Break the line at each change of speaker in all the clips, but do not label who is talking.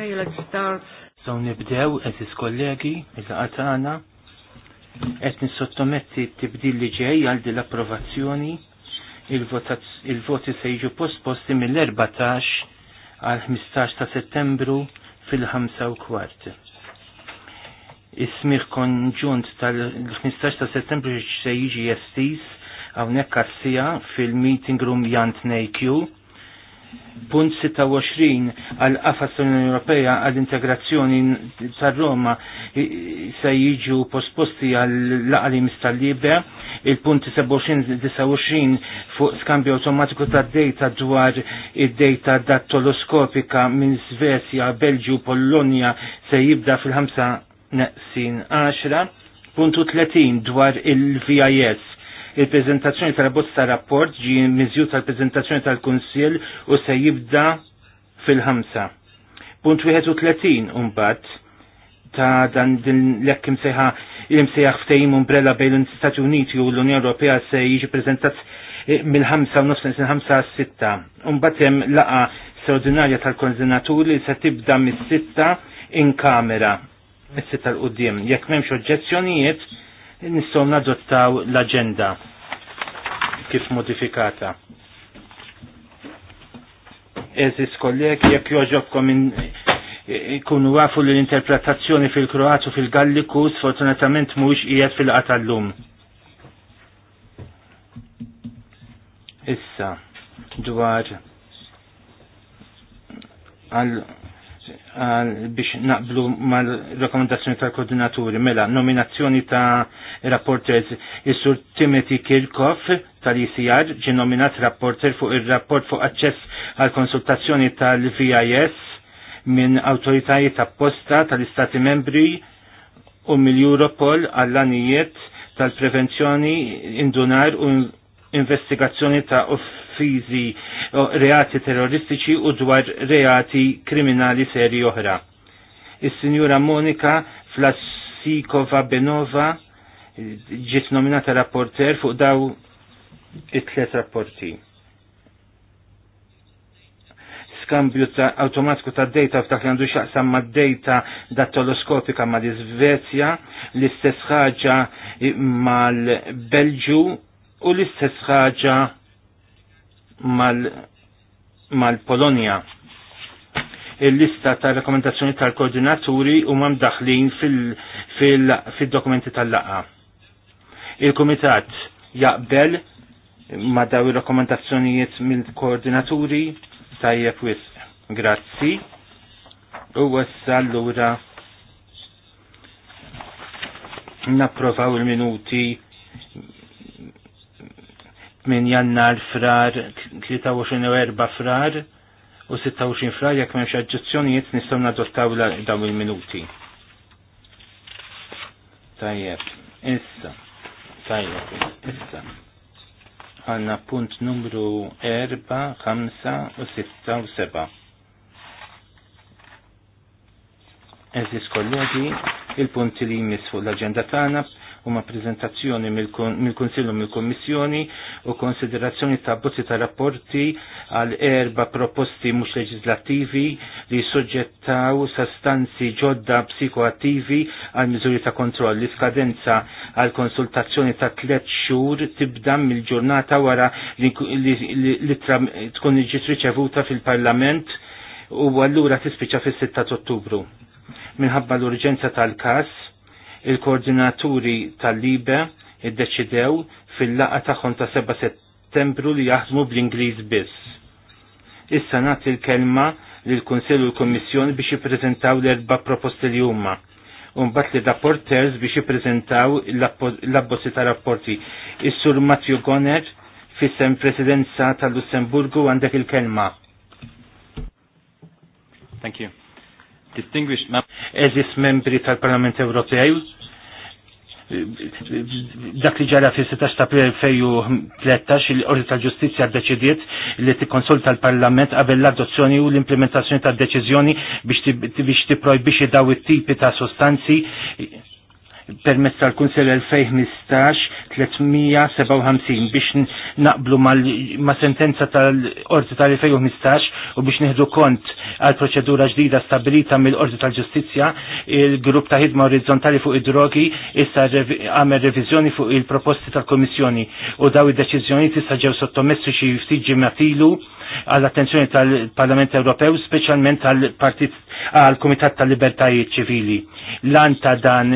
Okay, let's start. So nibdew, eżis kollegi, il-għatana, et nissottometti tibdil li ġej għal din l-approvazzjoni, il-voti se jiġu postposti mill-14 għal 15 ta' settembru fil-5 u kwart. Ismiħ konġunt tal-15 ta' settembru se jiġi jestis għawnek kassija fil-meeting room jant nejkju Punt 26 għal qafas tal-Unjoni Ewropea għal integrazzjoni tar-Roma se jiġu posposti għal laqali mistal-Libja, il-punt 27-29 fuq skambju automatiku ta' data dwar id-data dattoloskopika minn Svezja, Belġju, Polonja se jibda fil-5 neqsin 10. Puntu 30 dwar il-VIS Il-prezentazzjoni tal bozz ta' rapport ġi miżju tal-prezentazzjoni tal-Kunsill u se jibda fil-ħamsa. Punt 31 umbat ta' dan din l-ekk imsejħa il-imsejħa ftejim umbrella bejn l-Istati Uniti u l-Unjoni Ewropea se jiġi prezentat eh, mill-5 u nofsin sil-5 6. Umbat hemm laqa straordinarja tal-konzenaturi li se tibda mis-6 in kamera. Mis-6 l-qoddim. Jekk m'hemmx oġġezzjonijiet, nistgħu nadottaw l agenda kif modifikata. Eżis kollek, jekk joġobkom ikunu għafu l-interpretazzjoni fil-Kroat u fil-Galliku sfortunatament mux qiegħed fil-qatallum. Issa, dwar għal biex naqblu mal-rekomendazzjoni tal-koordinaturi mela nominazzjoni ta' rapporters is-sur Timothy Kirchhoff tal-ICR ġi nominat rapporter fuq ir-rapport fuq aċċess għal konsultazzjoni tal-VIS minn autoritajiet Posta tal-Istati membri u mill-Europol għall-anijiet tal-prevenzjoni indunar u investigazzjoni ta' uff offiżi reati terroristiċi u dwar reati kriminali seri oħra. Is-Sinjura Monika Flasikova Benova ġiet nominata rapporter fuq daw it-tlet rapporti skambju ta' automatiku ta' data f'dak li għandu xaqsam ma' data dattoloskopika ma' l-Svezja, l-istess ħaġa mal-Belġu u l-istess ħaġa mal-Polonja. Mal polonia il lista ta' rekomendazzjoni tal-koordinaturi u mam daħlin fil-dokumenti tal-laqa. Il-Komitat jaqbel ma daw il-rekomendazzjonijiet mill-koordinaturi tajjeb wis. Grazzi. U wassa allura napprovaw il-minuti minn jannar frar, 23 frar u 26 frar jekk m'hemmx aġġezzjonijiet nistgħu nadottaw dawn il-minuti. Tajjeb, issa, tajjeb, issa. Għanna punt numru 4, 5 u 6 u 7. Eżis kollegi, il-punti li jmiss fuq l-agenda tagħna ma' prezentazzjoni mill konsillu mill-Kommissjoni u konsiderazzjoni ta' bozzi ta' rapporti għal erba proposti mhux leġislattivi li soġġettaw sastanzi ġodda psikoattivi għal miżuri ta' kontroll. L-iskadenza għal konsultazzjoni ta' tliet xhur tibda mill-ġurnata wara li, li, li, li tkun iġġiet riċevuta fil-Parlament u għallura tispiċa fis-6 ta' Ottubru. Minħabba l-urġenza tal-kas, il-koordinaturi tal-Libe iddeċidew fil-laqa tagħhom ta' 7 settembru li jaħdmu bl-Ingliż biss. Issa nagħti l-kelma lil kunsell u l-Kummissjoni biex jippreżentaw l-erba' proposti li huma unbat li rapporters biex jiprezentaw l-abbozzi ta' rapporti. Is-sur Matthew Goner fissem presidenza tal-Lussemburgu għandek il-kelma. Thank you distinguished eżis membri tal-Parlament Ewropew dak li ġara fil-16 ta' april 13 il-Qorti tal-Ġustizzja ddeċidiet li tikkonsulta l-Parlament qabel l-adozzjoni u l-implementazzjoni tad deċiżjoni biex tipprojbixxi daw it-tipi ta' sostanzi permess tal-Kunsel 2015-357 biex naqblu ma' sentenza tal-Ordi tal-2015 u biex neħdu kont għal proċedura ġdida stabilita mill-Ordi tal-Ġustizja, il-grupp ta' ħidma orizzontali fuq id-drogi issa għamel revizjoni fuq il-proposti tal-Komissjoni u daw id-deċizjoni tista' ġew sottomessu xi ftit matilu għall-attenzjoni tal-Parlament Ewropew, speċjalment għal-Komitat tal-Libertajiet Ċivili. L-anta dan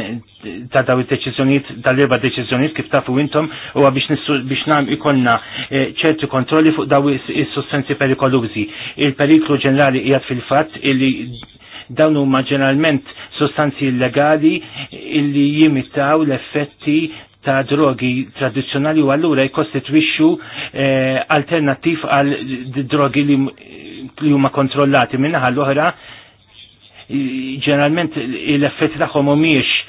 ta' daw id-deċiżjonijiet tal-erba' deċiżjonijiet kif tafu intom huwa biex biex nam ikonna eh, ċerti kontrolli fuq daw is-sostanzi perikolużi. Il-periklu ġenerali jgħat fil-fatt illi dawn huma ġeneralment sostanzi illegali illi jimitaw l-effetti ta' drogi tradizjonali u allura jkostitwixxu eh, alternattiv għal drogi li huma kontrollati minnaħa l-oħra ġeneralment l-effetti tagħhom mhumiex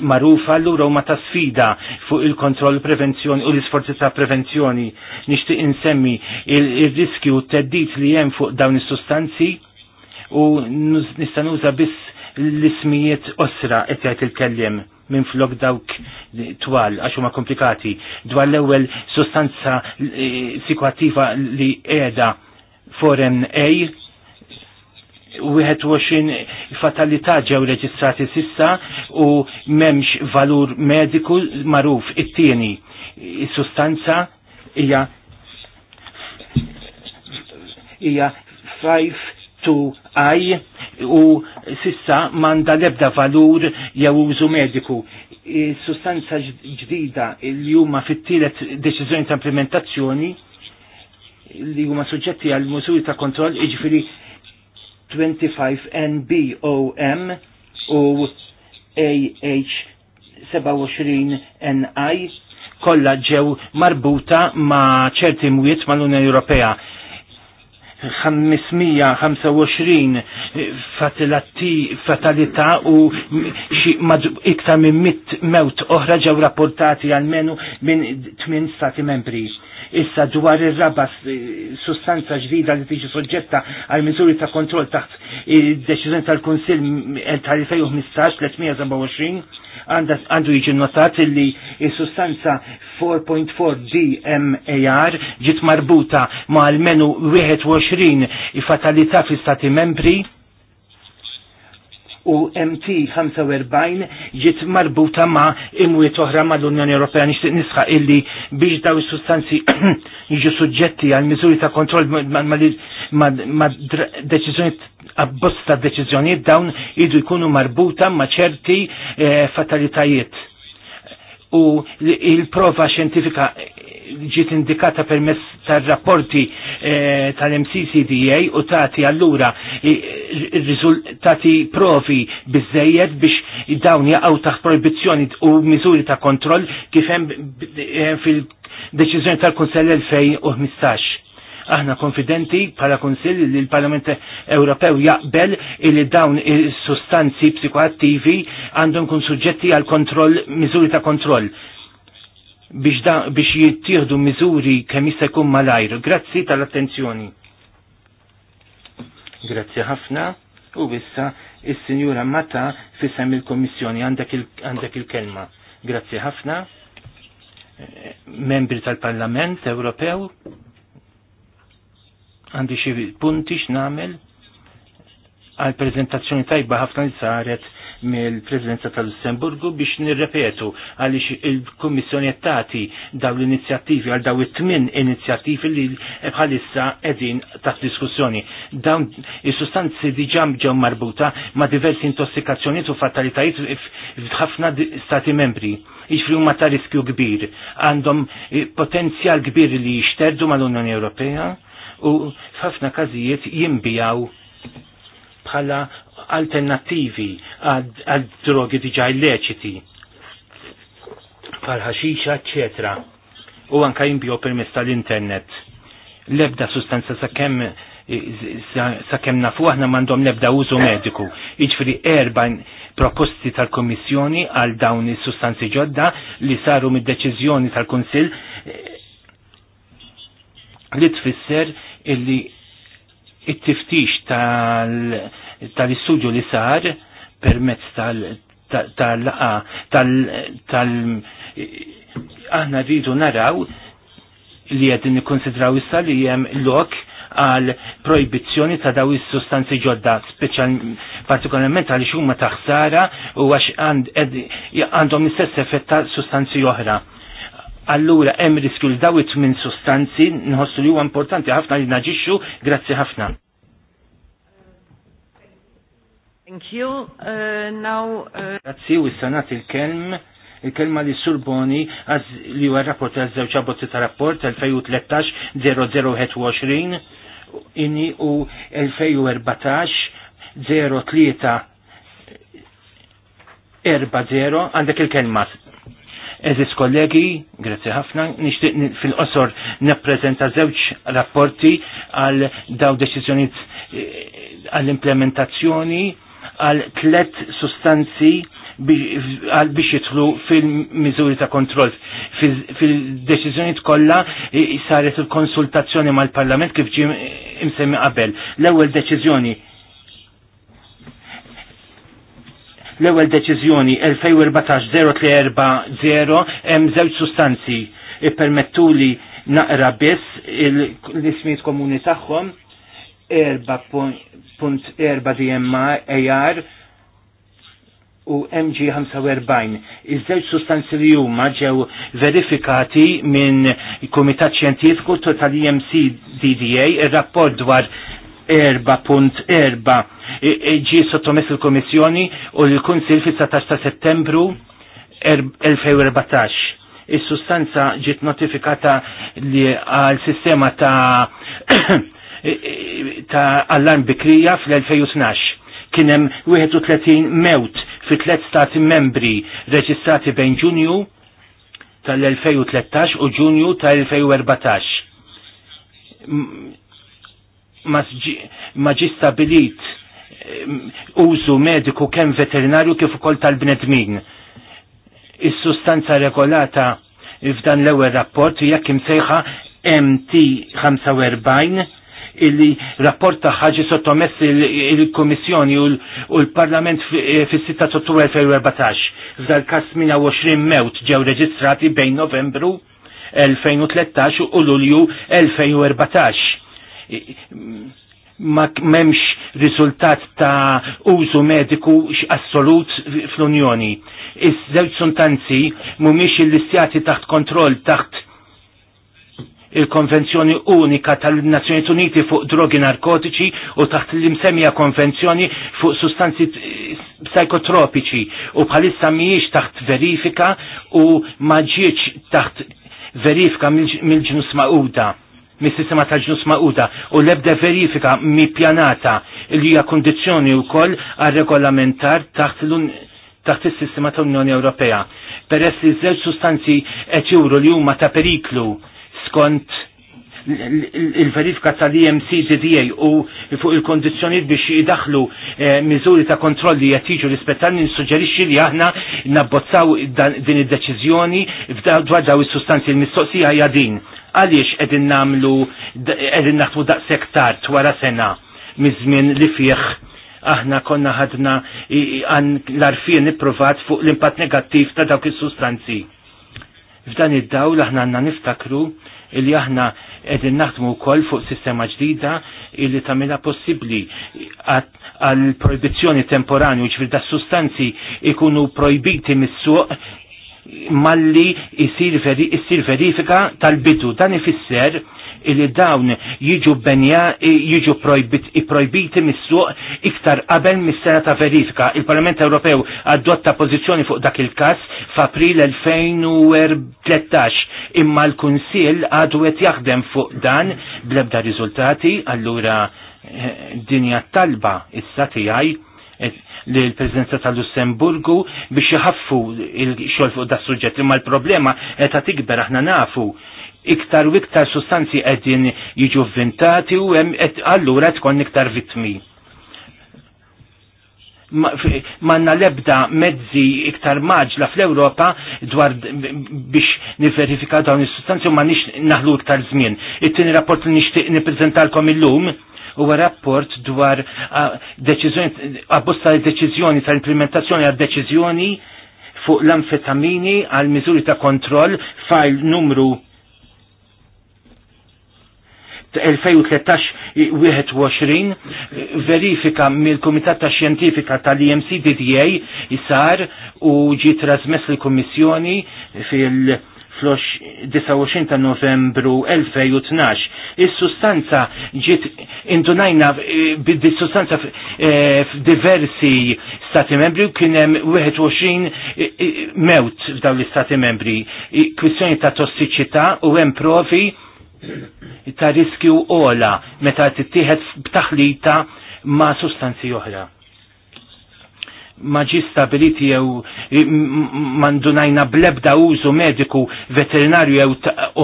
marufa l ma ta' sfida fuq il-kontroll prevenzjoni u l-isforzi ta' prevenzjoni. Nixtieq insemmi il-riskju u t-teddit li hemm fuq dawn is-sustanzi u nista' nuża biss l-ismijiet osra qed jgħid il-kellem minn flok dawk twal, għax huma komplikati, dwar l-ewwel sostanza psikoattiva eh, li qiegħda foreign A 21 fatalità ġew reġistrati sissa u memx valur mediku maruf it-tieni. Is-sustanza hija hija 5-2-I u sissa manda lebda valur jew użu mediku. Is-sustanza ġdida li huma fit-tielet deċiżjoni ta' implementazzjoni li huma suġġetti għal mużuri ta' kontroll, iġifieri 25NBOM u AH27NI kollha ġew marbuta ma' ċerti mwiet mal-Unjoni Ewropea. 525 fatalità u iktar minn 100 mewt oħra ġew rapportati għalmenu minn 8 stati membri. Issa dwar ir-raba sustanza ġdida li tiġi soġġetta għal miżuri ta' kontroll taħt id-deċiżjoni tal-Kunsill tal-2015-327 għandu jiġi notat li il-sustanza 4.4 DMAR ġit marbuta ma' l-menu 21 fatalità fi stati membri u MT45 ġiet marbuta ma' imwiet oħra mal-Unjoni Ewropea nixtieq nisħa illi biex daw is-sustanzi jiġu suġġetti għal miżuri ta' kontroll ma' deċiżjoni abbosta deċiżjonijiet dawn idu jkunu marbuta ma' ċerti eh, fatalitajiet. U il-prova xjentifika ġiet indikata permezz tar-rapporti eh, tal-MCCDA u tagħti allura il-rizultati provi bizzejed biex dawn jaqgħu taħt proibizzjoni u miżuri ta' kontroll kif hemm eh, fil-deċiżjoni tal-Kunsell 2015 aħna konfidenti bħala konsil li l-Parlament Ewropew jaqbel li dawn il-sustanzi psikoattivi għandhom kun suġġetti għal kontroll, miżuri ta' kontroll biex, da, biex jittieħdu miżuri kemm jista' jkun malajr. Grazzi tal-attenzjoni. Grazzi ħafna. U issa is-Sinjura Mata fisem il-Kommissjoni għandek il-kelma. Il Grazzi ħafna. Membri tal-Parlament Ewropew. Għandi xi punti x'namel għal prezentazzjoni tajba ħafna li saret mill-Presidenza tal-Lussemburgu biex nirrepetu għaliex il-Kummissjoni tagħti daw l-inizjattivi għal daw it-tmien inizjattivi li bħalissa qegħdin taħt diskussjoni. Dawn is-sustanzi diġà ġew marbuta ma' diversi intossikazzjonijiet u fatalitajiet f'ħafna stati membri. Iġfri huma ta' riskju kbir, għandhom potenzjal kbir li jixterdu mal-Unjoni Ewropea u f'ħafna każijiet jimbijaw bħala alternativi għad drogi diġa illeċiti bħal ħaxixa, eccetera. U anka jimbiju permess tal-internet. Lebda sustanza sakemm sakemm nafu aħna m'għandhom lebda użu mediku. Jiġifieri erba' proposti tal komissjoni għal dawn is-sustanzi ġodda li saru mid-deċiżjoni tal-Kunsill li tfisser illi it-tiftix tal-istudju li sar permezz tal-laqa tal aħna rridu naraw li għedin nikkonsidraw issa li jem lok għal proibizzjoni ta' daw is-sustanzi ġodda, speċjal partikolarment għal xumma ta' ħsara u għax għandhom l-istess effett ta' sustanzi oħra allura hemm riskju l dawit minn sostanzi nħossu li huwa importanti ħafna li naġixxu, grazzi ħafna. Thank you. Uh, now, uh... Grazzi, u s-sanat il-kelm il-kelma li Surboni għaz li huwa rapport għaz zewċa bozzi ta' rapport 2013-0021 inni u 2014-03 40 għandek il-kelma Eżis kollegi, grazzi ħafna, nixtieq fil-qosor neprezenta żewġ rapporti għal daw deċiżjonijiet eh, għall-implementazzjoni għal tlet sustanzi għal biex jitlu fil-mizuri ta' kontroll. Fil-deċizjoniet kollha eh, saret il-konsultazzjoni mal-Parlament kif ġim imsemmi qabel. L-ewwel deċiżjoni l-ewwel deċiżjoni 2014-0340 hemm żewġ sustanzi permettu li naqra biss l ismiet komuni tagħhom 4.4 DMA AR u MG45. Iż-żewġ sustanzi li huma ġew verifikati minn Kumitat Xjentifiku tal-EMC DDA ir-rapport dwar 4.4 e, e, ġi sottomess il-Komissjoni u l-Kunsil fil 17 ta' settembru 2014. Er, Is-sustanza e, ġiet notifikata li għal sistema ta' ta' allarm bikrija fl-2012. Kienem 31 mewt fi tlet stati membri reġistrati bejn Ġunju tal-2013 u Ġunju tal-2014 ma ġi stabilit ehm, użu mediku kemm veterinarju kif ukoll tal-bnedmin. Is-sustanza regolata f'dan l-ewwel rapport jekk imsejħa MT45 illi rapport ta' ħaġi sottomess il-Komissjoni u l-Parlament fis-6 ta' Ottubru 2014. F'dal każ 28 mewt ġew reġistrati bejn Novembru 2013 u Lulju 2014 ma memx riżultat ta' użu mediku assolut fl-Unjoni. Iż-żewġ suntanzi mhumiex il-listjati taħt kontroll taħt il-Konvenzjoni Unika tal-Nazzjonijiet Uniti fuq drogi narkotiċi u taħt l-imsemmija Konvenzjoni fuq sustanzi psikotropiċi u bħalissa mhijiex taħt verifika u ma ġietx taħt verifika mill-ġnus mil mis-sistema tal-ġnus ma'uda u l-ebda verifika mi pjanata li hija kondizzjoni wkoll għal-regolamentar taħt l taħt is-sistema tal-Unjoni Ewropea. Peress li żewġ sustanzi qed juru li huma ta' periklu skont il-verifika tal-EMC GDA u fuq il-kondizjoniet biex jidaħlu eh, miżuri ta' kontrolli qed jiġu rispettani nissuġġerixxi li aħna nabbozzaw din id-deċiżjoni dwar daw is-sustanzi l-mistoqsija hija din għaliex qegħdin nagħmlu qegħdin naħdmu daqshekk sektar wara sena miż-żmien li fih aħna konna ħadna għan l-arfien ipprovat fuq l-impatt negattiv ta' dawk is-sustanzi. F'dan id-dawl aħna għandna niftakru li aħna edin naħdmu kol fuq sistema ġdida il-li tamela possibli għal proibizjoni temporani ġvir da sustanzi ikunu projbiti mis-suq malli jisir verifika tal-bidu dan ifisser illi dawn jiġu benja jiġu projbiti mis-suq iktar qabel mis-sena ta' verifika. Il-Parlament Ewropew adotta pożizzjoni fuq dak il-każ f'April 2013 imma l-Kunsill għadu qed jaħdem fuq dan bl-ebda riżultati allura eh, dinja talba issa tiegħi l-prezenza tal-Lussemburgu biex jħaffu il-xol fuq da' suġġett imma l-problema qed tikber aħna nafu iktar u iktar sustanzi qegħdin jiġu vvintati u hemm allura tkun iktar vittmi. Manna lebda mezzi iktar maġla fl-Ewropa dwar biex niverifika dawn is-sustanzi u ma nix naħlu iktar żmien. It-tieni rapport li nixtieq nippreżentalkom illum huwa rapport dwar abbozz tal-deċiżjoni tal-implementazzjoni għad-deċiżjoni fuq l-amfetamini għal miżuri ta' kontroll fajl numru 2013-21 verifika mill-Komitat ta' Xjentifika tal DDA jisar u ġi trasmess l komissjoni fil- 29 ta' novembru 2012. Is-sustanza ġiet indunajna eh, bid-sustanza eh, f'diversi stati membri u kien hemm 21 eh, mewt f'dawn l-istati membri. Kwistjoni ta' tossiċità u hemm provi ta' riskju ola meta tittieħed b'taħlita ma' sustanzi oħra ma ġi stabiliti jew mandunajna blebda użu mediku veterinarju jew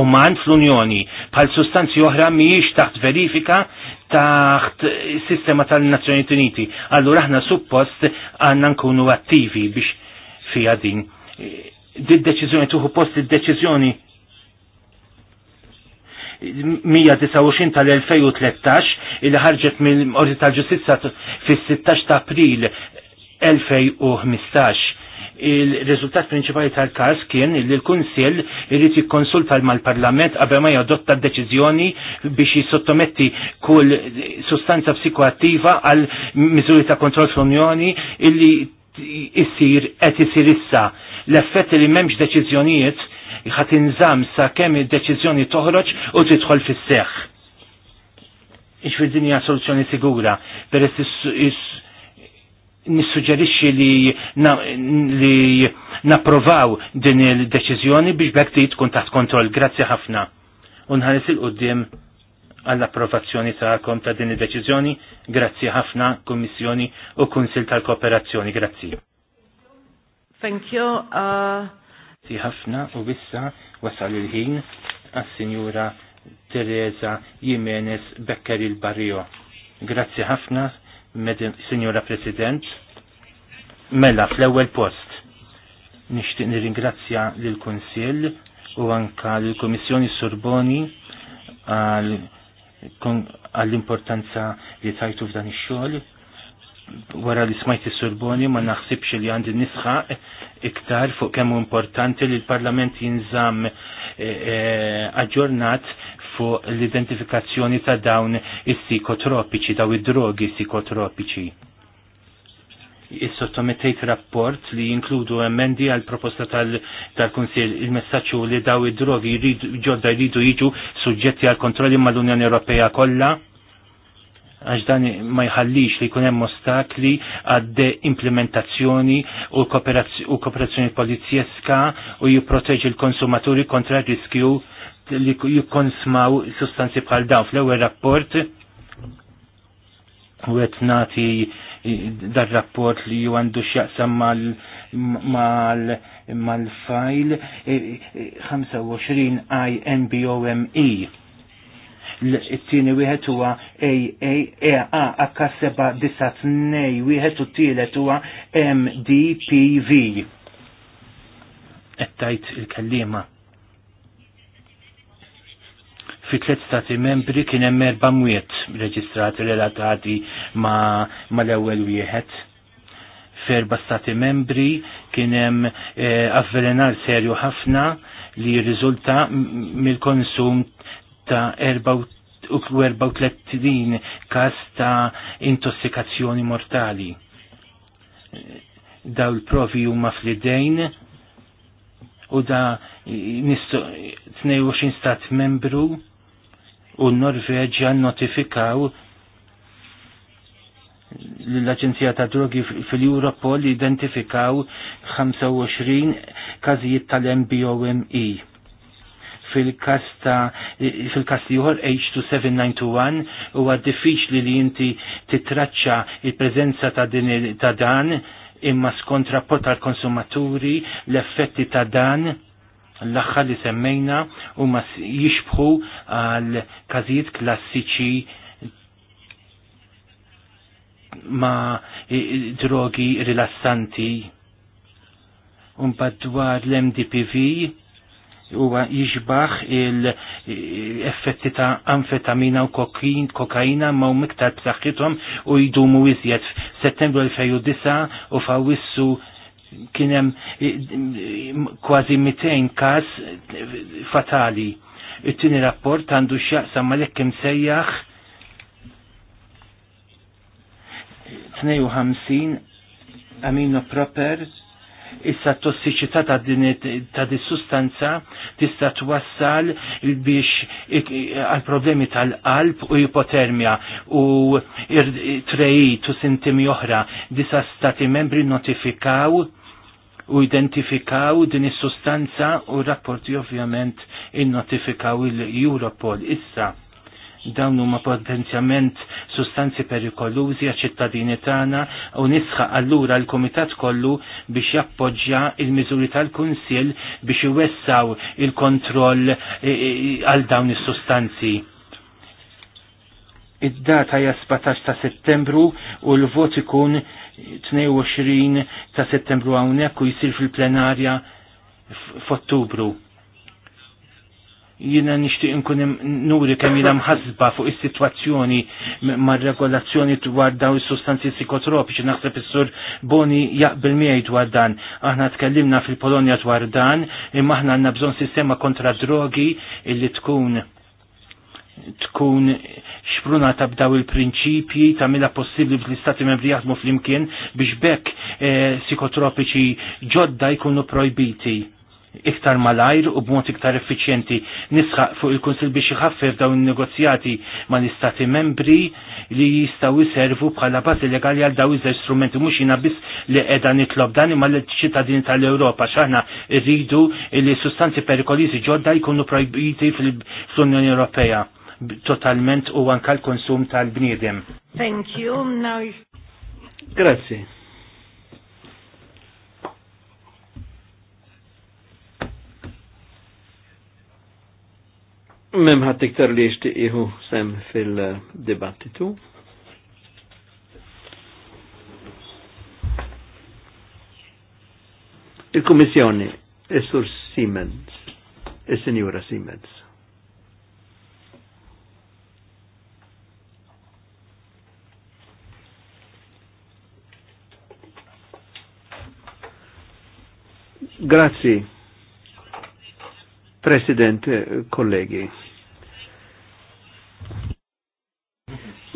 uman fl-Unjoni bħal sustanzi oħra mhijiex taħt verifika taħt sistema tal-Nazzjonijiet Uniti. Allura aħna suppost għandna nkunu attivi biex fija din. Did deċiżjoni tuħu post id-deċiżjoni 129 tal-2013 il ħarġet mill-Ordi tal-Ġustizza fis-16 ta' April 2015 il-rezultat prinċipali tal-kas kien li l-Kunsill irrid jikkonsulta mal-Parlament qabel ma jadotta deċiżjoni biex jissottometti kull sustanza psikoattiva għal miżuri ta' kontroll fl-Unjoni illi jissir qed isir issa. L-effett li m'hemmx deċiżjonijiet ħadd inżamm sa kemm id-deċiżjoni toħroġ u tidħol fis-seħħ. Ix fid-dinja soluzzjoni sigura peress nissuġġerixxi li na, li napprovaw din il-deċiżjoni biex bekk trid tkun taħt kontroll. Grazzi ħafna. u nħares il-qudiem għall-approvazzjoni tagħkom ta' din id-deċiżjoni. Grazzi ħafna Kummissjoni u Kunsil tal-Kooperazzjoni. Grazzi.
Thank
you. Uh...
ħafna u bissa wasal il-ħin għas-Sinjura Teresa Jimenez Becker il-Barrio. Grazzi ħafna. Signora President, mela fl-ewwel post nixtieq nirringrazzja lil kunsill u anka lil Kummissjoni Sorboni għall-importanza li tajtu f'dan ix-xogħol wara li smajt is-Sorboni ma naħsibx li għandi nisħaq iktar fuq kemm importanti li l-Parlament jinżamm eh, eh, aġġornat fuq l-identifikazzjoni ta' dawn is-psikotropiċi, daw id-drogi psikotropiċi. Is-sottomettejt rapport li jinkludu emendi għal proposta tal-Kunsil tal il-messaċu li daw id-drogi ġodda jridu jiġu suġġetti għal kontrolli mal-Unjoni Ewropea kollha għax dan ma jħallix li jkun hemm ostakli implementazzjoni u kooperazzjoni polizjeska u jipproteġi l-konsumaturi kontra riskju li jikkonsmaw sustanzi bħal dawn fl-ewwel rapport u qed nagħti dar rapport li ju għandu x'jaqsam mal mal mal-fajl 25 e, e, INBOME it-tieni wieħed huwa AA e akka seba' disa' tnej wieħed u t-tielet huwa MDPV. Qed tajt il-kellima fi tliet stati membri kien hemm erba' mwiet reġistrati relatati ma, ma l-ewwel wieħed. F'erba' stati membri kien hemm eh, avvelenar serju ħafna li jirriżulta mill-konsum ta' 34 każ ta' intossikazzjoni mortali. Daw l provi huma fl-idejn u da 22 stat membru u n-Norveġja notifikaw l-Aġenzija ta' Drogi fil-Europol identifikaw 25 każijiet tal-MBOME. Fil-kas ta' fil H2791 huwa diffiċli li inti titraċċa il-preżenza ta' din ta' dan imma skont rapport tal-konsumaturi l-effetti ta' dan l-axħa li semmejna u ma jixbħu għal kazijiet klassiċi ma drogi rilassanti unbad dwar l-MDPV u jiġbaħ il-effetti ta' amfetamina u kokaina ma' u miktar b'saħħithom u jdumu iżjed f'Settembru 2009 u fawissu kienem kważi 200 kas fatali. It-tini rapport għandu x'jaqsam malek sejjaħ 52 amino proper issa tossiċità ta' din ta' di sustanza tista' twassal biex għal problemi tal-qalb u ipotermja u trejit u sintimi oħra disa stati membri notifikaw u identifikaw din is-sustanza u rapporti ovvjament innotifikaw il-Europol issa dawn huma potenzjament sustanzi perikolużi għaċ ċittadini tagħna u nisħaq allura l-Kumitat kollu biex jappoġġja il-miżuri tal-Kunsill biex iwessaw il-kontroll e, e, għal dawn is-sustanzi. Id-data hija 17 ta' Settembru u l-vot ikun 22 ta' settembru hawnhekk u jsir fil-plenarja f'Ottubru. Jiena nixtieq nkun nuri kemm jina mħasba fuq is-sitwazzjoni mar-regolazzjoni dwar daw is-sustanzi psikotropiċi naħseb is-sur Boni jaqbel miegħi dwar dan. Aħna tkellimna fil-Polonja dwar dan imma aħna għandna bżonn sistema kontra drogi illi tkun tkun ta' b'daw il-prinċipji ta' mela possibli bl-istati membri jaħdmu fl-imkien biex bekk e, psikotropiċi ġodda jkunu projbiti iktar malajr u b'mod iktar effiċjenti. Nisħaq fuq il-Kunsil biex iħaffef dawn il-negozjati ma' l-istati membri li jistaw jiservu bħala bażi legali għal daw iżda strumenti mhux jina biss li qiegħda nitlob dan imma l-ċittadini tal-Ewropa x'aħna rridu li sustanzi perikoliżi ġodda jkunu projbiti fl-Unjoni Ewropea totalment u anka l-konsum tal-bniedem.
Thank you.
Now Grazie.
Mem ħat iktar li jishtiqiħu sem fil-dibattitu. Il-Kommissjoni, il-Sur Siemens, il signora Siemens. Grazzi, President, eh, kollegi.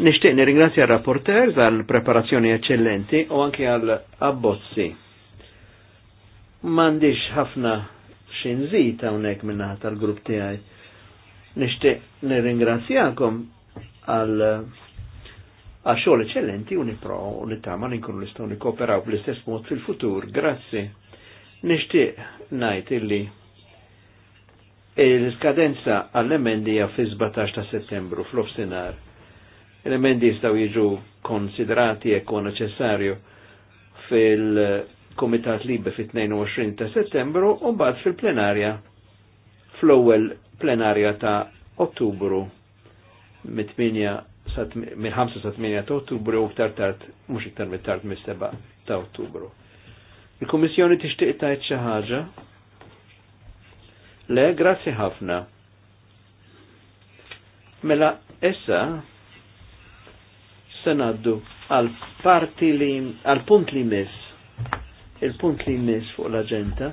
Nishtiq nirringrazzja rapporter għal preparazzjoni eccellenti u anke għal abbozzi. Mandiġ ħafna xinżit hawnhekk minnaħat tal-grupp tijaj. Nixtieq nirringrazzjakom għal għax xogħol eċċellenti u niprow u nittama l nistgħu nikkooperaw bl-istess mod fil-futur. Grazzi. Nishtiq najt illi il-skadenza għall-emendija fi 17 ta' settembru fl-ofsinar. L-emendi jistaw jiġu konsiderati e kon neċessarju fil-Komitat Libe fit-22 ta' settembru u bad fil-plenarja fl-ewwel plenarja ta' ottubru mit 5 sa 8 ta' ottubru u ktar tart, mhux iktar mit tart mis-7 ta' ottubru. Il-Kummissjoni tixtieq tajt xi ħaġa? Le, grazzi ħafna. Mela issa se ngħaddu għal parti li għal punt li miss. Il-punt li miss fuq l-aġenda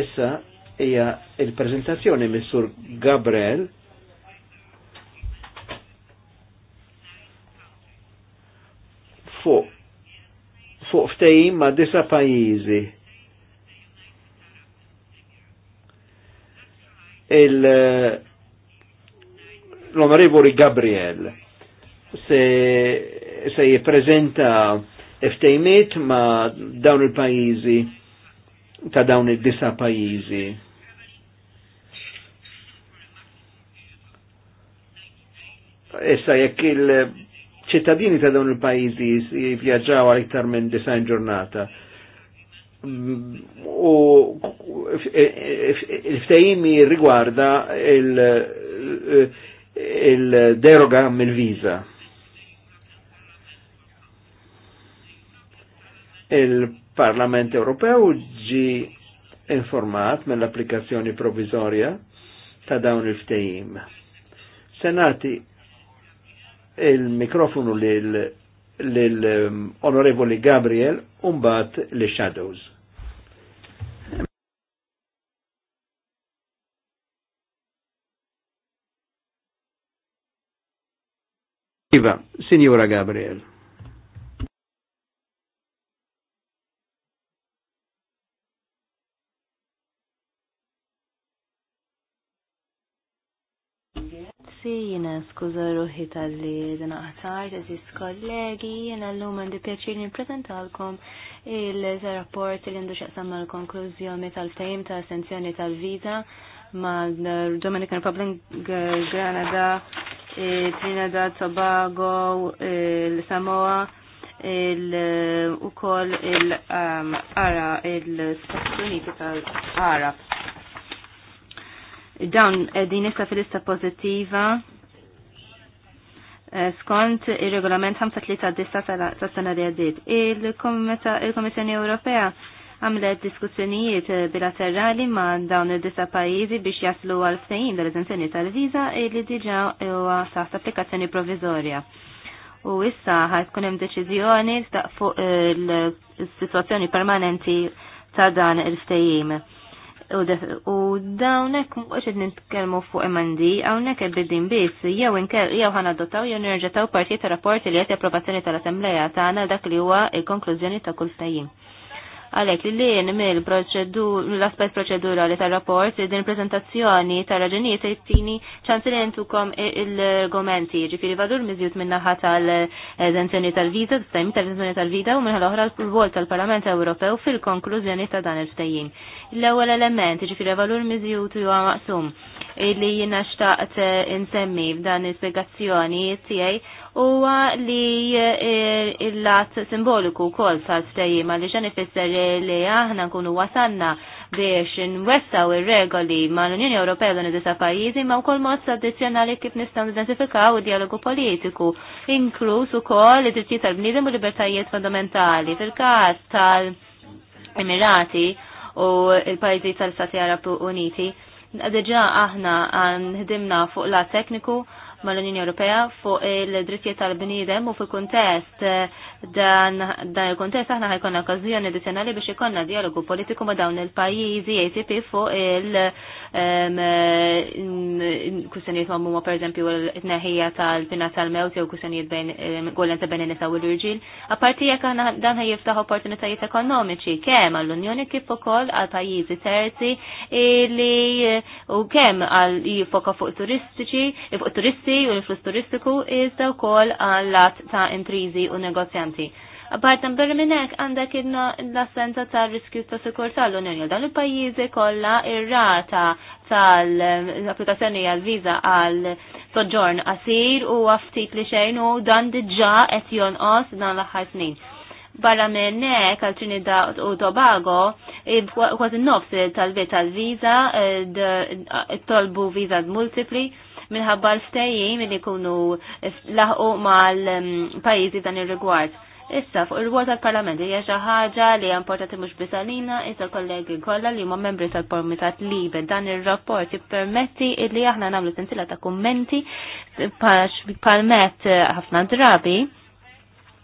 issa hija il-preżentazzjoni mis-sur Gabriel fuq ftejim ma' disa pajizi. Eh, l-onorevoli Gabriel se, se jiprezenta ftejmet ma' dawn il-pajizi ta' dawn il-disa pajizi. Issa jekk il ċittadini ta' dawn il pajizi jivvjaġġaw għal iktar minn disajn ġurnata. U il-ftehimi rigwarda il-deroga mill viza Il-Parlament Ewropew ġi informat mill-applikazzjoni provizorja ta' dawn il-ftehim. Senati il-mikrofonu l-Onorevoli um, Gabriel umbat li Shadows. Iva, Signora Gabriel.
niskuza ruħi tal-li d-naqtar, taziz kollegi, jena l-lum għandi pjaċir nipresentalkom il-rapport li għandu xaqsam mal konklużjoni tal fejm ta' sanzjoni tal-viza ma' Dominican Republic, Granada, e, Trinidad, Tobago, e, l-Samoa, u koll il-Ara, um, il-Stati Uniti tal-Arab dawn e, din issa fil-lista pozittiva Eh, skont il-regolament 539 ta' sena li għaddit. Il-Komissjoni Ewropea għamlet diskussjonijiet bilaterali ma' dawn id-disa pajizi biex jaslu għal ftehim dal-eżenzjoni tal-viza li diġa huwa saħt applikazzjoni provizorja. U issa ħad tkun hemm deċiżjoni fuq il-sitwazzjoni permanenti ta' dan il ftejim u dawnek mux id nitkelmu fuq emendi, għawnek bidin bis, jew inkel, jew ħan adottaw, jew nirġetaw partijiet ta' rapporti li għati approvazzjoni tal-assembleja ta' għana dak li huwa il-konklużjoni ta' kull tajjim. Għalek li l-lien mill-aspet proċedurali tal-rapport din prezentazzjoni tal-raġunijiet jittini ċansilentukom il-argumenti. Ġifiri vadur mizjut minnaħa tal-eżenzjoni tal vita t-stajmi tal-eżenzjoni tal vita u minnaħa l ohra l-vol tal-Parlament Ewropew fil-konklużjoni ta' dan il ftajin L-ewel element, ġifiri vadur mizjut u maqsum li jina xtaqt eh, insemmi f'dan il-spiegazzjoni tijaj huwa li eh, il-lat simboliku kol tal-ftajim li ġan ifisser li aħna nkunu wasanna biex nwessaw ir-regoli ma l-Unjoni Ewropea dan id-disa pajjiżi ma wkoll mod tradizzjonali kif nistgħu identifikaw id-dialogu politiku, inkluż ukoll id dritti tal-bniedem u libertajiet fundamentali. Fil-każ tal-Emirati u il-pajjiżi tal-Stati Arabu Uniti Għadġa aħna għan ah, fuq la tekniku mal-Unjoni Ewropea fuq il-drittijiet tal-bniedem u fil kuntest dan dan il-kontest aħna ħajkonna okkażjoni addizzjonali biex ikonna dialogu politiku ma' dawn il-pajjiżi ATP fuq il-kustanijiet ma' mumma pereżempju l-tneħija tal-pina tal-mewt jew kustanijiet bejn għolenta bejn nisa u l-irġiel. Apparti jekk aħna dan ħajjiftaħ opportunitajiet ekonomiċi kemm għall-Unjoni kif ukoll għal pajjiżi terzi li u kemm għal jifoka fuq turistiċi, fuq turisti u l-influss turistiku iżda wkoll għal lat ta' intrizi u negozjanti importanti. Appartan barra minn hekk għandek l-assenza tal riskju ta' sikurtà l-Unjoni. Dan il-pajjiżi kollha ir-rata tal-applikazzjoni għal viza għal soġġorn qasir u ftit li xejn u dan diġà qed jonqos dan l-aħħar snin barra minnek għal Trinidad u Tobago, kważi nofs tal-bit tal-viza, eh, tolbu viza multipli, minħabba l-stejji minn ikunu laħu mal-pajizi mm, dan il-rigward. Issa, fuq il-ruol tal-parlament, hija xi ħaġa li hija importanti mhux biss għalina, issa kollegi kollha li huma membri tal-Komitat Libe. Dan ir-rapport jippermetti li aħna nagħmlu sensila ta' kummenti palmet ħafna drabi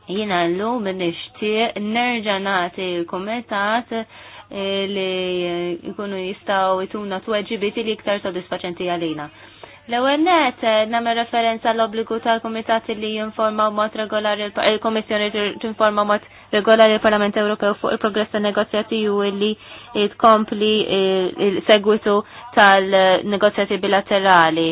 jina l-lum nishtiq nerġa' nagħti kumitat eh, li jkunu jistgħu jtuna tweġibiet li iktar sodisfaċenti għalina. L-ewwel net eh, nagħmel referenza l-obbligu tal-Kumitati li jinformaw mod regolari il komissjoni jinformaw mod regolari il-Parlament Ewropew fuq il-progress tan-negozjati u li jitkompli eh, il-segwitu tal-negozjati bilaterali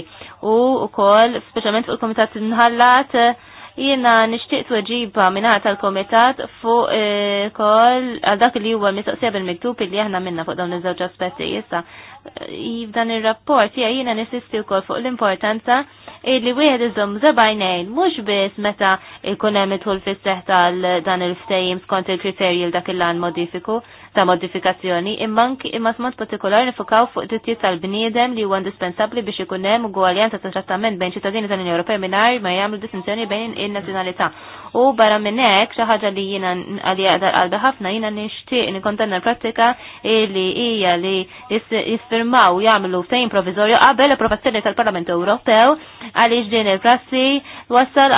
u wkoll speċjalment fuq il-Kumitat nħallat. Eh, Jiena nixtieq tweġiba mingħata tal-Komitat fuq eh, kol għal dak li huwa mistoqsija bil-miktub li aħna minna fuq dawn iż-żewġ aspetti issa. Eh, f'dan ir-rapport hija jiena nisisti wkoll fuq l-importanza li wieħed iżomm żebajnejn mhux biss meta jkun hemm idħul fis-seħ tal dan il-ftehim skont il-kriterji l dak il-lan modifiku, ta' modifikazzjoni imma anki imma smont partikolari nifukaw fuq drittijiet tal-bniedem li huwa indispensabbli biex ikun hemm ugwaljanza ta' trattament bejn ċittadini tal-Unjoni Ewropea mingħajr ma jagħmlu distinzjoni bejn in-nazzjonalità u barra minn hekk xi ħaġa li għadar għalda ħafna jiena nixtieq nikkontenna l-prattika li hija li jisfirmaw jagħmlu fejn provizorju qabel approvazzjoni tal-Parlament Ewropew għaliex din il-prassi wassal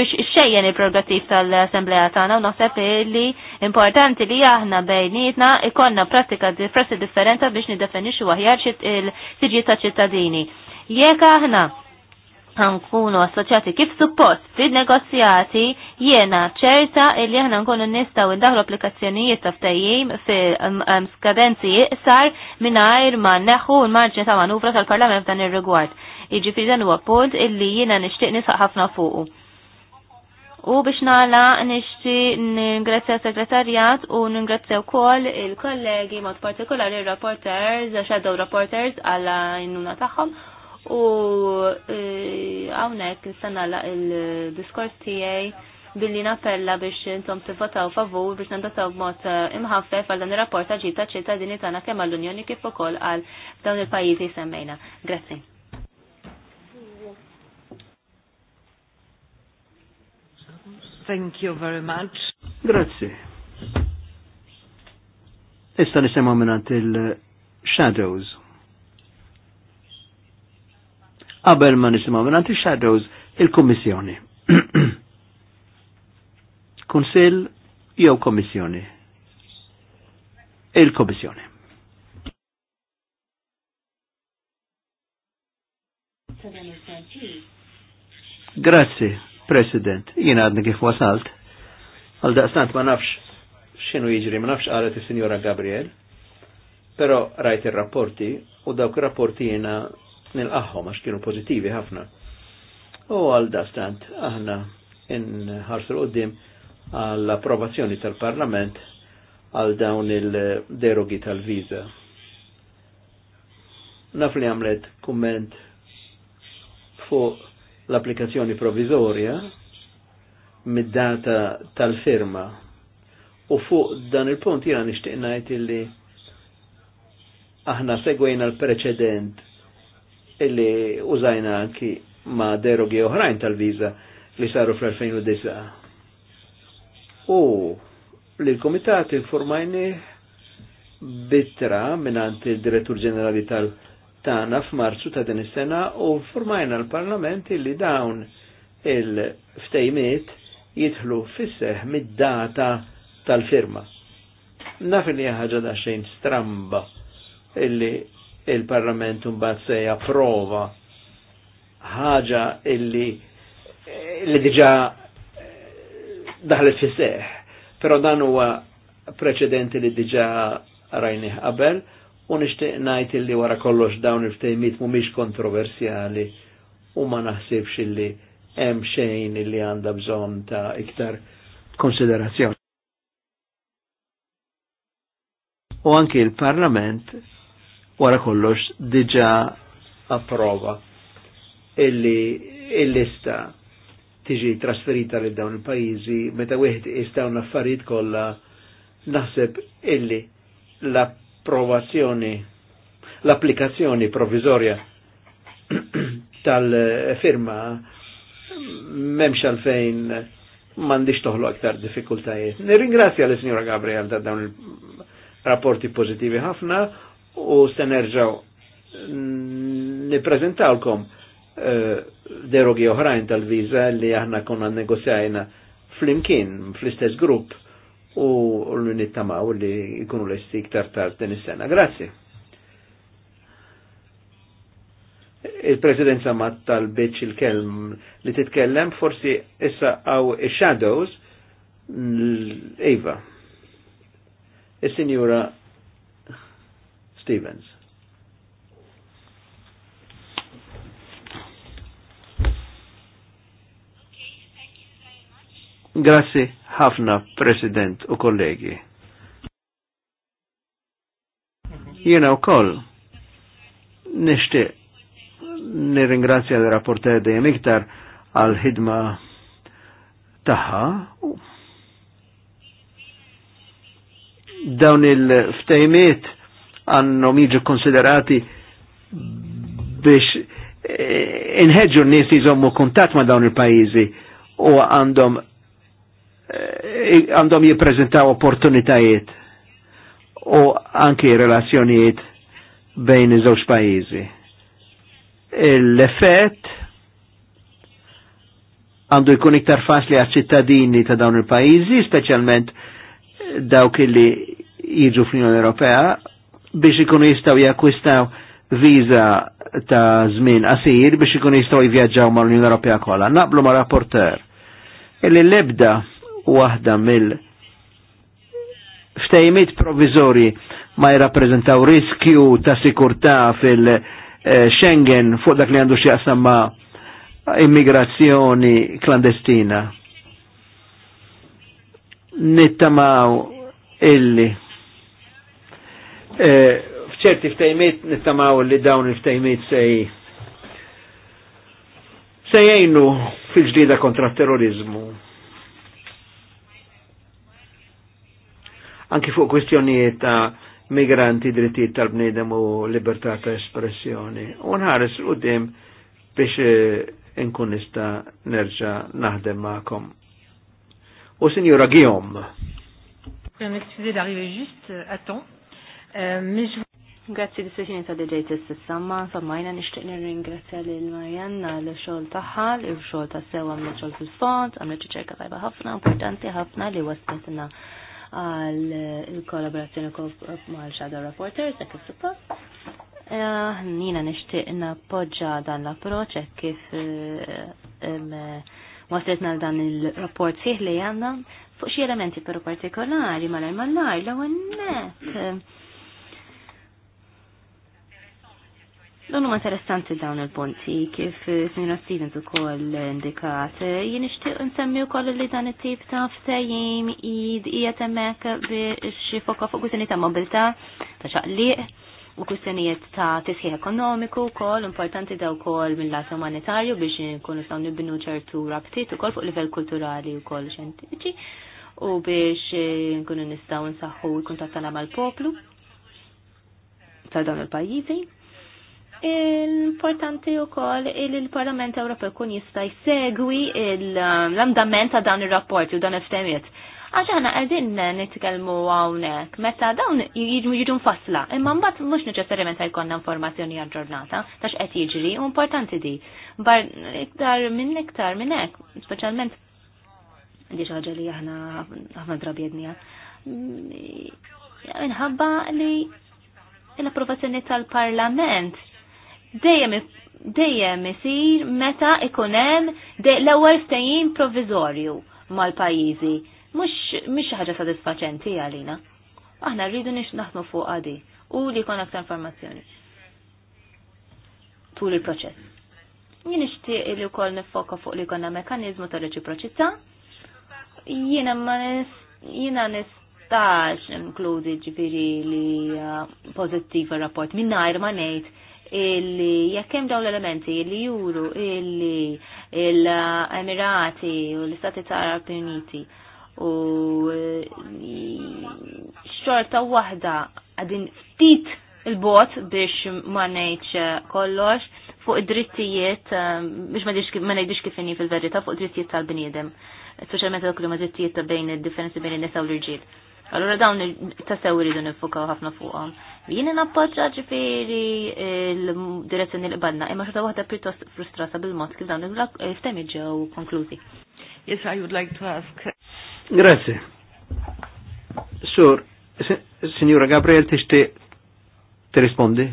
biex xejjen il-prerogattiv tal-Assembleja tana u naħseb li importanti li aħna bejnietna ikonna prattika prassi differenta biex nidefinixu aħjar il-siġijiet ta' ċittadini. Jekk aħna nkunu assoċjati kif suppost fid negozjati jiena ċerta illi aħna nkunu nistgħu ndaħlu applikazzjonijiet ta' ftehim fil um, um, skadenzi iqsar mingħajr ma neħu l-marġni ta' manuvra tal-Parlament f'dan ir-rigward. Jiġifieri dan huwa punt illi jiena nixtieq nisaq ħafna fuqu. U biex nala nixti ningrazzja segretarjat u ningrazzja wkoll il-kollegi mod partikolari il-rapporters, shadow rapporters għala innuna tagħhom u e, għawnek nistanna il-diskors tijaj billi nappella biex intom tivvotaw favur biex nandataw mot e, imħaffef għal dan ir-rapport ta' ġita ċittadini tagħna kemm għall-Unjoni kif ukoll għal dawn il-pajjiżi semmejna. Grazzi.
Thank you very much.
Grazzi. Issa nisema minn il-Shadows qabel ma nisimaw minn shadows il-Kummissjoni. Kunsill jew Kommissjoni. Il-Kommissjoni. Grazzi, President. Jina għadni kif wasalt. Għal daqstant ma nafx xinu jiġri, ma nafx għalet il Signora Gabriel. Pero rajt il-rapporti u dawk il-rapporti jina nil-qaħħom għax kienu pozittivi ħafna. U għal dastant aħna inħarsu l-qoddim għall-approvazzjoni tal-Parlament għal dawn il-derogi tal-viza. Naf li għamlet kumment fuq l-applikazzjoni provizorja mid-data tal-firma u fuq dan il-punt jgħan ixtiqnajt najt illi aħna segwejna l-preċedent illi użajna anki ma derogi oħrajn tal-viza li saru fl-2009. U li l-komitat informajni bitra minnant il-direttur ġenerali tal-tana f'Marzu ta' din is-sena u formajna l-Parlament li dawn il-ftejmiet jidħlu fisseħ mid-data tal-firma. Naf li ħaġa da xejn stramba illi il-Parlament mbagħad se prova ħaġa illi li diġa eh, daħlet fi seħ. Pero dan huwa preċedenti li diġa rajni qabel u nixtieq ngħid illi wara kollox dawn il-ftejmiet mhumiex kontroversjali u ma naħsibx illi hemm xejn illi għandha bżonn ta' iktar konsiderazzjoni. U anki il-Parlament wara kollox diġa approva illi l lista tiġi trasferita li dawn il pajizi meta wieħed is dawn l-affarijiet kollha naħseb illi l-approvazzjoni l-applikazzjoni provvizorja tal-firma memx għalfejn mandiċ toħlu aktar diffikultajiet. Nirringrazzja l-Signora Gabriel ta' dawn il-rapporti pozitivi ħafna u se nerġaw uh, derogi oħrajn tal-viza li aħna konna negozjajna fl-imkien, fl-istess grupp u l-nittamaw li ikunu l-esti iktar tard din is-sena. Grazzi. Il-presidenza ma tal-beċ il-kelm li titkellem forsi issa għaw shadows Eva. Il-sinjura Stevens. Grazie ħafna, President u kollegi. Jena u koll, nishti nirringrazzja l-rapporter dejjem iktar għal-ħidma taħħa. Dawn il-ftejmiet għandhom jiġu konsiderati biex eh, inħedġu n-nies jżommu kuntat ma' dawn il-pajjiżi u għandhom eh, għandhom jiprezentaw opportunitajiet u anki relazzjonijiet bejn iż-żewġ pajjiżi. L-effett għandu jkun iktar faċli għal ċittadini ta' dawn il-pajjiżi, speċjalment dawk li jiġu fl-Unjoni Ewropea biex ikunu jistaw jakwistaw viza ta' żmien qasir biex ikunu jistaw jivvjaġġaw mal-Unjoni Ewropea kollha. Naqblu ma' rapporter illi l-ebda waħda mill ftejmit provizori ma jirrappreżentaw riskju ta' sikurtà fil-Schengen eh, fuq dak li għandu xi ma' immigrazzjoni klandestina. Nittamaw illi Eh, fċerti ftejmiet nittamaw li dawn il-ftejmiet sej sejjajnu fil-ġdida kontra terrorizmu. Anki fuq kwestjonijiet ta' migranti drittijiet tal-bnidem u libertà ta' espressjoni. Unħares u dim biex eh, inkun nista nerġa naħdem ma'kom. U Signora Guillaume.
Nisfidi d'arriver juste euh, à temps.
Ehm,
Grazzi di sessione ta' DJ Tessissa, Samma. insomma jina nishtiq nirringrazzja lil Marjanna l xogħol tagħha, l xogħol ta' sew għamna xogħol fil-fond, għamna riċerka tajba ħafna, importanti ħafna li wasletna għal il-kollaborazzjoni mal Shadow Reporters, e il suppost. Nina eh, nishtiq nappoġġa dan l-approċ e kif eh, wasbetna dan il-rapport sieħ li għandna fuq xi elementi per partikolari mal-għal mal-nar l-ewwel Donu ma interessanti dawn il-punti kif eh, Sinjora Stevens ukoll indikat. Eh, jien nixtieq nsemmi wkoll li dan it-tip ta' ftehim id ija temmek biex foka fuq kwistjoni ta' mobilità ta' xaqliq u kwistjonijiet ta' tisħi ekonomiku wkoll importanti daw ukoll mill-lat umanitarju biex nkunu nistgħu nibnu ċertu u ukoll fuq livell kulturali wkoll xjentifiċi u biex eh, nkunu nistgħu nsaħħu l-kuntatt tagħna poplu ta' dawn il-pajjiżi importanti u kol il-Parlament Ewropew kun jista' segwi um, l-andament ta' dan ir-rapporti u dan il-ftemiet. Għax aħna qegħdin nitkellmu hawnhekk meta dawn jiġu mfassla, imma mbagħad mhux neċessarjament se jkollna informazzjoni ġurnata tax qed jiġri u importanti di. Bar iktar minn iktar minn hekk, speċjalment di ħaġa li aħna ħafna drabjednija. jednija. Minħabba li l-approvazzjoni tal-Parlament dejjem dejjem isir meta ikun hemm l-ewwel stejin provizorju mal-pajjiżi. Mhux mhix ħaġa sodisfaċenti għalina. Aħna rridu nix naħdmu fuq għadi u li jkun aktar informazzjoni tul il-proċess. Jien nixtieq li wkoll nifoka fuq li jkollna mekkaniżmu ta' reċiproċità. Jiena ma jiena nistax inkludi ġifieri li ah, pożittiv ir-rapport minn ma ngħid illi jekk hemm dawn l-elementi li juru illi l-Emirati u l-Istati Arab Uniti u eh, xorta waħda għadin ftit il-bot biex ma ngħidx eh, kollox fuq id-drittijiet eh, biex ma ngħidix kif fil-verità fuq drittijiet tal-bniedem, speċjalment dak li ma drittijiet bejn id-differenzi bejn in-nisa u l-irġiel Allora dawn il-tasew iridu nifukaw ħafna fuqhom. Jiena nappoġġa ġifieri l-direzzjoni li qbadna, imma xorta waħda pjuttost frustrata bil-mod kif dawn il-ftemi ġew konklużi. Yes, I would like to ask.
Grazie. Sur, Signora Gabriel, tixti t-rispondi?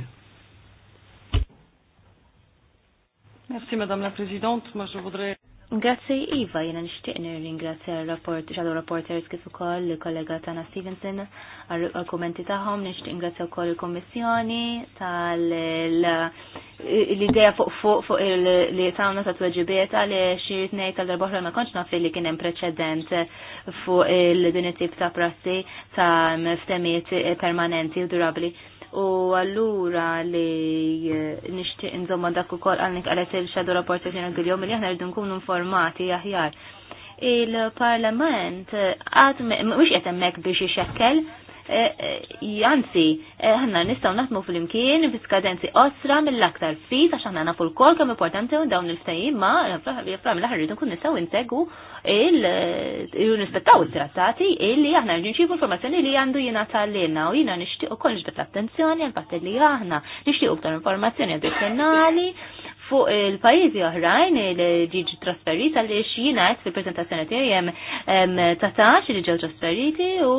Merci,
Madame la Présidente. Moi, je voudrais...
Grazzi Iva, jena nishtiq ringrazzja rapport xadu rapporters kif ukoll il-kollega tana Stevenson għal-kommenti tagħhom, nishtiq ngrazzja wkoll il-Kommissjoni tal l-idea fuq fuq fuq li tawna ta' tweġibiet għal xirit ngħid tal-darba ma kontx naf li kien hemm preċedent fuq il-din tip ta' prassi ta' ftemiet permanenti u durabli u allura li eh, nixtieq insomma dak ukoll għalnik qalet il-xadu rapport kienu għil-jom li aħna rridu nkunu informati aħjar. Il-Parlament eh, għad mux qed hemmhekk biex ixekkel Eh, eh, anzi, eh, ħanna nistaw naħdmu fil imkien fiskadenzi osra mill-aktar fis għax ħanna nafu l-kol kam importanti u dawn il-ftajim ma fl-ħar mill-ħar rridu kun nistaw insegu il-nispettaw il-trattati illi aħna nġinċivu informazzjoni li għandu jina tal-lina u jina nishti u kol nġbet attenzjoni għal-fat li aħna nishti u informazzjoni addizjonali fuq il-pajizi oħrajn li ġiġi trasferiti għalli xjina fil-prezentazzjoni tiegħi hemm tatax li ġew trasferiti u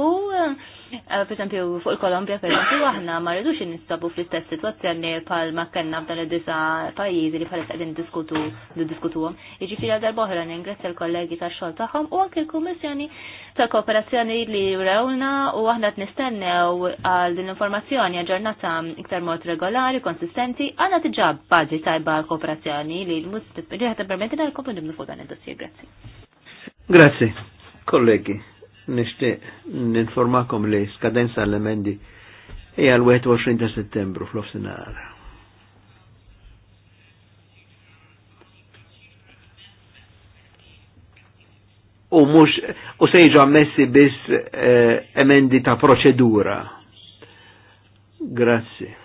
Eh, per esempio, fuq il-Kolombja, per esempio, aħna ma rridux nistabu fl-istess situazzjoni pal ma kellna f'dan id-disa pajjiżi li bħalissa qegħdin diskutu diskutuhom. Jiġifieri għal darb'oħra ningrazzja l-kollegi tax-xogħol tagħhom u anke l-Kummissjoni tal-Kooperazzjoni li rawna u aħna qed nistennew għal din informazzjoni aġġornata iktar mod regolari, konsistenti, għandha diġà bażi tajba l-kooperazzjoni li l-must permetti dal-komplu nibnu fuq dan id-dossier. Grazzi.
Grazzi, kollegi nishti ninformakom li skadenza l-emendi i għal 21 ta' settembru fl-ofsinar. U mux, u sejġu ammessi bis eh, emendi ta' proċedura. Grazie.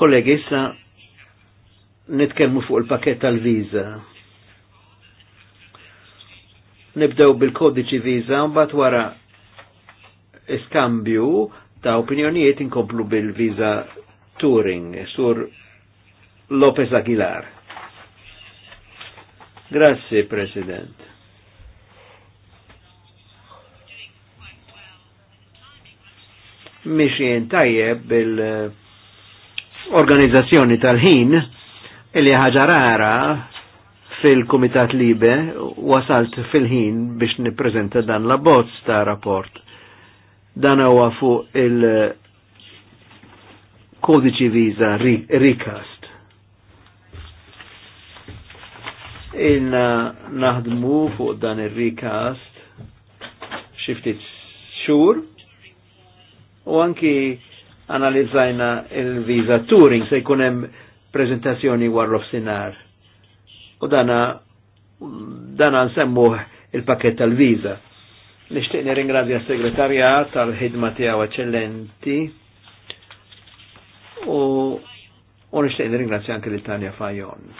Kollegi, issa nitkemmu fuq il paket tal-viza. Nibdew bil-kodiċi viza, mbagħad wara iskambju ta' opinjonijiet inkomplu bil-viza Turing, sur Lopez Aguilar. Grazie, President. Mixien tajjeb bil- organizzazzjoni tal-ħin li ħaġa rara fil-Kumitat Libe wasalt fil-ħin biex nippreżenta dan la bozz ta' rapport. Dan huwa fuq il-kodiċi viza rikast. Inna naħdmu fuq dan il-rikast xiftit xur u anki analizzajna il-viza touring se jkun hemm prezentazzjoni warrof sinar. U dana dana nsemmu il-pakket tal-viza. Nishtiq nirringrazzja s-segretarjat tal-ħidma tiegħu eċċellenti u u nishtiq nirringrazzja anke l-Tanja Fajon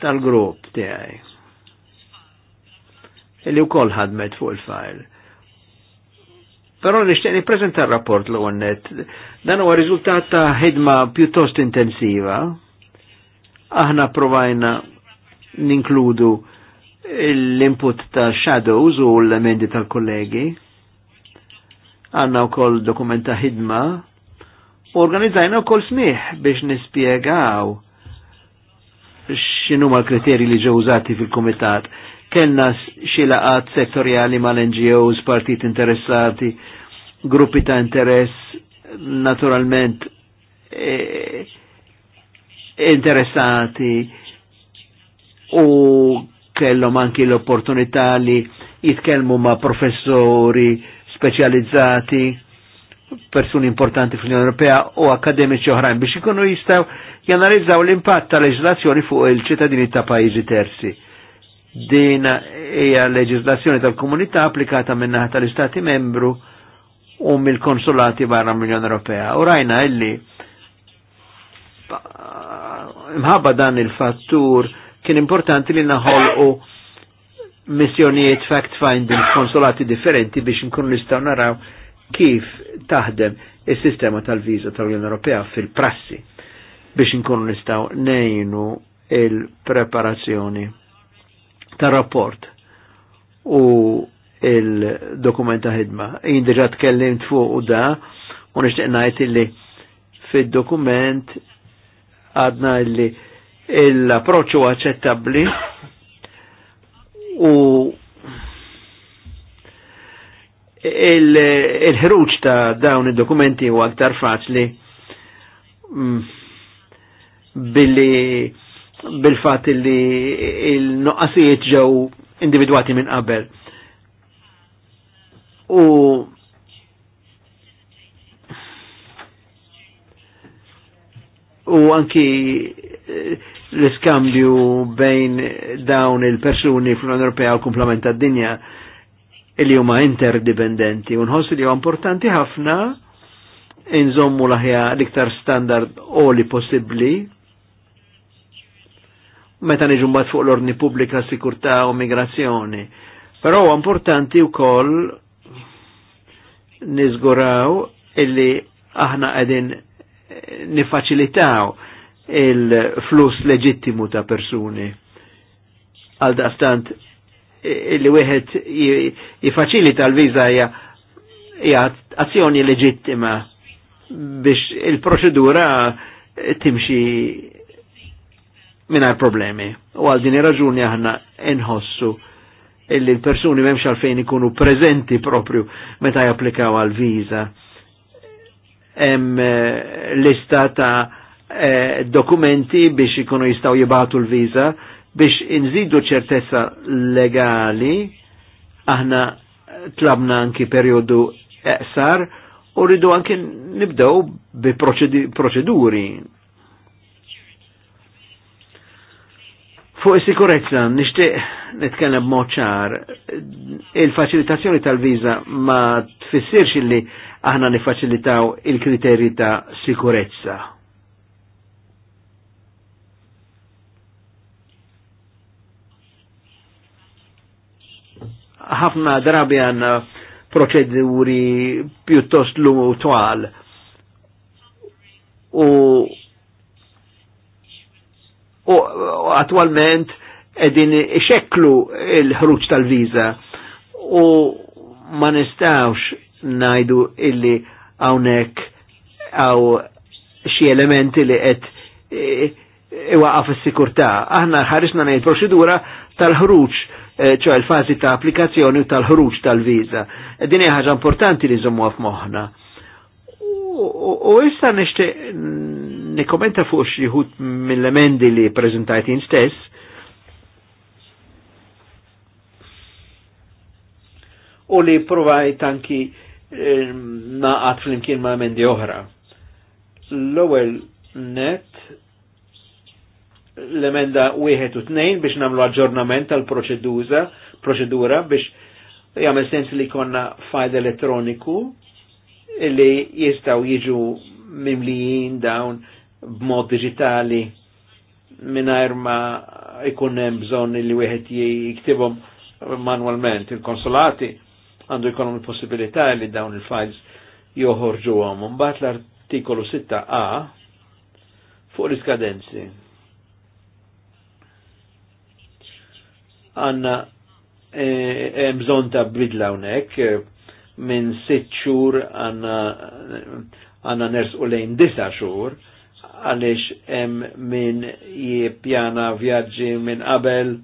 tal-grupp tiegħi. Illi wkoll ħadmet fuq il-file Però nixtieq nippreżenta rapport l għonnet dan huwa riżultat ta' ħidma pjuttost intensiva. Aħna provajna ninkludu l-input ta' shadows u l-emendi tal-kollegi. Għanna u koll dokumenta ħidma u organizzajna u koll smiħ biex nispiegaw xinu ma' kriteri li ġewżati fil-komitat kellna xi laqat settorjali mal-NGOs, partit interessati, gruppi ta' interess, naturalment e, interessati u kellhom anki l-opportunità li jitkellmu ma' professori speċjalizzati, persuni importanti fl-Unjoni Ewropea u akademiċi oħrajn biex ikunu jistgħu janalizzaw l-impatt tal-leġislazzjoni fuq il-ċittadini ta' pajjiżi terzi. Din hija leġislazzjoni tal-komunità applikata minnaħa tal-Istati membru u mill-konsulati barra mill-Unjoni Ewropea. U rajna illi imħabba dan il-fattur kien importanti li naħolqu missjonijiet fact-finding konsulati differenti biex nkun nistgħu naraw kif taħdem is-sistema tal-viża tal-Unjoni Ewropea fil-prassi biex nkun nistgħu nejnu il-preparazzjoni ta' rapport u il-dokumenta ħidma. Indiġa tkellimt fuq u da, u nishtiq najt illi fil-dokument għadna illi l approċu aċċettabli u il-ħruġ ta' dawn id-dokumenti u aktar faċli mm, billi bil-fat li il-noqqasijiet ġew individwati minn qabel. U u anki eh, l-iskambju bejn dawn il-persuni fl-Unjoni Ewropea u komplement tad-dinja li huma interdipendenti u nħossu li huwa importanti ħafna inżommu l l-iktar standard oli possibbli meta niġu mbagħad fuq l-ordni pubblika, sikurtà u migrazzjoni. Però huwa importanti wkoll niżguraw illi aħna qegħdin eh, nifaċilitaw il-flus leġittimu ta' persuni. Għal daqstant eh, illi wieħed jifaċilita l-viża hija azzjoni leġittima biex il-proċedura timxi minar problemi. U għal dini raġuni aħna enħossu illi l-persuni memx għalfejn ikunu prezenti propju meta japplikaw għal viza. Em eh, lista ta' eh, dokumenti biex ikunu jistaw jibatu l-viza biex inżidu ċertessa legali aħna tlabna anki periodu eqsar u rridu anki nibdew bi proċeduri Fuq is-sikurezza nixtieq nitkellem b'mod ċar. Il-faċilitazzjoni tal-viża ma tfissirx li aħna nifaċilitaw il-kriterji ta' sikurezza. ħafna drabi għanna proċeduri pjuttost lungu twal u u attualment edin iċeklu il-ħruġ tal-viza u ma nistawx najdu illi għawnek għaw xie elementi li għet e, iwaqaf s-sikurta. Aħna ħarisna najd proċedura tal-ħruġ, e, ċoħ il-fazi ta' applikazzjoni u tal-ħruġ tal-viza. Din ħaġa importanti li zommu għaf moħna. U issa nishtiq nikkommenta fuq xieħut mill-emendi li prezentajt stess. U li provajt anki eh, naqat fl-imkien ma' emendi oħra. L-ewwel net l-emenda wieħed u tnejn biex namlu aġġornament tal-proċedura biex jagħmel sens li konna fajl elettroniku li jistaw jiġu mimlijin dawn b'mod digitali minnajr ma ikunem hemm bżonn li wieħed jiktibhom manualment. Il-konsolati għandu jkollhom il-possibilità li dawn il-files joħorġuhom. Mbagħad l-artikolu 6a fuq l-iskadenzi. Għanna e, hemm bżonn ta' bidla hawnhekk minn sitt xhur għandna għanna nersqu lejn disa' xhur għaliex hemm min jippjana vjaġġi minn qabel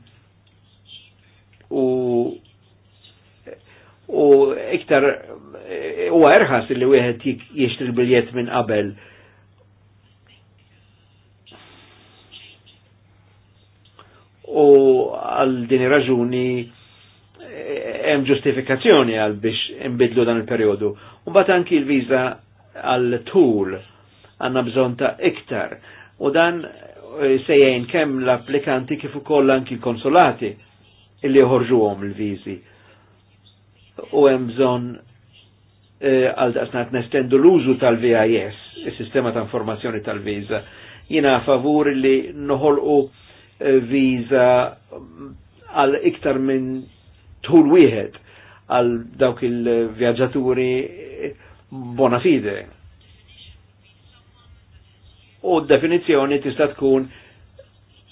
u u iktar u erħas li wieħed jiexti l-biljett minn qabel. U għal din raġuni hemm ġustifikazzjoni għal biex imbidlu dan il-perjodu. U bat anki l-viża għal tul għanna bżon ta' iktar. U dan e, sejjajn kemm l-applikanti kif ukoll anki konsolati illi għom il-viżi. U hemm bżonn e, għal daqsnat nestendu l-użu tal-VIS, il-sistema ta' informazzjoni tal-viza. Jina favur li noħolqu e, viza mm, għal iktar minn tul wieħed għal dawk il-vjaġġaturi bona fide u d-definizjoni tista' tkun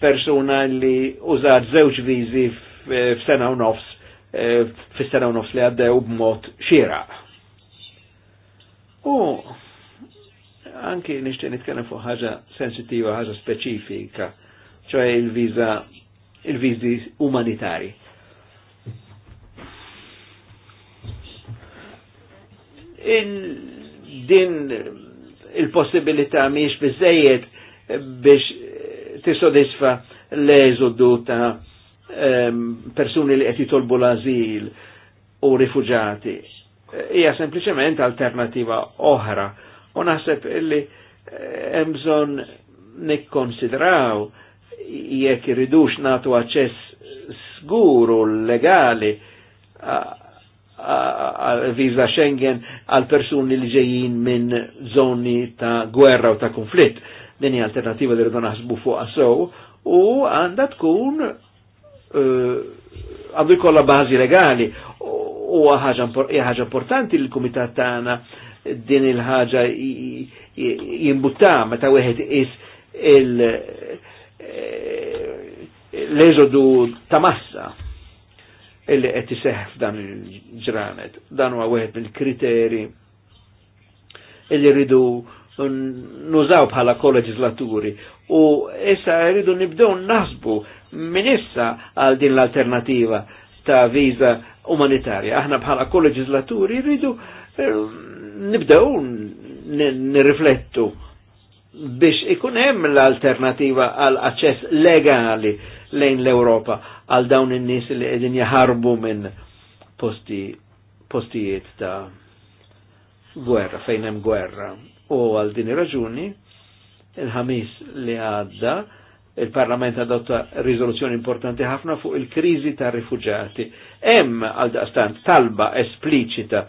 persuna li użat żewġ viżi f'sena u nofs e, fis-sena u nofs li għaddew b'mod xira. U anki nixtieq nitkellem fuq ħaġa sensittiva, ħaġa speċifika, ċoħe il viza il vizi umanitari. Il din il-possibilità miex bizzejiet biex tisodisfa l-eżodu ta' persuni li qed jitolbu l-azil u rifuġati. Hija sempliċement alternativa oħra u naħseb illi eh, hemm bżonn nikkonsidraw jekk iridux natu aċċess sguru legali għal-viza Schengen għal persuni li ġejjin minn zoni ta' gwerra u ta' konflitt. Din hija alternativa li rridu naħsbu fuq sew u għandha tkun għandu uh, jkollha bażi legali u ħaġa importanti li l-kumitat tagħna din il-ħaġa jimbutta meta wieħed is il- l-eżodu ta' massa illi qed iseħħ dan il-ġranet. Dan huwa wieħed mill-kriteri illi rridu nużaw bħala koleġislaturi u issa rridu nibdew naħsbu minn issa għal din l-alternativa ta' viza umanitarja. Aħna bħala koleġislaturi rridu eh, nibdew nirriflettu biex ikun hemm l-alternativa għal aċċess legali lejn l-Ewropa għal dawn in-nies li qegħdin jaħarbu minn posti, postijiet ta' gwerra, fejn hemm gwerra. U għal din ir-raġuni il-ħamis li għadda il-Parlament adotta riżoluzzjoni importanti ħafna fuq il-kriżi ta' rifuġati. Hemm għal daqstant talba espliċita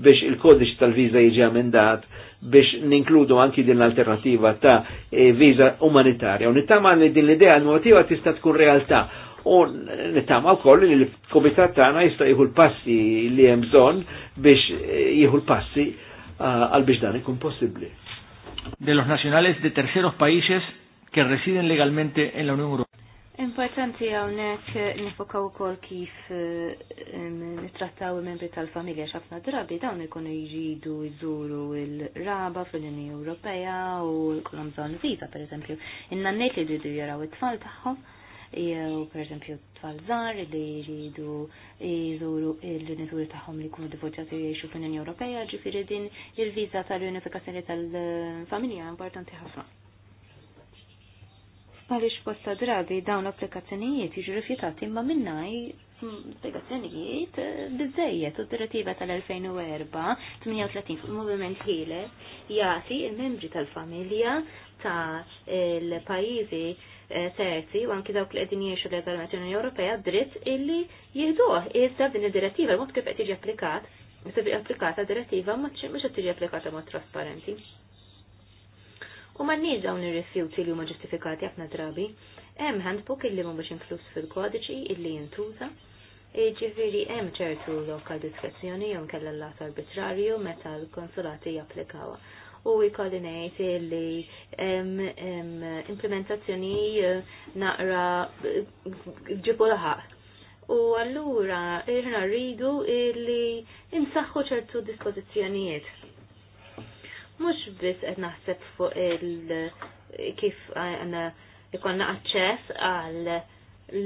biex il-kodiċ tal-viża jiġi amendat biex ninkludu anki din l-alternativa ta' e, viza umanitarja. U nittama li din l-idea l-motiva tista' tkun realtà. U nittama u koll li l-komitat tagħna jista' jieħu l-passi li hemm bżonn biex e, jieħu l-passi għal biex dan ikun possibbli.
De los nacionales de terceros países que residen
legalmente en la Unión Europea.
Importanti għawnek nifokaw kol kif eh, nitrattaw membri tal-familja xafna drabi dawn ikonu jġidu jżuru il-raba fil unjoni Ewropea u kolom zon viza per eżempju. Inna net li jġidu jaraw it-tfal tagħhom jew per eżempju tfal żgħar li jridu jżuru il nizuri tagħhom li jkunu divorċjati jgħixu fil unjoni Ewropea, ġifieri din il viza tal-unifikazzjoni tal-familja importanti ħafna. Għalix posta drabi dawn applikazzjonijiet jiġu rifjutati imma minnaj applikazzjonijiet bizzejiet u direttiva tal-2004 38 fuq il-moviment ħieles jagħti il-membri tal-familja ta' l eh, terzi u anki dawk li qegħdin jgħixu legalment l-Unjoni Ewropea dritt illi jieħduh iżda din id-direttiva l-mod kif qed tiġi applikat Issa applikata direttiva ma mhux qed tiġi applikata mod trasparenti. U ma nix dawn ir-rifjuti li huma ġustifikati ħafna drabi, hemm handbook illi mhumiex inkluż fil-kodiċi illi jintuża. Ġifieri hemm ċertu lokal diskrezzjoni jew kellha l-lat arbitrarju meta l-konsulati japplikawha. U jkolli ngħid li implementazzjoni eh, naqra eh, ġibu laħaq. U allura irna rridu illi insaħħu ċertu dispożizzjonijiet mhux biss qed naħseb fuq il kif għandna ikonna aċċess għal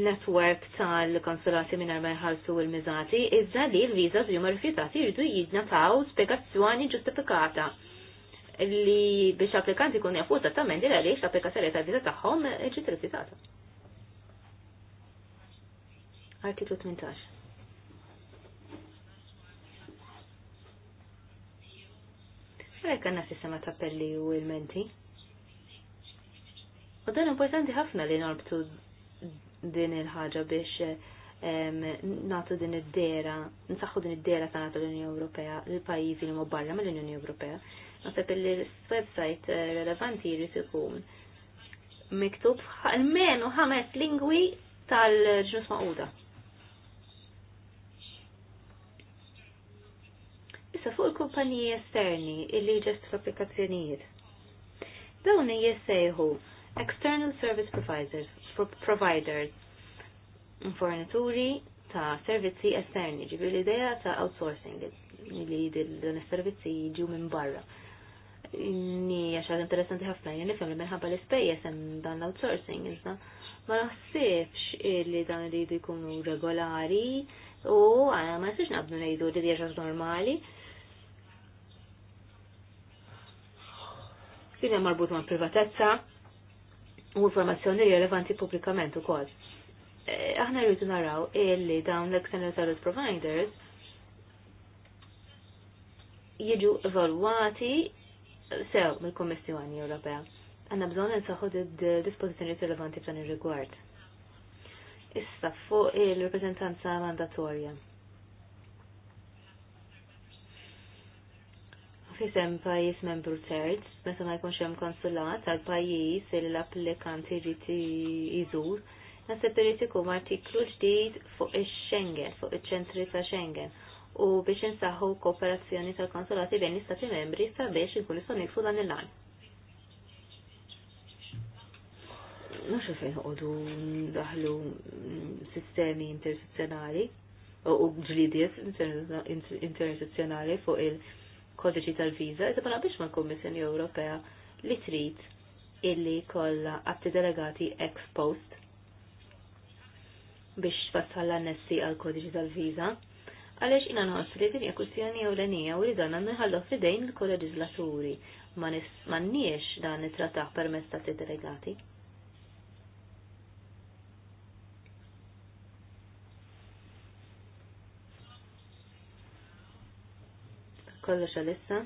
network tal konsulati minn ma jħallsu l miżati iżda li l-vizas huma rifjutati jridu jidnataw spjegazzjoni ġustifikata li biex applikanti kun jafu esattament li għaliex l-applikazzjoni tal-viza tagħhom ġiet rifjutata. Artiklu 18. Għalek għanna sistema ta' pelli u il-menti. U dan importanti ħafna li norbtu din il-ħagġa biex natu din id-dera, nsaxħu din id-dera ta' natu l-Unjoni Ewropea, l-pajizi li mu ma' mill-Unjoni Ewropea. Nasa li l-website eh, relevanti jirrit ikun miktub almenu ħames lingwi tal-ġnus maquda. Issa fuq il-kumpaniji esterni illi ġest l-applikazzjonijiet. Dawn jissejħu External Service Providers, providers fornituri ta' servizzi esterni, ġibri l-ideja ta' outsourcing li din is-servizzi jiġu minn barra. Nija għaxħad interessanti ħafna, jenni nifhem li minħabba l-ispejjeż hemm dan l-outsourcing iżda ma naħsibx li dan li jkunu regolari u għana eh, ma nistax nabdu nejdu li diġa normali, jina marbut ma' privatezza u informazzjoni rilevanti pubblikament ukoll. E, aħna rridu naraw illi dawn l-external service providers jiġu evalwati sew mill-Kommissjoni Ewropea. Għanna bżonn nsaħħu dispożizzjoni rilevanti f'dan ir-rigward. Issa fuq il-reprezentanza mandatorja. fisem pajis membru terz, meta ma jkunx hemm konsulat għal pajis li l-applikant jiġi iżur, naħseb irid ikun artiklu ġdid fuq ix-Schengen, fuq iċ-ċentri ta' Schengen u biex insaħħu kooperazzjoni tal-konsulati bejn l-istati membri sabiex ikun jistgħu nikfu dan il-lan. Naxu fejn għodu daħlu sistemi intersezzjonali u ġlidiet intersezzjonali fuq il- kodiċi tal-viza, jizabana biex ma' Kommissjoni Ewropea li trid illi kolla atti delegati ex post biex fassalla nessi għal kodiċi tal-viza, għalix ina nħoss li din l ewlenija u li dan għandu nħallu fidejn il kolleġizlaturi ma nniex dan nitrataħ permess ta' delegati. kollox għalissa.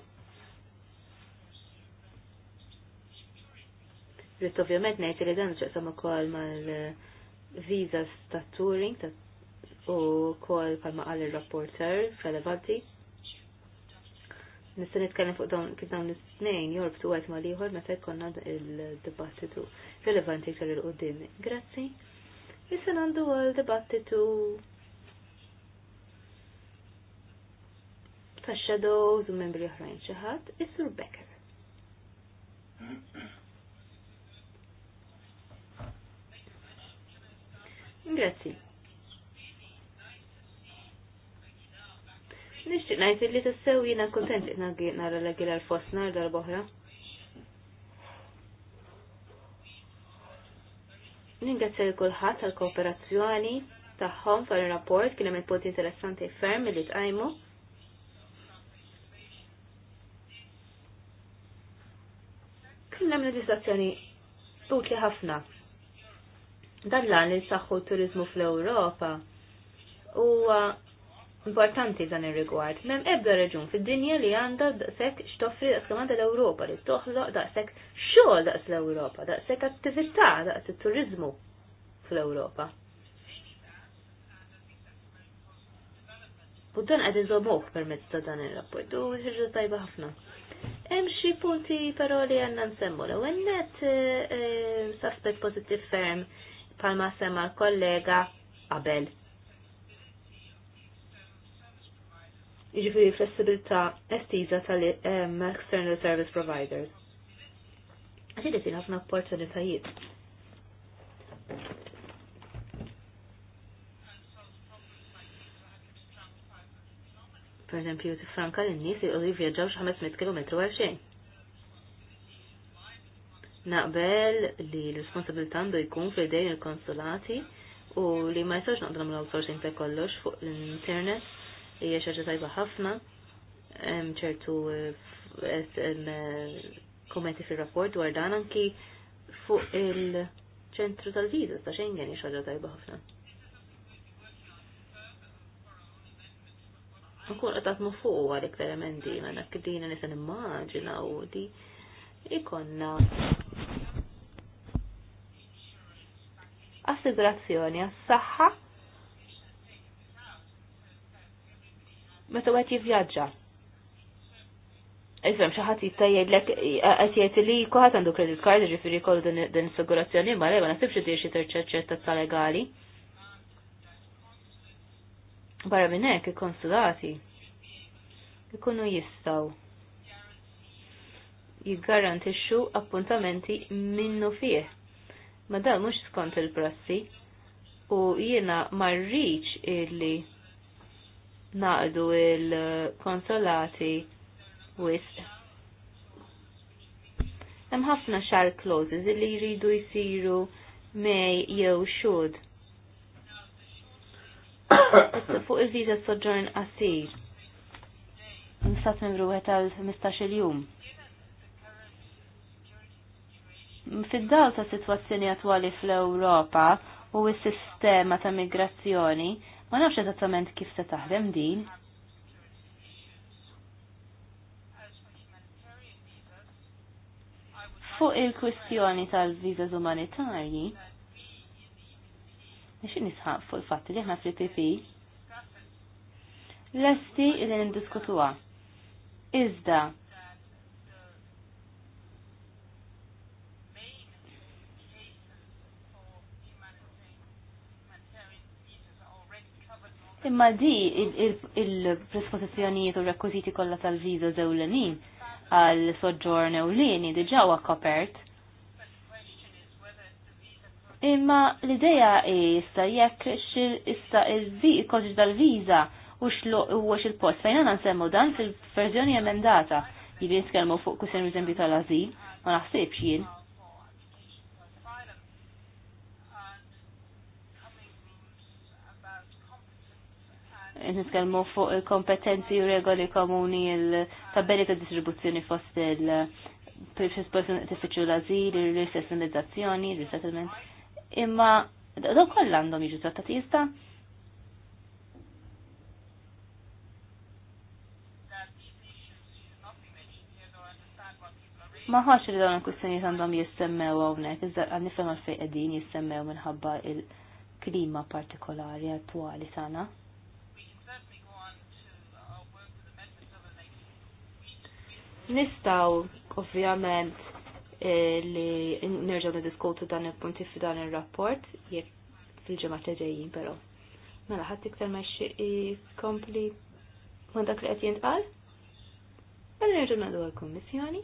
Rrit ovvjament ngħid li dan ċaqsam ukoll mal-viżas ta' touring u wkoll bħalma qal ir-rapporter relevanti. Nista' nitkellem fuq dawn kif dawn is-snejn jorbtu wieħed ma' ieħor meta jkollna il-dibattitu relevanti tal il qudiem Grazzi. Issa għandu għal dibattitu ta' shadows u membri oħrajn xaħat, ħadd, Becker. Grazzi. Nixtieq ngħid li tassew jiena kuntent li nara l-Agilar fost nhar darb'oħra. Ningrazzja kulħadd għall-kooperazzjoni tagħhom far rapport kien hemm il-punti interessanti ferm li tqajmu. hemm tut li ħafna. Dan l-għan li saħħu turizmu fl-Ewropa huwa importanti dan ir-rigward. Mem ebda reġun fid-dinja li għandha daqshekk x'toffri daqs kemm l-Ewropa li toħloq daqshekk xogħol daqs l-Ewropa, daqshekk attività daqs it-turiżmu fl-Ewropa. U dan qed iżomuh permezz ta' dan ir-rapport u ħirġa tajba ħafna. Hemm xi punti però li għandna nsemmu l għennet eh, eh, suspect positive ferm bħalma semma kollega Abel. Jiġifieri flessibilità estiza tal-external ehm, service providers. Għaxi li ħafna opportunitajiet Per eżempju, tifranka l-nies li qogħdu jivvjaġġaw xi 500 km għal xejn. Naqbel li l-responsabilità għandu jkun f'idejn il-konsulati u li ma jistax naqdrom l-outsourcing ta' kollox fuq l-internet hija xi tajba ħafna ċertu eh, kommenti fil-rapport dwar dan anki fuq il-ċentru tal-viżas ta' Schengen hija xi tajba ħafna. nkun qatat taħdmu fuq għalik verament għanna k-dina nisan immaġina u di ikonna assigurazzjoni għas-saħħa meta wieħed jivvjaġġa. Ifhem xi ħadd jittajjellek qed jgħid li kulħadd għandu credit card, ġifiri jkollu din assigurazzjoni ma le nasibxu nasibx idhir xi t legali. legali Barra minn hekk il-konsulati ikunu jistaw jiggarantixxu appuntamenti minnu fih. Ma dan mhux skont il-prassi u jiena marriċ illi naqdu il-konsolati wisq. Hemm ħafna xar closes illi jridu jsiru mej jew xud fuq il-viza soġġorn qasir. Nistat għet għal 15 jum. Fid-daw ta' situazzjoni attwali fl-Ewropa u s-sistema ta' migrazzjoni, ma nafx eżattament kif se taħdem din. Fuq il-kwistjoni tal vizas umanitarji, Nixi nisħaq fuq il fatti li aħna fl L-esti li n nindiskutuha. Iżda Imma di il-presposizjonijiet u rekwiziti kollha tal-viża żewlenin għal soġġorn ewlieni diġà huwa kopert Imma l-ideja jista' jekk xil issa il-koġġ dal-viza u x il-post fejna għan nsemmu dan fil-verżjoni emendata jibin skelmu fuq kusen rizembi tal-azil, ma naħsibx jien. Nitkellmu fuq il-kompetenzi u regoli komuni il-tabelli ta' distribuzzjoni fost il- prefis person t-fiċu l-azil, il resessimizzazzjoni il-resettlement imma dawk kollha għandhom jiġu trattati jista' Ma ħax li dawn il-kwistjonijiet għandhom jissemmew hawnhekk, iżda għan nifhem għalfejn qegħdin jissemmew minħabba il-klima partikolari attuali tagħna. Nistaw, ovvjament, Eh, li nerġaw diskutu dan il-punti f'dan il-rapport, jek fil-ġemat li ġejjin, pero. Mela, ħadd iktar ma kompli ma dak li qed jintqal? Għalli mela, nerġaw nagħdu għall-Kummissjoni.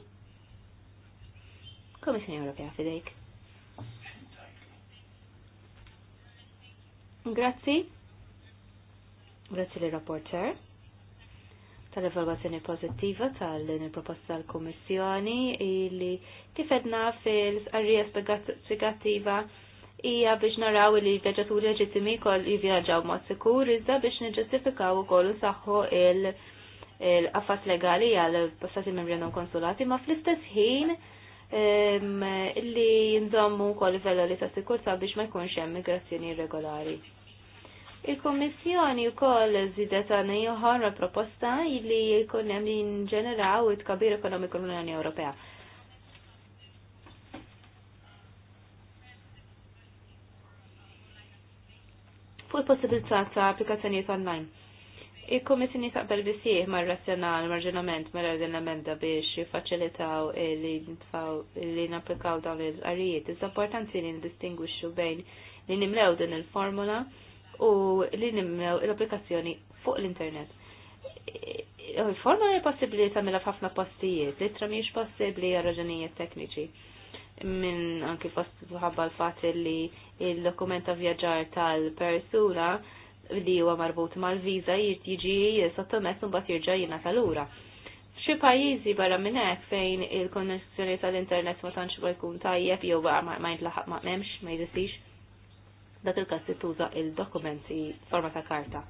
Kommissjoni Ewropea fidejk. Grazzi. Grazzi li rapporter tal evaluazzjoni pozittiva tal-proposta tal-Kommissjoni li Kif fil arrija spiegattiva hija biex naraw li vjaġġaturi leġittimi kol jivvjaġġaw mod sikur, iżda biex niġġustifikaw ukoll saħħu il- l legali għal passati membri non konsulati, ma fl-istess ħin li nżommu kol livello li ta' sa' biex ma jkunx hemm migrazzjoni irregolari. Il-Kommissjoni wkoll żidet għandna oħra proposta li jkun hemm li nġeneraw it-kabir ekonomiku l-Unjoni Ewropea. fuq il-possibilità ta' applikazzjonijiet online. Il-Komissjoni taqbel bisieħ mar razzjonal marġinament mar razzjonament biex jiffaċilitaw li napplikaw dawn il-qarijiet. Iżda importanti li ndistingwixxu bejn li nimlew din il-formula u li nimlew l-applikazzjoni fuq l-internet. Il-formula hija possibbli tagħmilha f'ħafna postijiet, li tramiex possibbli għal raġunijiet tekniċi minn anki fost ħabba l-fat li il-dokument ta' vjaġġar tal-persuna li huwa marbut mal-viża jiġi sottomess mbagħad jirġa' tal lura. F'xi pajjiżi barra minn hekk fejn il-konnessjoni tal-internet ma tantx ma jkun tajjeb jew ma jintlaħaq ma m'hemmx ma jdisix, dak il-każ tuża il-dokumenti forma ta' karta.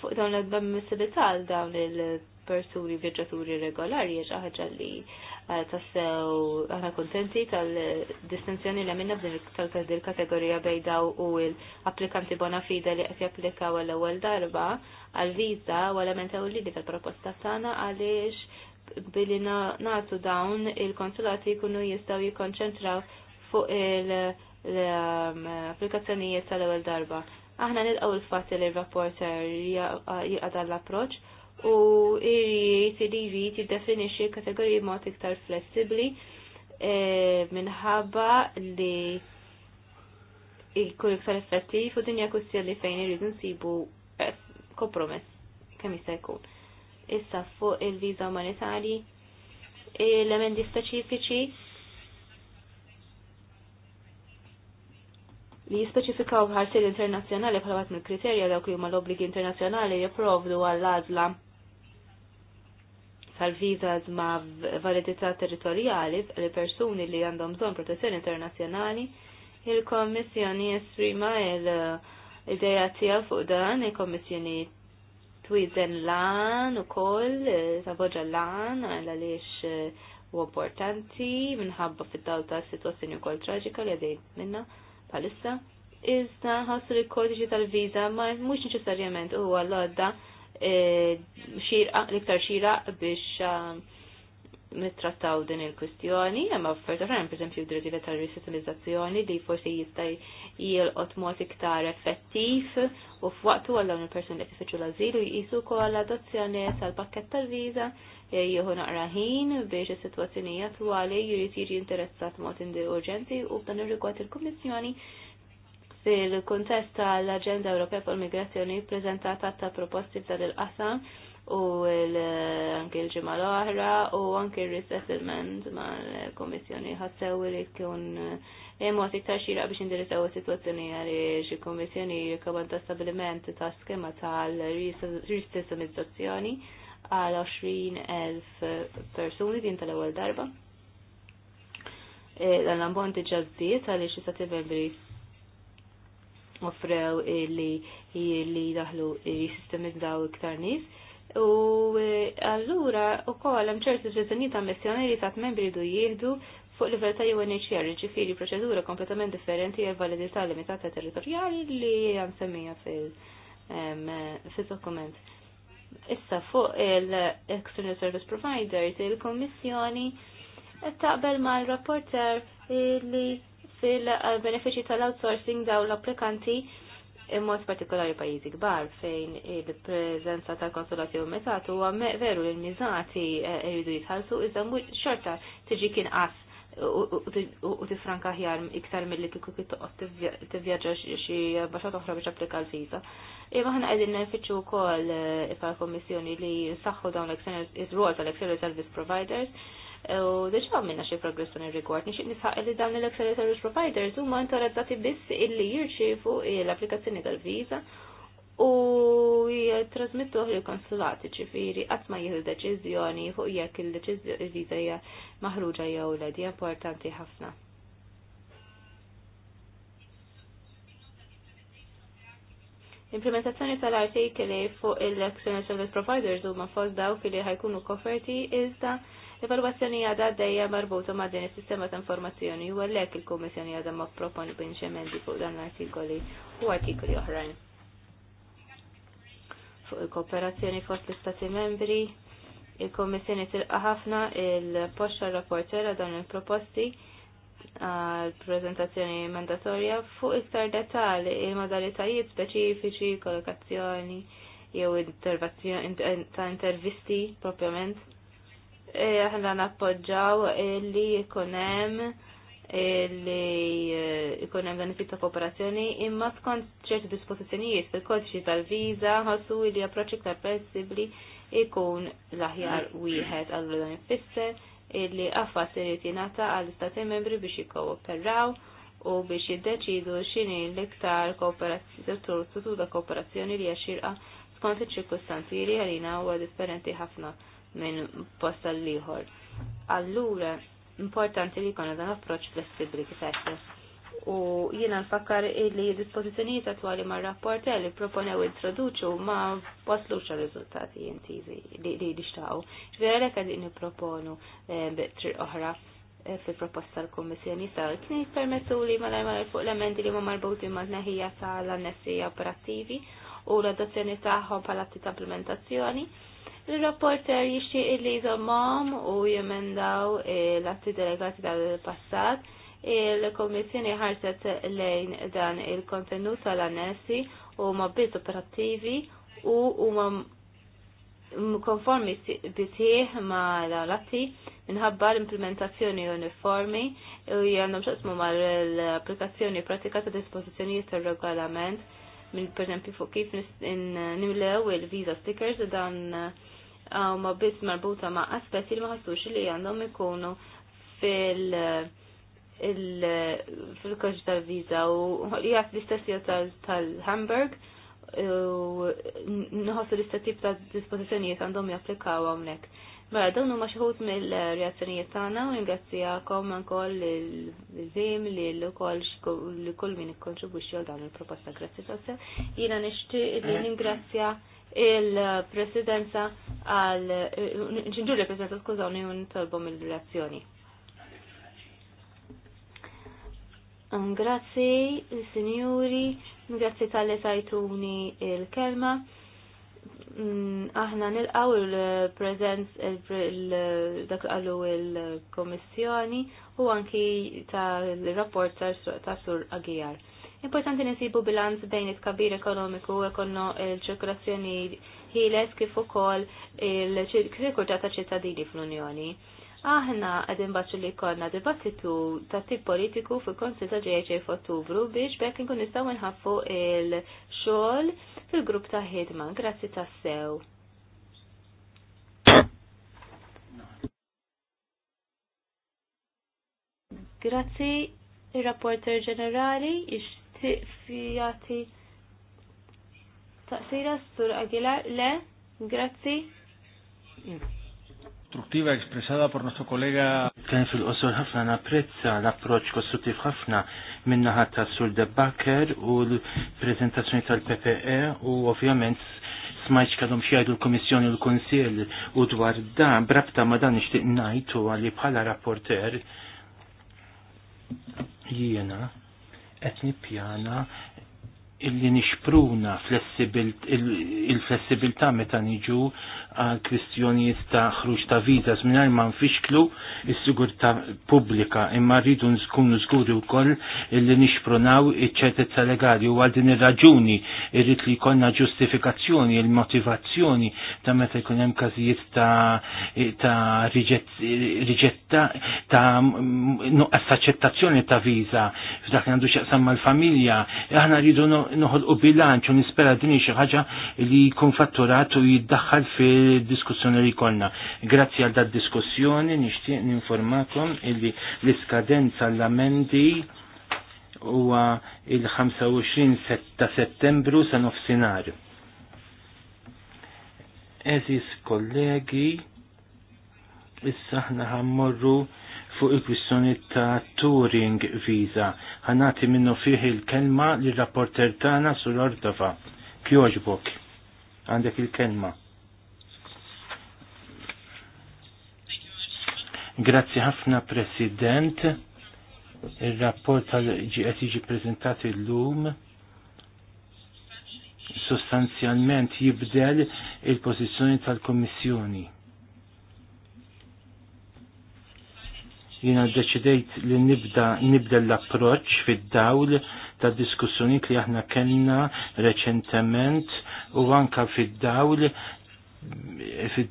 Fuq dawn l-adbem mis-sibital dawn il- persuni vjaġġaturi regolari ħaġa li tassew aħna kontenti tal-distinzjoni li bdin tal kategorija bejdaw u l-applikanti bona fida li qed japplikaw l-ewwel darba għal menta u li ewlieni tal-proposta tagħna għaliex billi nagħtu dawn il-konsulati jkunu jistgħu jikkonċentraw fuq l-applikazzjonijiet tal-ewwel darba. Aħna nilqgħu l-fatt li r-rapporter jiqa' l-approċċ u irrit e irrit jiddefinixi kategoriji mod iktar flessibli e, minħabba li jkun iktar effettiv u dinja kustja li fejn irridu nsibu e, kompromess kemm jista' jkun. Issa fuq il-viża l elementi speċifiċi li jispeċifikaw bħal sir internazzjonali bħal mill-kriterja dawk li huma l-obbligi internazzjonali jipprovdu għall-għażla tal-vizas ma' validità territorjali li persuni li għandhom bżonn protezzjoni internazzjonali, il komissjoni esprima l-idea tiegħu fuq dan, il komissjoni twizen lan u koll, saboġa lan, għaliex eh, u importanti minħabba fid-dawl ta' situazzjoni koll traġika li għadej minna palissa. Iżda ħassru il-kodiċi tal-viża ma mhux neċessarjament huwa l E, l'iktar l biex e, nittrattaw din il-kwistjoni, imma f'ferta ħran, per d-dritti direttiva tal-risettilizzazzjoni li forsi jista' jilqot mod iktar effettiv u f'waqtu għal għallaw il-persuni li tifittxu l-azilu jqisu wkoll l-adozzjoni tal-pakket tal-viża e, jieħu naqra ħin biex is-sitwazzjoni attwali jrid jiġi interessat mod indi urġenti u b'dan il rigward il-Kummissjoni l kuntest tal-Aġenda Ewropea fuq migrazzjoni ppreżentata ta' proposti f'dan il-qasam u anke l-ġimgħa l-oħra u anke r-resettlement mal kummissjoni ħassew li tkun eh, mod iktar xira biex indirizzaw is-sitwazzjoni għaliex il kummissjoni jikkomanda stabiliment ta' skema tal-risistemizzazzjoni għal 20.000 persuni din tal-ewwel darba. Eh, dan l-ammont iġġażdiet għaliex is-sati membri mafrew li li daħlu jisistemi daw iktar nis. U e, allura u kol hemm ċertu ġezzjonijiet ta' missjonieri ta' membri jridu jieħdu fuq livell ta' UNHCR, ġifieri proċedura kompletament differenti għal validità limitata territorjali li hemm semmija fil-dokument. Issa fuq il-External Service provider il-Kommissjoni taqbel mal-rapporter li fil benefici tal-outsourcing daw l-applikanti immod partikolari pajjiżi kbar fejn il-preżenza tal-konsulati u metatu huwa veru l-miżati jridu eh, jitħallsu iżda mhux xorta tiġi kien qas u tifranka ħjar iktar mill-li kiku kif toqgħod tivvjaġġa xi baxat oħra biex applika l-viża. Imma aħna qegħdin nfittxu wkoll eh, l kommissjoni li saħħu dawn l exterior tal service providers U deċa minna xie progress dan il-rigward, nixib nisħaq li dawn l excellent Service Providers u ma intorazzati biss illi jirċifu l-applikazzjoni tal-viza u jitrasmittu li konsulati ċifiri għatma jihdu deċizjoni fuq jekk il-viza hija maħruġa jew l di importanti ħafna. Implementazzjoni tal-artikli fuq il-External Service Providers huma fos daw fili ħajkunu koferti iżda L-evalwazzjoni għadha għaddeja marbuta ma' din is-sistema ta' informazzjoni u għallek il-Kummissjoni għadha ma' proponi biex emendi fuq dan l-artikoli u artikoli oħrajn. Fuq il-kooperazzjoni fost l-Istati membri, il-Kommissjoni tilqa ħafna il-poxxa rapporter dan il-proposti għal-prezentazzjoni mandatorja fuq iktar detal il-modalitajiet speċifiċi, kollokazzjoni, jew ta' intervisti propjament. E, aħna nappoġġaw li jkunem li jkunem e, dan it ta' kooperazzjoni imma skont ċerti dispożizzjonijiet fil-kodiċi tal-viża ħassu li approċċ iktar flessibbli ikun l-aħjar wieħed għallu dan ifisser li qaffas irid jingħata għall-istati membri biex jikkooperaw u biex jiddeċidu x'inhi l-iktar kooperazzjoni kooperazzjoni li hija skont iċ-ċirkustanzi li ħalina huwa differenti ħafna minn post għall-ieħor. Allura, importanti li jkollna dan approċċ flessibbli kif u jiena nfakkar li dispożizzjonijiet attwali mar rapport li proponew introduċu ma waslux għal riżultati jintizi li dixtaw. Ġvera l għadin niproponu eh, bittri oħra eh, fil proposta l-Kommissjoni sa' tnejn permessu li malaj malaj fuq l-amendi li ma marbuti ma' tneħija ta' l-annessi operattivi u l-adozzjoni tagħhom bħala ta' implementazzjoni Il-rapporter jixtieq illi jżommhom u jemendaw l-atti delegati tal-passat il-Komissjoni ħarset lejn dan il-kontenut tal-annessi u ma biz operattivi u huma konformi bisħieħ ma l-atti minħabba l-implementazzjoni uniformi u jgħandhom xaqsmu ma l-applikazzjoni pratika ta' dispożizzjonijiet tal-regolament minn per fuq kif nimlew il-visa stickers dan ma biss marbuta ma' aspetti li ma ħassux li għandhom ikunu fil- fil-koġ tal-viza u jgħat l istessi tal-Hamburg u nħossu l-istess tip ta' dispozizjoniet għandhom japplikaw hawnhekk. Mela dawn huma xħut mill-reazzjonijiet tagħna u ringrazzjakom ankoll il-żiem li l-ukoll li kull min ikkontribwixxi għal dawn il-proposta grazzi tassew. Jiena nixtieq li ningrazzja il-presidenza għal ġindu l-presidenza skużawni un tolbom il-relazzjoni. Grazzi, signori, grazie tal-li tajtuni il-kelma. Mm, aħna nil-għaw il-prezenz dak għallu il-komissjoni u anki il rapport ta' sur Agijar Importanti nisibu bilanz bejn it-kabir ekonomiku u ekonno il-ċirkolazzjoni ħiles kif ukoll il-sikurtà ta' ċittadini fl-Unjoni. Aħna għadin baċu li konna dibattitu ta' tip politiku fil konsil ta' ġeħġe f'Ottubru biex bekk nkun nistgħu nħaffu il-xogħol fil-grupp ta' ħidma. Grazzi ta' sew. Grazzi il-rapporter ġenerali, ix fiati taqsira sur Aguilar le grazzi
Struttiva espressata por nostro collega Kien fil osor ħafna napprezza l-approċ kostruttiv ħafna minna ta' Sur De Bakker u l-prezentazzjoni tal-PPE u ovvjament smajċ kadhom xjajdu l-Komissjoni u l-Konsil u dwar dan, brabta ma dan nixtieq ngħid u għalli bħala rapporter jiena qed nippjana illi nixpruna il-flessibilità meta niġu għal kwistjonijiet ta' ħruġ ta' vizas mingħajr ma nfixklu is-sigurtà pubblika imma rridu nkunu żguri wkoll illi nixprunaw iċ-ċertezza legali u għal din ir-raġuni irrid li jkollna ġustifikazzjoni il-motivazzjoni ta' meta jkun hemm każijiet ta' ta' riġetta ta' nuqqas ta' viża f'dak għandu x'aqsam mal-familja aħna rridu noħolqu bilanċ u nispera din xi ħaġa li jkun fatturat u jiddaħħal fid-diskussjoni li jkollna. Grazzi għal dat diskussjoni nixtieq ninformakom li l-iskadenza l-amendi huwa il-25 ta' settembru sa' nofsinhar. Eżis kollegi, issa ħna ħammorru fuq il-kwistjoni ta' Turing Visa. Ħanati minnu fih il-kelma li rapporter tagħna sur Ordova. Kjoġbok. Għandek il-kelma. Grazzi ħafna President. Il-rapport tal-ġiqet jiġi prezentat il-lum sostanzjalment jibdel il-pozizjoni tal-Kommissjoni jina deċidejt li nibda, nibda l-approċ fid-dawl ta' diskussjoni li aħna kellna reċentement u anka fid-dawl fid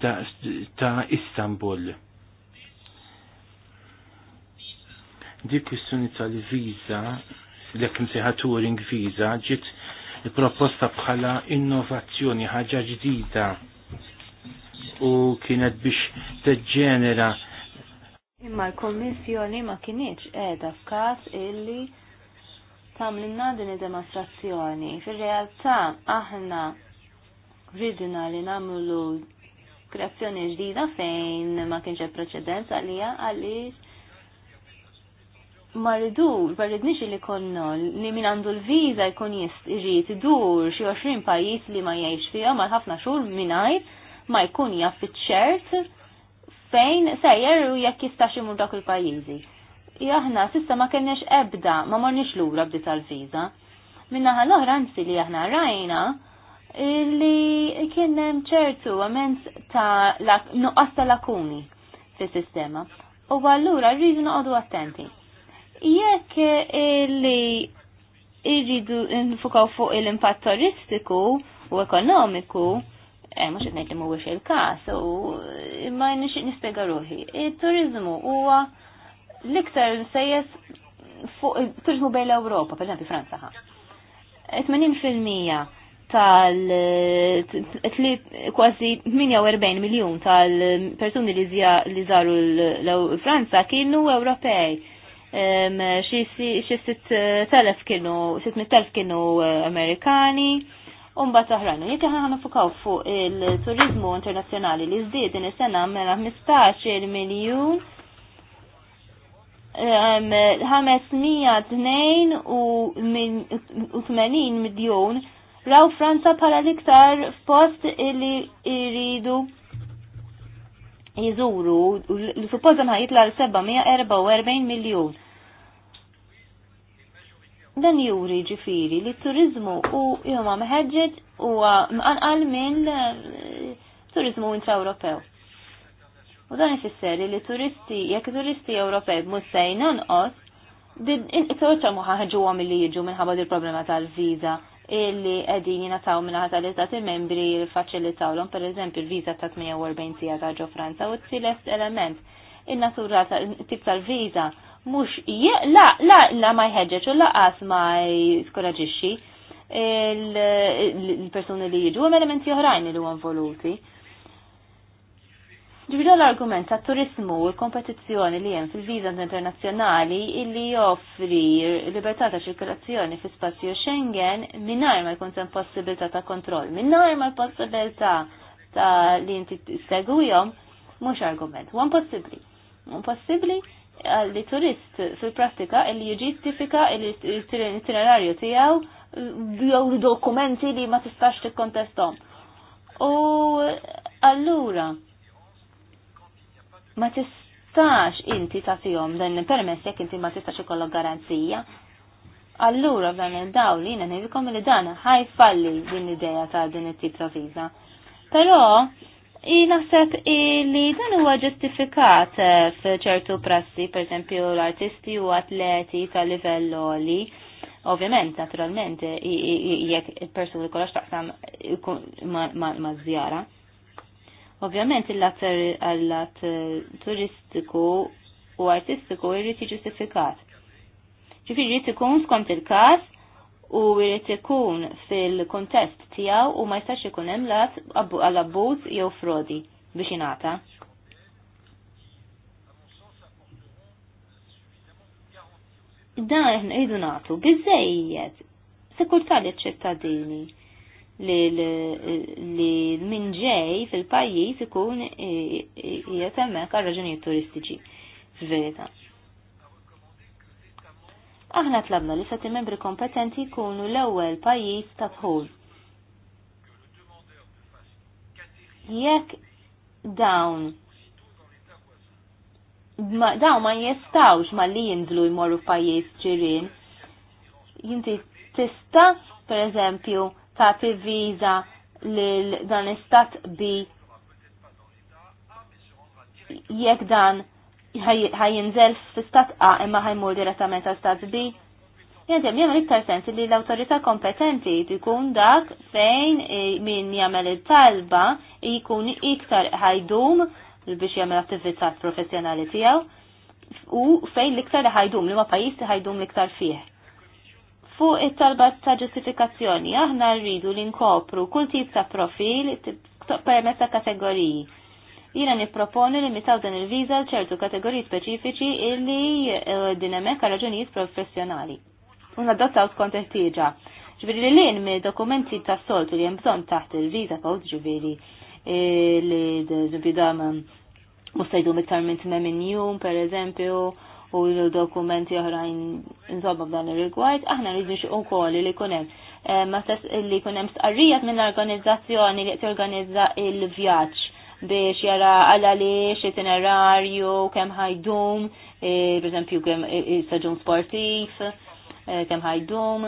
ta' Istanbul. Dik kwistjoni tal-viza, l ekim mseħa touring visa, ġiet proposta bħala innovazzjoni, ħaġa ġdida u kienet biex teġġenera
Imma l-Kommissjoni ma kienieċ edha f'każ illi tamlinna din id-demonstrazzjoni. Fil-realtà aħna rridna li namlu kreazzjoni ġdida fejn ma kienx preċedenza għalija għaliex ma rridu ma ridniex li konno li min għandu l-viza jkun jist iġiet idur xi 20 pajjiż li ma jgħix fihom għal ħafna xhur mingħajr ma jkun jaf ċert fejn sejjer u jekk jistax imur dak il-pajjiżi. Jaħna sissa ma kenniex ebda, ma morniex lura bdi tal-viża. Minna l-oħra li aħna rajna li kien hemm ċertu għamens ta' nuqqas ta' lakuni fis-sistema. U allura rridu noqogħdu attenti. Jekk li irridu nfukaw fuq il-impatt turistiku u ekonomiku, Eh, mux id-nejt li mux il-kas, u ma nix nispiega ruħi. Il-turizmu huwa l-iktar sejjes fuq il-turizmu bejla l-Ewropa, per esempio Franza ħa. 80% tal kważi 48 miljon tal-persuni li zaru l-Franza kienu Ewropej. Xie eh, 6,000 kienu, 6,000 kienu eh, Amerikani, Umba taħrajna, jek ħana fukaw fuq il-turizmu internazjonali li zdiet din is-sena mela 15 miljun 582 miljon raw Franza pala liktar post li iridu jizuru, l suppoza ma jitla l-744 miljon Dan juri ġifiri li turizmu u jom meħedġed u mqanqal minn eh, turizmu intra-Ewropew. U dan ifisser li turisti, jekk turisti Ewropej mhux se din it-torta muħħaġuwa mill-li jġu minnħabba il-problema tal-viza illi qegħdin jingħataw minn ħata l-istati membri jiffaċilitawlhom pereżempju l-viża ta' 48 sija ta' ġo Franza u t-tielet element in-natura tip tal-viża mux la, la, la ma jħedġeċ u laqas ma jskoraġiċi il-personi li jiġu għam elementi uħrajn li għan voluti. Ġibġa l-argument ta' turismu u l-kompetizzjoni li jem fil-viza internazzjonali illi joffri libertà ta' ċirkolazzjoni fi spazju Schengen minnajr ma jkun sem possibilità ta' kontroll, minnajr ma possibilità ta' li inti segwijom, mux argument, possibli. Għan possibli? għalli turist fil-prattika illi jiġi tifika l-itinerarju tijaw jew dokumenti li ma tistax tikkontestom. U allura ma tistax inti tagħtihom dan il-permess jekk inti ma tistax ikollok garanzija. Allura dan il-dawl jiena ngħidilkom li dan ħajfalli din l-idea ta' din it-tip ta' viża. Però I naħseb li dan huwa ġustifikat eh, f'ċertu prassi, per esempio l-artisti u atleti ta' livell li ovvjament, naturalment, jekk il-persuni kollox taqsam ma' żjara. Ovvjament il-lat turistiku u artistiku jrid ġustifikat. Ġifieri jitikun skont il-każ u jrid ikun fil-kontest tiegħu u ma jistax ikun hemm lat għal abbuż jew frodi biex jingħata. Dan idu jridu nagħtu biżejjed sekurtà liċ-ċittadini li minn ġej fil-pajjiż ikun qiegħed hemmhekk għal raġunijiet turistiċi Verita. Aħna tlabna li sati membri kompetenti jkunu l-ewwel pajjiż ta' tħol. Jekk dawn ma, dawn ma jistawx ma li jindlu jmorru pajis ġirien, jinti tista, per eżempju, tagħti viża lil dan istat bi jekk dan ħajinżel f'istat A imma ħajmur direttament għal stat B. Jadem jemel iktar sens li l-autorità kompetenti jkun dak fejn e, min jagħmel il-talba jkun iktar ħajdum biex jagħmel attività professjonali tiegħu u fejn l-iktar ħajdum li ma pajjiż ħajdum l-iktar fih. Fuq it-talba ta' ġustifikazzjoni aħna rridu li nkopru kull tip ta' profil permezz kategoriji Jiena nipproponi li mitaw dan il-viża ċertu kategoriji speċifiċi illi eh, din hemmhekk għal raġunijiet professjonali. Unna dotta skont il Ġviri li l-in me dokumenti tas-soltu li hemm bżonn taħt il-viża kawt ġviri eh, li ġifieri dam mustajdu mittar minn tmem jum, per eżempju, u l-dokumenti oħrajn nżobba b'dan ir-rigward, aħna rridu ukoll li jkun hemm eh, ma stess li jkun hemm stqarrija minn organizzazzjoni li qed jorganizza l-vjaġġ biex jara għal-għalix, itinerarju, kem ħajdum, eh, per esempio kem eh, eh, saġun sportif, kem ħajdum,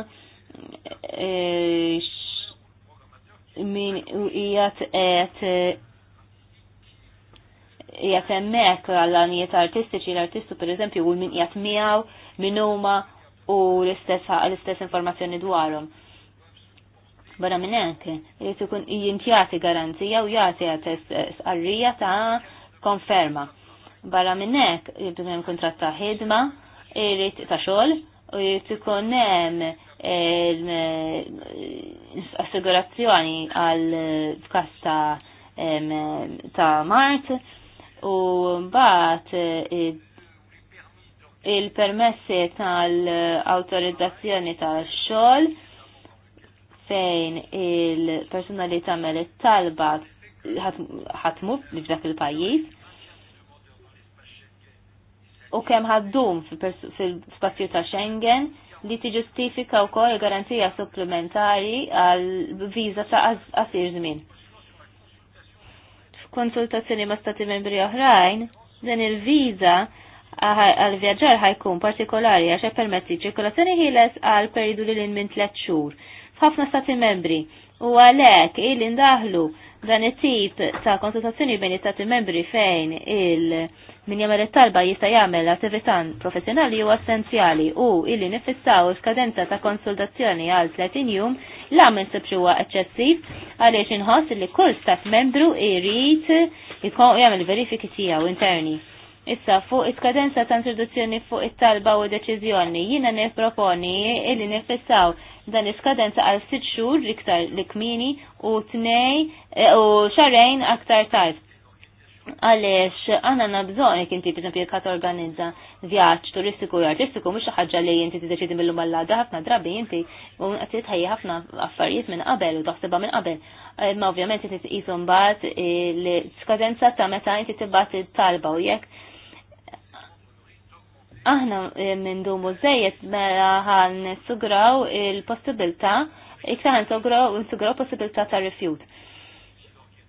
min u jgħat għet jgħat emmek għall-għanijiet artistiċi l-artistu per esempio u min jgħat miaw, min huma u l-istess informazzjoni dwarhom Barra minn hekk, tukun ikun jintjati garanzija u jagħti għates eh, sqarrija ta' konferma. Barra minn hekk irid ikun hemm ta' ħidma, irid ta' xogħol u irid ikun hemm eh, assigurazzjoni għal kasta ta' ta' Mart u mbagħad eh, il-permessi tal-autorizzazzjoni tal-xogħol fejn il-persuna li tamel il talba ħatmu li f'dak il-pajjiż u kemm ħaddum fil-spazju ta' Schengen li tiġustifika wkoll kol garanzija supplementari għal viża ta' qasir żmien. Konsultazzjoni ma' stati membri oħrajn, din il-viża għal vjaġġar ħajkun partikolari għax permetti ċirkolazzjoni ħiles għal periodu li minn tliet xhur ħafna stati membri u għalhekk il indaħlu dan it-tip ta' konsultazzjoni bejn it-tati membri fejn il- min jagħmel it-talba jista' jagħmel attività professjonali huwa essenzjali u illi nifissaw skadenza ta' konsultazzjoni għal 30 jum la ma nsibx huwa eċċessiv għaliex inħoss li kull stat membru irrit jagħmel verifiki tiegħu interni. Issa fuq iskadenza ta' introduzzjoni fuq it-talba u deċiżjoni, jiena nipproponi illi nifissaw dan iskadenza għal sitt xhur iktar li kmini u tnej eh, u xarejn aktar tard Għalix, għanna nabżon jek inti per jek għat organizza vjaċ turistiku u artistiku mux ħagġa li jinti t-deċidi mill-lum għallada ħafna drabi inti u għatiet ħajja ħafna affarijiet minn qabel u taħseba minn qabel. Eh, ma ovvjament jinti t-isom bat eh, l-skadenza ta' meta inti t-bat talba u jek aħna eh, minn dumu zejet mela ħan sugraw il-possibilta, iktar ħan sugraw possibilta ta' rifjut.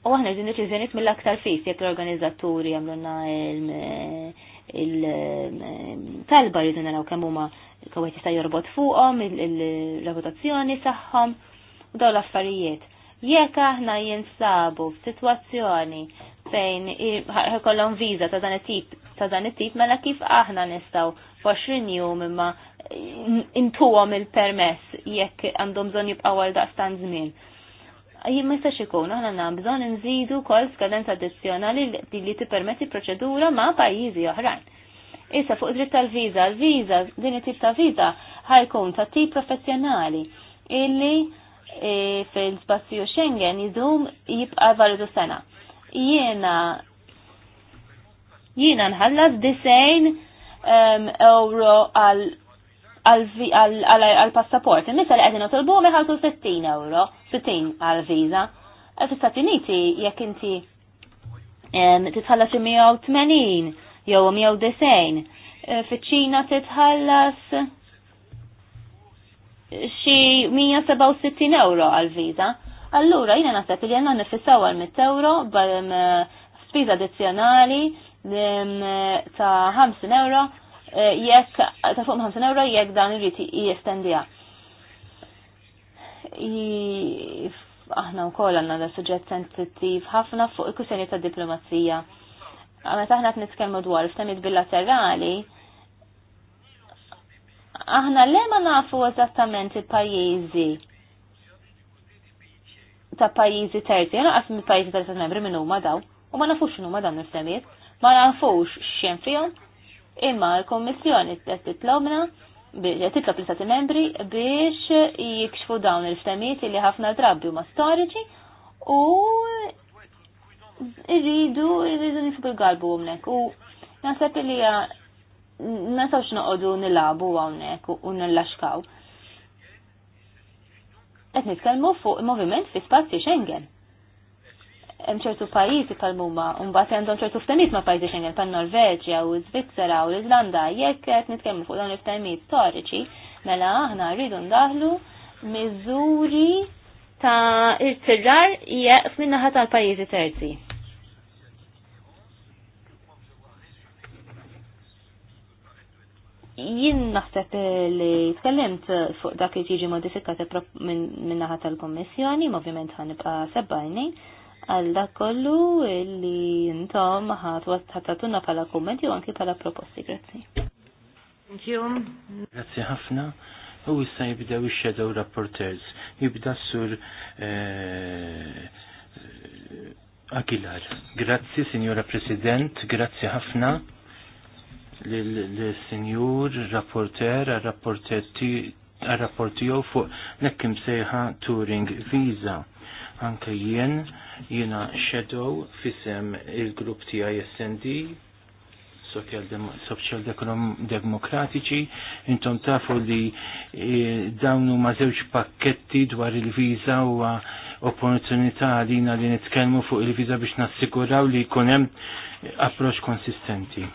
U aħna ġin deċiżjoniet mill-aktar fis jekk l-organizzaturi għamluna il-talba rridu naraw kemm huma kawet jista' jorbot fuqhom, il-reputazzjoni tagħhom u dawn l-affarijiet. Jekk aħna jinsabu f'sitwazzjoni fejn ħakollon viza ta' dan it-tip ta' dan it-tip mela kif aħna nistgħu f'għoxrin jum imma intuhom il-permess jekk għandhom bżonn jibqgħu għal daqstan żmien. Jien ma jistax ikun, aħna għandna bżonn inżidu wkoll skadenza addizzjonali li tippermetti proċedura ma' pajjiżi oħrajn. Issa fuq dritt tal-viża, l-viża, din it-tip ta' viża ħajkun ta' tip professjonali illi eh, fil-spazju Schengen jizum jibqa' validu sena jiena jiena nħallas disejn um, euro għal passaport Nisa li għedin otolbu meħaltu 60 euro, 60 għal-viza. għal stati Uniti, jekk inti um, titħallas 180 jew 190. Fiċina ċina titħallas xi 167 euro għal-viza allura jina naħseb li jenna nifissaw għal 100 euro bħal eh, spiża addizzjonali eh, ta' 50 euro eh, jekk ta' fuq 50 euro jekk dan irrid jestendija. Aħna wkoll għandna da suġġett sensittiv ħafna fuq il-kwistjoni ta' diplomazija. Meta aħna qed nitkellmu dwar f'temijiet bilaterali, aħna le ma nafu eżattament il-pajjiżi ta' pajjiżi terzi, jena għasmi pajizi pajjiżi terzi membri minn huma daw, u ma nafux x'inhuma dawn il nifsemiet, ma nafux x'hemm fijom, imma l-Kommissjoni qed titlobna titlob l membri biex jikxfu dawn il-ftemiet li ħafna drabi huma storiċi u irridu irridu nifu bil-galbu hemmhekk u nasab li nasawx noqogħdu nilabu hawnhekk u nil-laxkaw qed nitkellmu fuq moviment fi spazji Schengen. Hemm ċertu pajjiżi bħal huma mbagħad għandhom ċertu ftehmiet ma' pajjiżi Schengen tan Norveġja u Svizzera u l-Iżlanda jekk qed nitkellmu fuq dawn il-ftehmiet storiċi, mela aħna rridu ndaħlu miżuri ta' irtirar jeqf minnaħa tal-pajjiżi terzi. jien naħseb li tkellimt fuq dak li tiġi modifikata minn naħa tal-Kommissjoni, ovvjament ħanibqa sebbajni għal dak kollu li intom ħatatuna pala kummenti u anki pala proposti, grazzi.
Grazzi ħafna. U issa jibdew ix-shadow rapporters. Jibda sur eh, Aguilar. Grazzi, Signora President, grazzi ħafna l-senjur, rapporter, rapporti rapportiju fuq nekkim sejħa Turing Visa. Anka jien, jiena shadow fisem il-grupp ti ISND, Social Demokratiċi, intom tafu li eh, dawnu ma zewġ pakketti dwar il-viza u opportunità għalina li nitkellmu fuq il-viza biex nassiguraw li jkun hemm approċ konsistenti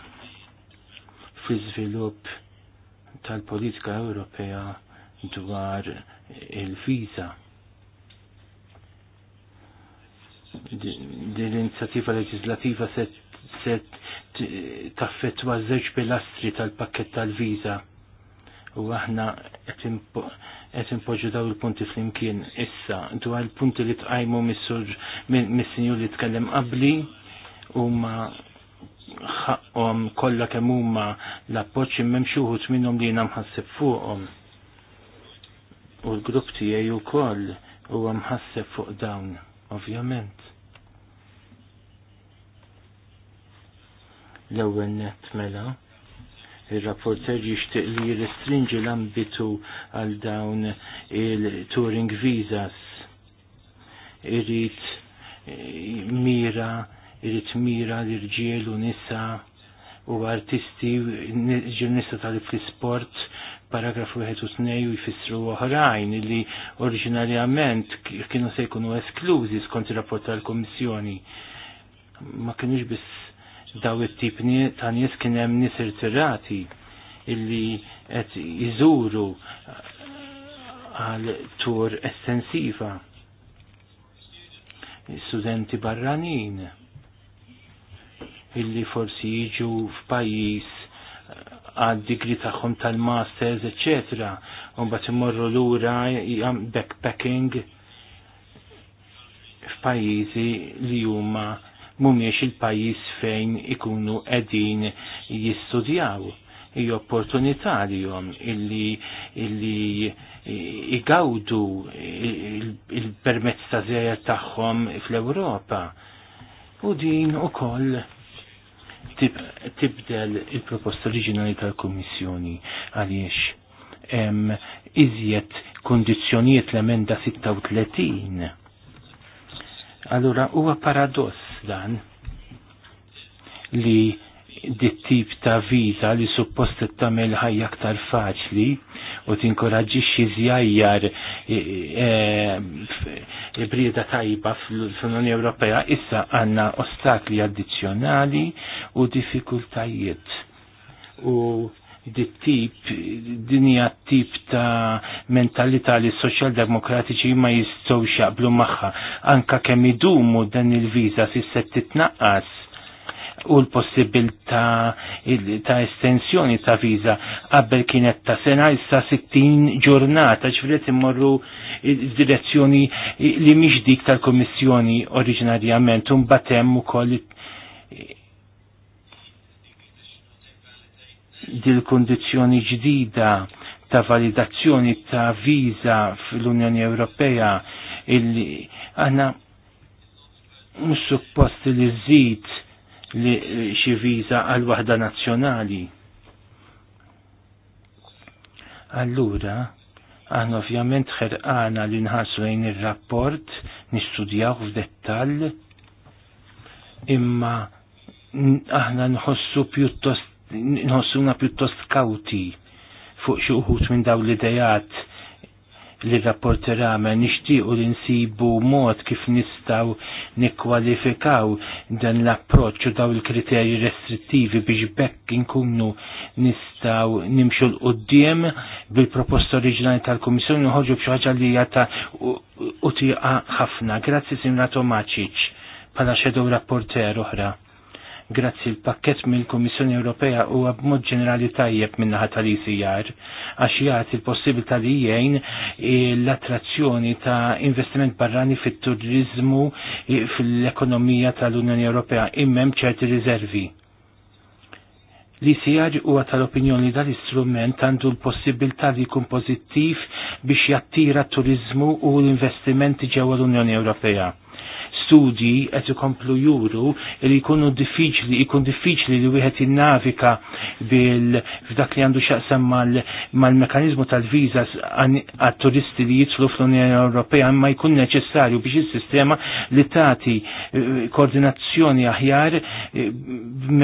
fl-iżvilupp tal-politika Ewropea dwar il visa Din l-inizjattiva leġislattiva se taffetwa żewġ pilastri tal-pakket tal visa u aħna qed impoġġu daw il-punti flimkien issa dwar il-punti li tqajmu mis-sinjur li tkellem qabli huma ħaqhom kollha kemm huma l-appoġġ imhemm wħud minnhom li jiena fuqom. fuqhom. U l-grupp tiegħi wkoll u għamħassib fuq dawn, ovvjament. L-ewwel nett mela il-rapporter jishtiq li jirrestringi l-ambitu għal dawn il-touring visas irrit mira irrit tmira l-irġiel u nisa u artisti ġurnista tal-fl-sport paragrafu 1 u jfissru oħrajn li oriġinarjament kienu se jkunu esklużi skont ir-rapport tal-Kommissjoni. Ma kienux biss daw it-tip ta' nies kien hemm nies irtirati illi qed iżuru għal tur estensiva. Studenti barranin illi forsi jiġu f'pajjiż eh, għad digri tagħhom tal-masters, eċetera, u mbagħad imorru lura backpacking f'pajjiżi li huma mhumiex il-pajjiż fejn ikunu qegħdin jistudjaw hija opportunità li jom illi illi igawdu il-permezz ta' zjajer tagħhom fl-Ewropa. U din ukoll tibdel il-proposta oriġinali tal-Kommissjoni għaliex hemm iżjed kondizzjonijiet l-emenda 36. Allura huwa paradoss dan li dit tip ta' vita li suppost tagħmel ħajja aktar faċli u tinkoraġġi xi żjajjar e, e, e, brieda tajba fl-Unjoni Ewropea issa għandna ostakli addizzjonali u diffikultajiet. U dit tip dinja tip ta' mentalità li soċjaldemokratiċi ma jistgħux jaqblu magħha anka kemm idumu dan il-viża fis-set titnaqqas u l possibilta ta' estensjoni ta' viza qabel kienet ta' sena issa 60 ġurnata ġifiet immorru direzzjoni li mhix dik tal-Kummissjoni oriġinarjament un mbagħad hemm koll dil-kondizjoni ġdida ta' validazzjoni ta' viza fil-Unjoni Ewropea illi għana mux suppost li zid li eh, xi viża għal waħda nazzjonali. Allura, aħna ovvjament ħerqana li nħarsu lejn ir-rapport nistudjaw f'dettall imma aħna nħossu pjuttost nħossuna pjuttost kawti fuq xi wħud minn dawn l-idejat li rapporter għamel nixtiequ li nsibu mod kif nistaw nikkwalifikaw dan l-approċċ u daw il-kriterji restrittivi biex bekk inkunu nistaw nimxu l-qoddim bil-proposta oriġinali tal-Komissjoni nħoġu b'xi li jata utiqa ħafna. Grazzi Simra Tomacic, pala xedu rapporter oħra. Grazzi l-pakket mill-Kummissjoni Ewropea u b'mod ġenerali tajjeb naħat tal-ICR għax jgħat il possibil tal jgħin l-attrazzjoni ta' investiment barrani fit-turizmu fil-ekonomija tal-Unjoni Ewropea immem ċerti riservi. L-ICR e huwa tal-opinjoni li dal-istrument għandu l-possibilità li jkun pożittiv biex jattira t turizmu u l-investimenti ġewwa l-Unjoni Ewropea studji qed ikomplu juru li jkunu diffiċli jkun diffiċli li wieħed jinnavika bil f'dak li għandu x'aqsam mal-mekanizmu mal tal-viżas għat-turisti li jidħlu fl-Unjoni Ewropea imma jkun neċessarju biex is-sistema li tagħti eh, koordinazzjoni aħjar eh,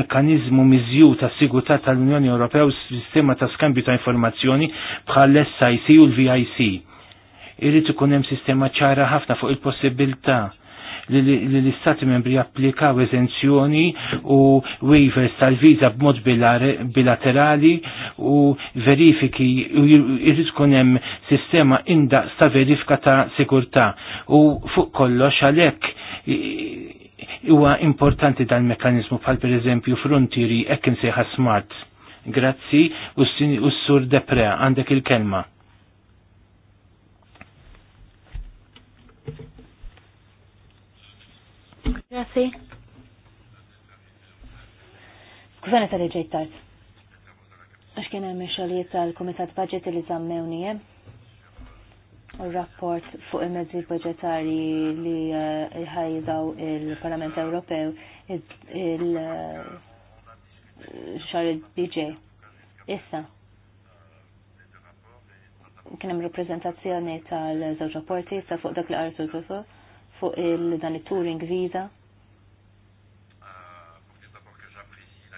mekanizmu miżju ta' sigurtà tal-Unjoni Ewropea u sistema ta' skambju ta' informazzjoni bħal l-SIC u l-VIC irrid ikun hemm sistema ċara ħafna fuq il-possibilità li l-istati membri applikaw eżenzjoni u waivers tal-viza b'mod bilaterali u verifiki u jirrid tkun hemm sistema indaqs ta' verifika ta' sigurtà u fuq kollox għalhekk huwa importanti dal-mekkanizmu bħal pereżempju frontieri hekk insejħa smart. Grazzi u s-sur Depre għandek il-kelma.
Grazie. Skużani tal ġejt tard. Għax kien hemm xogħlijiet tal-Kumitat Budget li żammewni hemm. Eh? U rapport fuq il-mezzi budgetari li eh, ħajdaw il-Parlament Ewropew il-xar eh, il-BJ. Issa. Kien hemm rappreżentazzjoni tal-żewġ rapporti sa fuq dak li qartu fuq il-dan il-touring visa.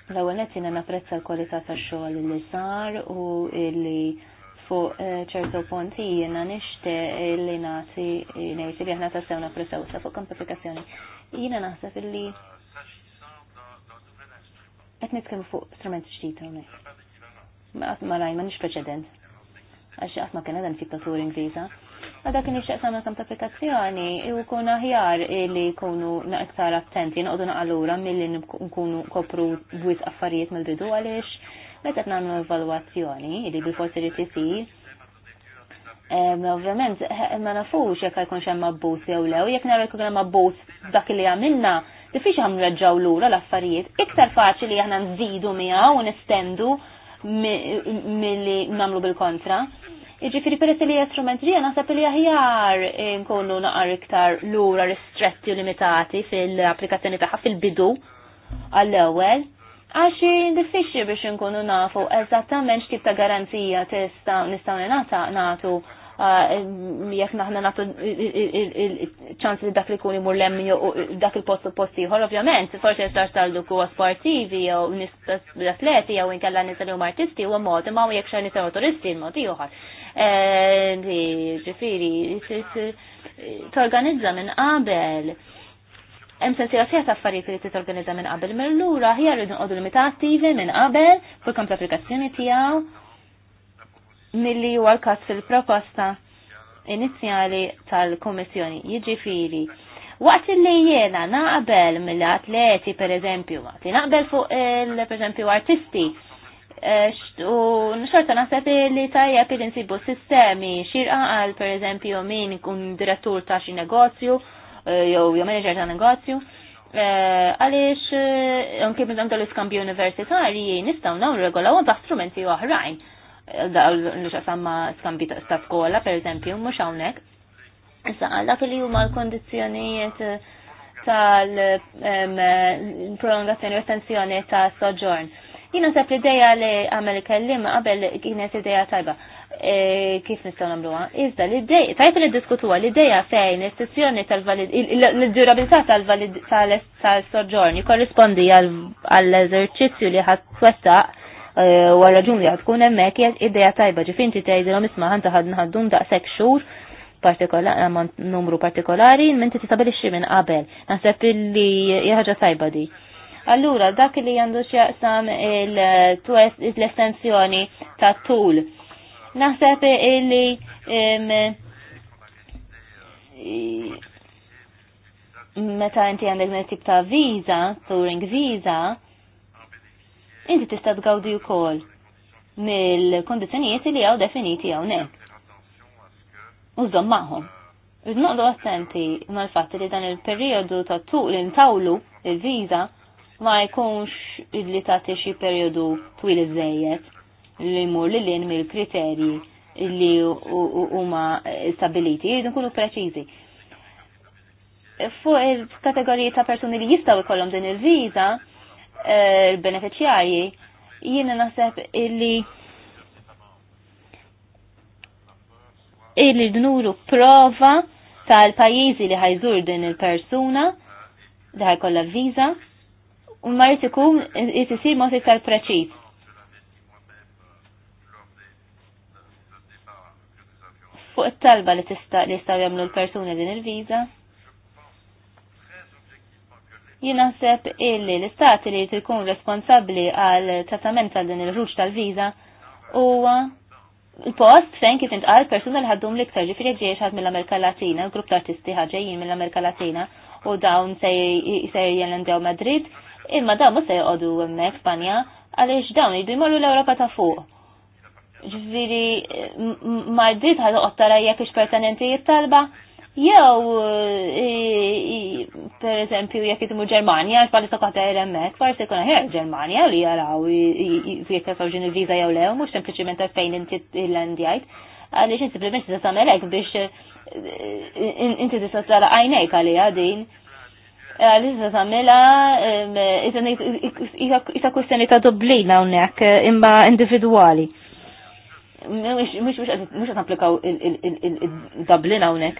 L-ewwel qed jiena napprezza l kualità tax-xogħol li sar u li fuq eh, ċertu punti jina nixtieq li nagħti ngħid li aħna tassew u sa fuq kamplifikazzjoni. Jiena naħseb illi qed nitkem fuq strumenti ġdid u Ma rajma nix preċedent. Għaxi għatma ma dan fit tip ta' għadha kien ixtieq kemm applikazzjoni u jkun aħjar li jkunu naqtar attenti naqdu naqalura milli nkunu kopru bwis affarijiet mill-bidu għalix, meta qed nagħmlu evalwazzjoni li bil-forsi li t-tisi. Ovvjament, ma nafux jekk jkun hemm abbuż jew lew, jekk nara jkun hemm abbuż dak li għamilna, diffiċ għam reġġaw lura l-affarijiet. Iktar faċli li aħna nżidu miegħu u nistendu milli namlu bil-kontra. Iġifiri peress li jastrument li naħseb li aħjar nkunu naqar iktar lura ristretti u limitati fil-applikazzjoni tagħha fil-bidu għall-ewwel għax diffiċli biex nkunu nafu eżattament x'tip ta' garanzija tista' nistgħu nagħtu jekk naħna nagħtu ċans li dak li kun imur lemm dak il-post post ieħor ovvjament, forsi jistax taldu huwa sportivi jew l atleti jew inkella nisa li huma artisti huwa mod imma jekk xar nies turisti l-mod ieħor li eh, ġifiri torganizza minn qabel. Hemm sensira fiha ta' affarijiet li titorganizza minn qabel mill-lura mela ħja rridu l-mita attivi minn qabel fuq il-kamp applikazzjoni tiegħu milli huwa għal-kas fil-proposta inizjali tal-Kummissjoni. Jiġifieri, waqt li jiena naqbel mill-atleti pereżempju, waqt li naqbel fuq il-pereżempju artisti, u xorta naħseb li tajja li nsibu sistemi xirqa għal per eżempju min kun direttur ta' xi negozju e, jew jew manager ta' negozju. E, għaliex e, anke miżam tal-iskambju universitarji nistgħu regola għon ta' strumenti oħrajn. Li samma skambju ta' skola per eżempju mhux hawnhekk. Issa għal dak li huma l-kondizzjonijiet tal-prolongazzjoni u estensjoni ta' soġġorn Jina sepp l-ideja li għamel kellim qabel kienet ideja tajba. E, kif nistaw għan? Iżda l-ideja, tajt li diskutuwa l-ideja fejn istituzzjoni tal-ġurabilità tal-soġġorni korrispondi għall-eżerċizzju li ħat twessaq e, u għal-raġun li ħatkun emmek ideja tajba ġifinti tajdilom isma ħanta ħad nħaddum sekk xur partikolari, numru partikolari, minn ti xie minn qabel. Nasib li jħagġa tajba di. Allura, dak li għandu xjaqsam l-estensjoni ta' tul. Naħseb illi meta inti għandek tip ta' viza, touring viza, inti tista' tgawdi wkoll mill-kondizjonijiet li għaw definiti għaw ne. Użom maħom. Noqdu attenti mal-fatt li dan il-periodu ta' tul li ntawlu il-viza ma jkunx illi tagħti xi perjodu twil iżejjed li jmur li l-in mill-kriterji li huma stabiliti, jridu nkunu preċiżi. Fuq il-kategoriji ta' persuni li jistgħu jkollhom din il-viża, eh, il-beneficjarji, jiena naħseb illi illi nuru prova tal-pajizi li ħajżur din il-persuna li ħajkolla viza u ma jrid ikun jrid isir mod iktar preċiż. Fuq it-talba li tista' li jistgħu jagħmlu l-persuni din il viza Jien naħseb illi l-istati li jrid ikun responsabbli għal trattament tal din il-ruġ tal-viża u il-post fejn kif intqal persuna li ħaddum l-iktar ġifiri ġiex ħad mill-Amerika Latina, grupp ta' artisti ħaġejjin mill-Amerika Latina u dawn se jelendew Madrid imma dawn mhux se joqogħdu hemmhekk Spanja għaliex dawn jridu l-Ewropa ta' fuq. Ġifieri mardit ħad oqgħod tara jekk ix pertinenti jittalba. Jew eh, per eżempju jekk itmu Ġermanja, xbali toqgħod tgħid hemmhekk, forsi jkun aħjar Ġermanja li jaraw jekk jafgħu ġin il-viża jew lew, mhux sempliċiment fejn inti l-Indjajt għalix inti bl-mess tista' tagħmelek biex eh, eh, inti tista' tara għajnejk għalija din għalizza tamela itan ita kustjoni ta' doblina unnek imba individuali. Mux għat applikaw il-doblina unnek.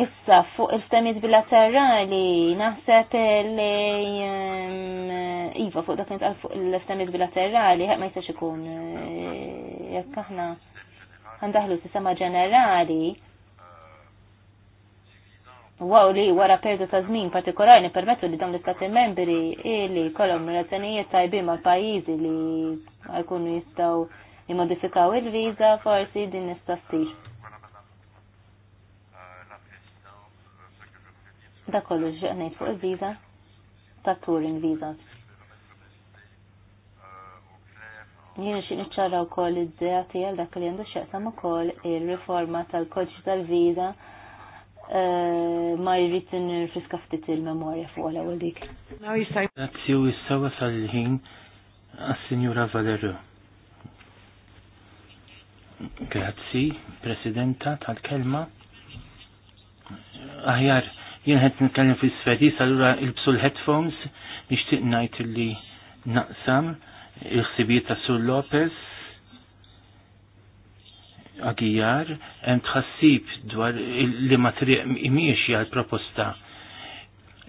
Issa fuq il-ftemid bilaterali naħseb li iva fuq dak nitqal fuq il-ftemid bilaterali ma jistax ikun eh, jekk aħna għandaħlu sistema ġenerali Waw li wara perdu ta' żmien partikolari permettu li dawn l-istati membri li kolom relazzjonijiet tajbin mal-pajjiżi li jkunu jistgħu jimmodifikaw il-viża forsi din nista ssir. Da kollu ngħid fuq il-viża ta' touring visas. Jien xi niċċara wkoll id-dea tiegħek dak li għandu x'jaqsam ukoll ir-riforma tal-kodġ tal-viża tal kodġ tal tal kodġ tal viża ma jrid nirfiska ftit il-memorja fuq l-ewwel dik.
Grazzi u jissawa sal-ħin għas-Sinjura Valero. Grazzi, Presidenta tal-kelma. Aħjar, jien qed nitkellem fis-Svediż, allura il-bsu l-headphones nixtieq ngħid li naqsam il-ħsibijiet ta' Sur Lopez għagijar, hemm tħassib dwar li ma triq imiexi proposta.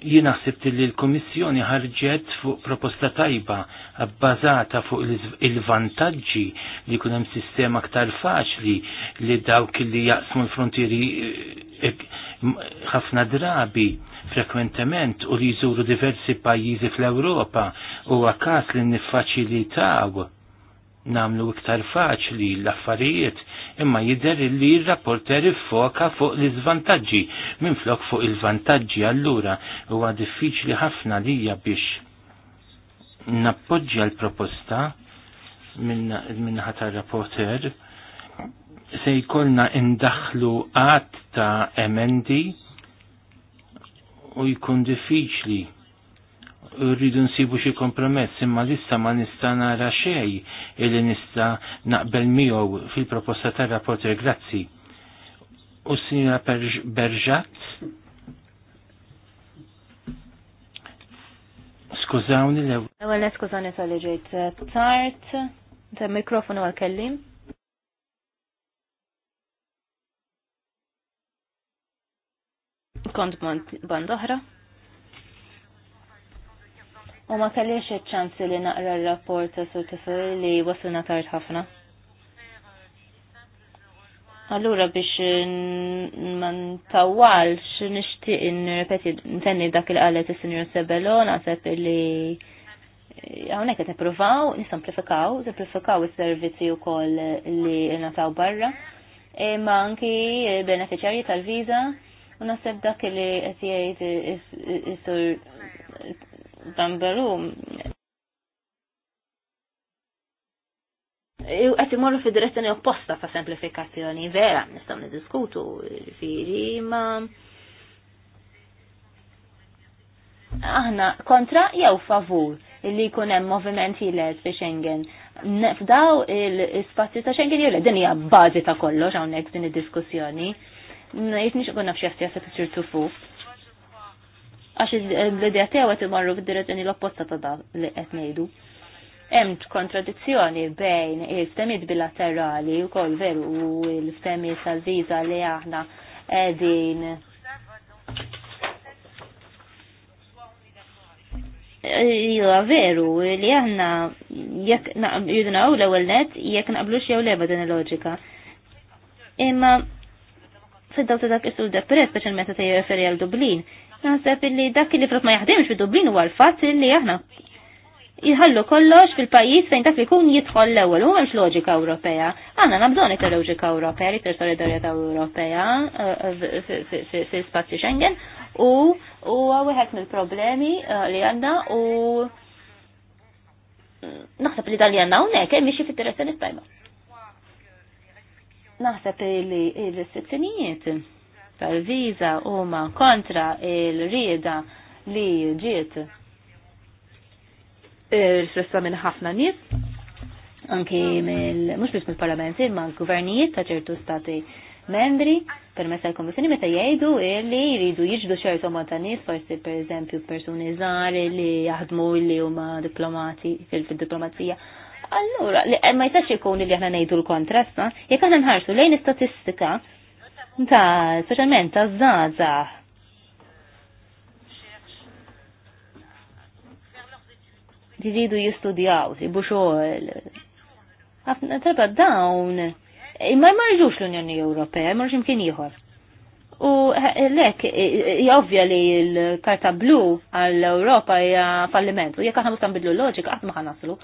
Jien ħsibt li l-Komissjoni ħarġet fuq proposta tajba bbażata fuq il-vantaġġi li kunem hemm sistema aktar faċli li dawk li jaqsmu l-frontieri eh, ħafna drabi frekwentement u li jżuru diversi pajjiżi fl-Ewropa u għakas li niffaċilitaw namlu iktar faċli l-affarijiet imma jidher li r-rapporter ifoka fuq l-iżvantaġġi minflok fuq il-vantaġġi allura huwa diffiċli ħafna lija biex nappoġġja l-proposta minn tar-rapporter se jkollna indaħlu għat ta' emendi u jkun diffiċli rridu nsibu xi kompromess imma lista ma nista' nara xej illi nista' naqbel miegħu fil-proposta tar-rapporter grazzi. U s sinjora Berġat Skużawni le
ewwel skużawni tal-li ġejt tard, ta' mikrofonu għal-kellim. Kont band oħra u ma kellix iċ-ċansi li naqra r-rapport ta' Sotifer li wasilna tard ħafna. Allura biex ma ntawalx nixtieq nirrepeti ntenni dak il qalet is-Sinjur Sebello naħseb li hawnhekk qed nippruvaw nisimplifikaw, simplifikaw is-servizzi wkoll li nataw barra, imma anki beneficjarji tal-viża u naħseb dak li qed jgħid is-sur dan berum Għet imorru fi direzzjoni opposta fa' semplifikazzjoni, vera, nistaw nidiskutu, ġifiri, ma. Aħna kontra jew favur li jkun hemm moviment ħiles fi Schengen. F'daw il-spazju ta' Schengen jew din hija bażi ta' kollox hawnhekk din id-diskussjoni. Jitnix ikun nafx jaħseb ċirtu fuq għax l-idea tiegħu qed marru fid-direzzjoni l-opposta ta' da li qed ngħidu. Hemm kontradizzjoni bejn il ftemiet bilaterali wkoll veru u l-ftemijiet tal-viża li aħna qegħdin Iva veru li aħna jekk u l-ewwel net jekk naqblux jew leba din il-loġika. Imma fid-dawta dak is-sul depress speċjalment se jirreferi għal Dublin, Naħseb illi dak li frott ma jaħdimx fi Dublin u l-fatt illi aħna jħallu kollox fil-pajjiż fejn dak li kun jidħol l-ewwel u hemmx loġika Ewropea. Għanna nabżoni ta' loġika Ewropea, iktar solidarjetà Ewropea eh, eh, fil-spazju Schengen u huwa wieħed mill-problemi eh, li għandna u naħseb li dal għanna unnek, eh, miexi fit l tajba. Naħseb li l sittinijiet tal-viza huma kontra il-rieda li ġiet riflessa minn ħafna nies anki mill mhux biss mill-parlament imma l-gvernijiet ta' ċertu stati membri permezz tal-Kommissjoni meta jgħidu li jridu jiġdu ċertu ma' ta' nies forsi pereżempju persuni żgħar li jaħdmu li huma diplomati fil-diplomazija. Allura, ma jistax ikun li aħna ngħidu l-kontrasta, jekk aħna nħarsu lejn istatistika ta' specialment ta' zaza. Jizidu jistudjaw, si buxol. Għafna tarba dawn. Eh, ma jmarġux l-Unjoni Ewropea, jmarġ imkien ieħor. U eh, lek, jovvja eh, li l-karta blu għall-Europa hija falliment, u jekk aħna nistgħu l-loġika qatt ma ħanaslu,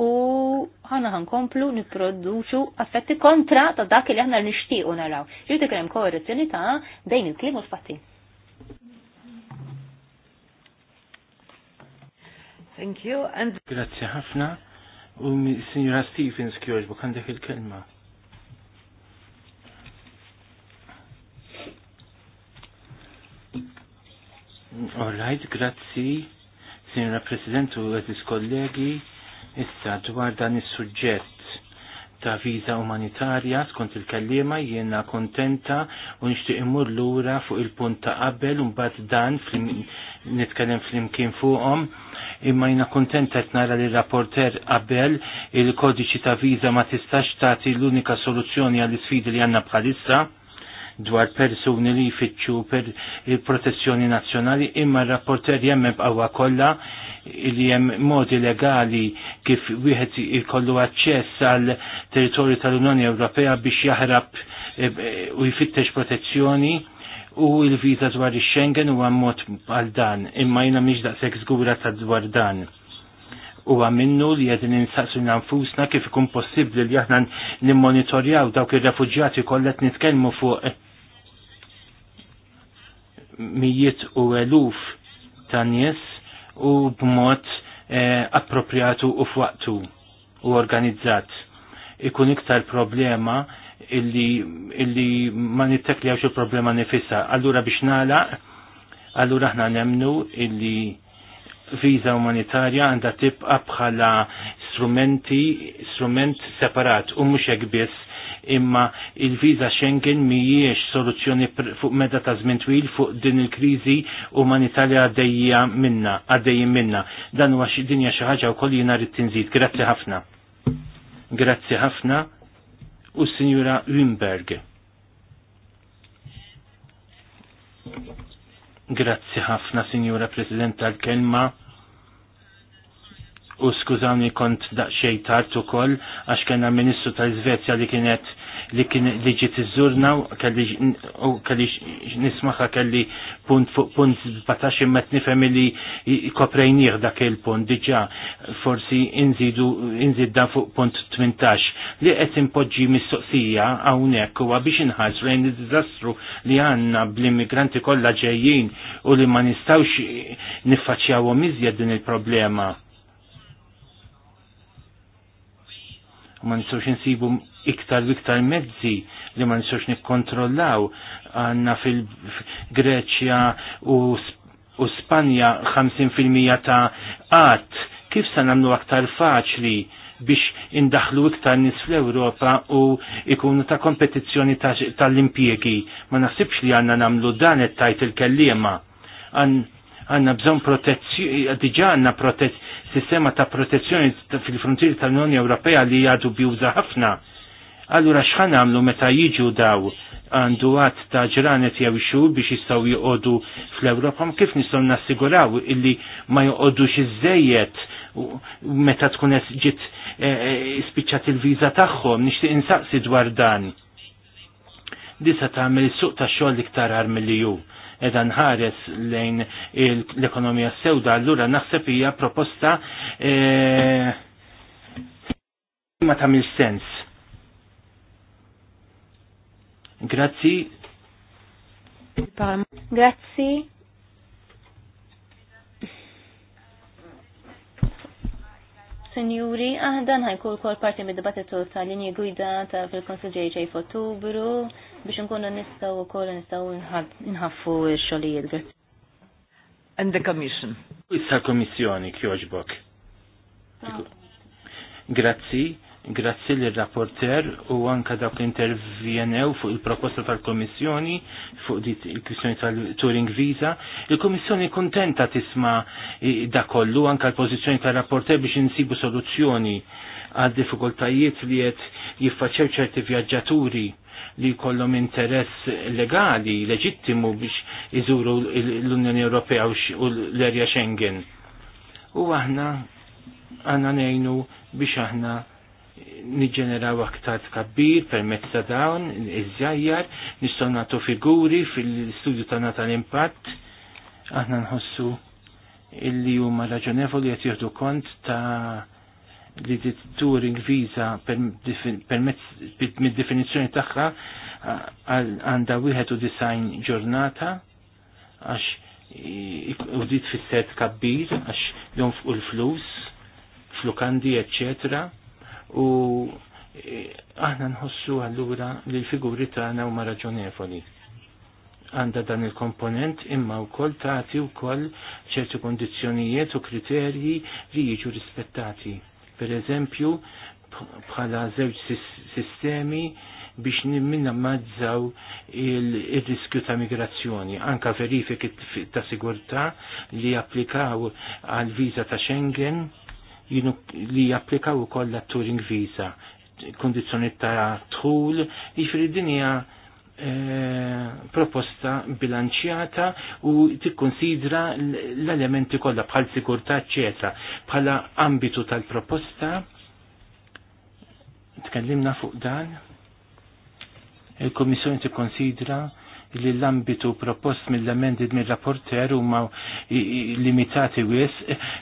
u ħana komplu niproduċu affetti kontra ta' dak li ħana nishtiqu naraw. Ġiet ikun hemm korrezzjoni ta' bejn il-kliem u l-fatti.
Thank you and Grazzi ħafna u Signora Stevens bu kandek il-kelma. All right, grazzi, Signora Presidentu, għaziz kollegi Issa dwar dan is-suġġett ta' viza umanitarja skont il-kellima jiena kontenta u nixtieq immur lura fuq il-punt ta' qabel u mbagħad dan nitkellem flimkien fuqhom imma jina kontenta nara li rapporter qabel il-kodiċi ta' viza ma tistax tagħti l-unika soluzzjoni għall isfidi li għandna bħalissa dwar persuni li jfittxu per protezzjoni nazzjonali imma r-rapporter jemme b'għawa kollha li hemm modi legali kif wieħed ikollu aċċess għal territorju tal-Unjoni Ewropea biex jaħrab e, e, u jfittex protezzjoni u il-viza dwar il-Schengen u għammot għal dan, imma jina miex daqseg zgura ta' dwar dan. U għamminnu li għedin ninsaqsu nanfusna kif ikun possibli li aħna nimmonitorjaw dawk il-refugġati kollet nitkelmu fuq mijiet u eluf ta' nies u b'mod eh, appropriatu u f'waqtu u organizzat. Ikun iktar problema illi, illi ma nittekljax il-problema nifissa. Allura biex nala, allura ħna nemnu illi viza umanitarja għanda tibqa bħala strumenti, strument separat u mhux hekk biss imma il visa Schengen mhijiex soluzzjoni fuq meta ta' żmien twil fuq din il-kriżi umanitarja għaddejja minna, għaddejja minna. Dan huwa xi dinja xi ħaġa wkoll jiena rrid tinżid. Grazzi ħafna. Grazzi ħafna u s-Sinjura Wimberg. Grazzi ħafna, Sinjura President tal-kelma u skużawni kont daqxej tard ukoll għax kena ministru tal-Svezja li kienet li kien li ġiet iżurna u kelli nismaħa kelli punt fuq punt 17 met nifhem li koprejnieh dak il-punt diġà forsi inżidu inżid dan fuq punt 18 li qed impoġġi mistoqsija hawnhekk huwa biex inħass lejn id-diżastru li għandna bl-immigranti kollha ġejjin u li ma nistgħux niffaċċjawhom iżjed din il-problema ma nistgħux insibu iktar u iktar mezzi li ma nistgħux nikkontrollaw għandna fil-Greċja u, u Spanja 50% ta' qatt kif se nagħmlu aktar faċli biex indaħlu iktar nis fl-Europa u ikunu ta' kompetizzjoni tal-impjegi. Ma nasibx li għanna namlu dan it tajt il-kellima. Għan għanna bżon protezzjoni, diġa għanna protez, sistema ta' protezzjoni fil-frontieri tal-Unjoni Ewropea li għadu bjuża ħafna. Allura xħan għamlu meta jiġu daw għandu għat ta' ġranet jew xur biex jistaw joqodu fl-Ewropa, kif nistaw nassiguraw illi ma joqodu xizzejiet meta tkun ġit eh, eh, spiċċat il-viza tagħhom, nixtieq insaqsi dwar dan. Disa ta' għamil suq ta' xogħol iktar għar mill-ju edha nħares lejn l-ekonomija sewda, allura naħseb hija proposta e, ma mil sens. Grazzi.
Grazzi. Senjuri, aħdan ħajkun kol parti mid-dibattitu tal-linji gwida ta' fil-Konsil ġejġej f'Ottubru biex nkunu nistaw u kol nistaw nħaffu xolijiet.
And the commission. Issa komissjoni kjoġbok. Grazzi, grazzi l-rapporter u anka dawk intervjenew fuq il-proposta tal-komissjoni fuq dit il-kwistjoni tal-Turing Visa. Il-komissjoni kontenta tisma da kollu anka l-pozizjoni tal-rapporter biex insibu soluzzjoni għad diffikultajiet li jett jiffaċew ċerti vjaġġaturi li jkollhom interess legali, leġittimu biex iżuru l-Unjoni Ewropea u l-erja Schengen. U aħna għanna nejnu biex aħna niġġeneraw aktar tkabbir permezz ta' dawn, iżjajjar, nistgħu nagħtu figuri fil-studju ta' tal-impatt, aħna nħossu illi huma raġonevoli qed jieħdu kont ta' li touring visa permezz mid-definizzjoni tagħha għandha wieħed u design ġurnata għax u dit fisset kabbir għax jonfqu l-flus, flukandi, eccetera u e, aħna nħossu għallura li l-figuri tagħna huma raġonevoli. Għanda dan il-komponent imma wkoll tagħti wkoll ċertu kondizjonijiet u kriterji li jiġu rispettati. Per eżempju, bħala żewġ sistemi biex minna mazzaw il-riskju ta' migrazzjoni, anka verifik ta' sigurtà li applikaw għal viza ta' Schengen li japplikaw ukoll la Turing Visa, kondizjoni ta' tħul, jifri dinja Eh, proposta bilanċjata u tikkonsidra l-elementi kollha bħal sikurtà eċetera. Bħala ambitu tal-proposta tkellimna fuq dan. Il-Kommissjoni tikkonsidra li l-ambitu propost mill-amendid mill-rapporter huma limitati wis,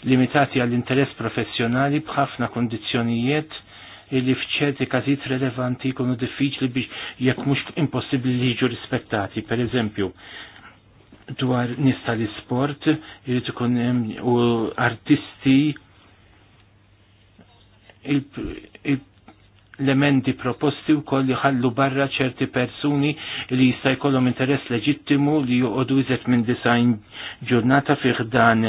limitati għall-interess professjonali b'ħafna kondizjonijiet illi fċerti każijiet relevanti jkunu diffiċli biex jekk mhux impossibbli li jiġu rispettati, per eżempju, dwar nista l-sport, jrid ikun hemm u artisti l-elementi proposti u koll ħallu barra ċerti persuni li jista' jkollhom interess leġittimu li joqogħdu iżet minn design ġurnata fih dan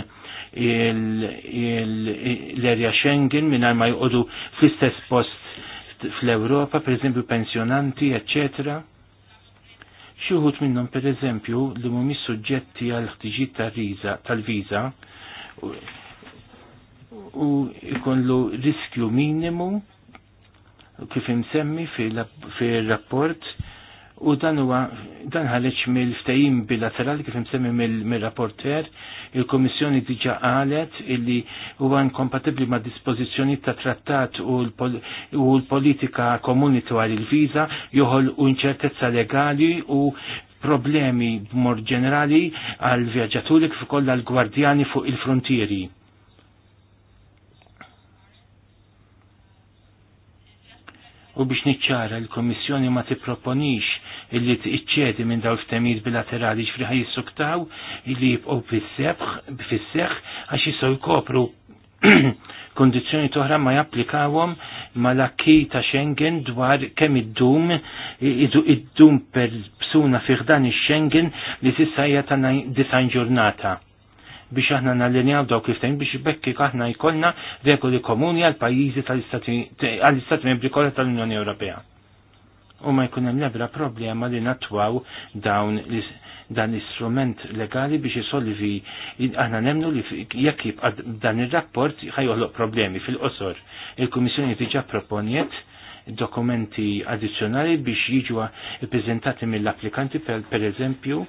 l-erja Schengen mingħajr ma jqogħdu fl-istess post fl-Ewropa, pereżempju pensjonanti, eċċetera. Xi wħud minnhom pereżempju li mhumiex suġġetti għal ħtiġijiet tal viza u ikollu riskju minimu kif imsemmi fil-rapport fil rapport u dan huwa dan ħareġ mill-ftehim bilaterali kif imsemmi mill-rapporter, il-Kommissjoni diġà qalet illi huwa inkompatibbli ma' dispożizzjoni ta' trattat u l-politika komuni dwar il-viża joħol u inċertezza legali u problemi mor ġenerali għal vjaġġaturi kif ukoll għall gwardjani fuq il-frontieri. u biex niċċara l-Komissjoni ma tipproponix illi tiċċedi minn daw ftemijiet bilaterali xfriħa jissuktaw illi jibqgħu fis-seħħ għax jistgħu jkopru kondizjoni toħra ma japplikawhom mal-akki ta' Schengen dwar kemm id-dum id-dum persuna fiħdan ix-Schengen li tista' hija ta' disajn ġurnata biex aħna nallinjaw dawk il-ftehim biex bekki aħna jkollna regoli komuni għal pajjiżi tal-Istati Membri kollha tal-Unjoni Ewropea. U ma jkun hemm nebra problema li natwaw dawn dan l-istrument legali biex isolvi aħna nemnu li jekk jibqa' dan ir-rapport ħajjoħloq problemi fil-qosor. Il-Kummissjoni diġà proponiet dokumenti addizzjonali biex jiġu ippreżentati mill-applikanti per, per eżempju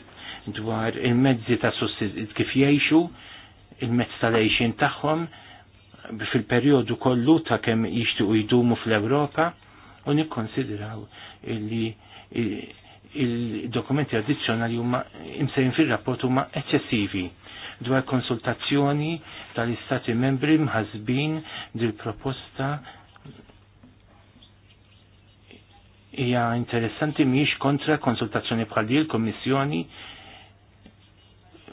dwar il-mezzi ta' kif jgħixu, il-mezz tal-għejxin tagħhom fil-perjodu kollu ta' kemm jixtiequ jdumu fl-Ewropa u nikkonsidraw li il-dokumenti addizzjonali huma imsejn fir-rapport huma eċċessivi dwar konsultazzjoni tal-istati membri mħazbin dil-proposta hija interessanti miex kontra konsultazzjoni bħal l-Kommissjoni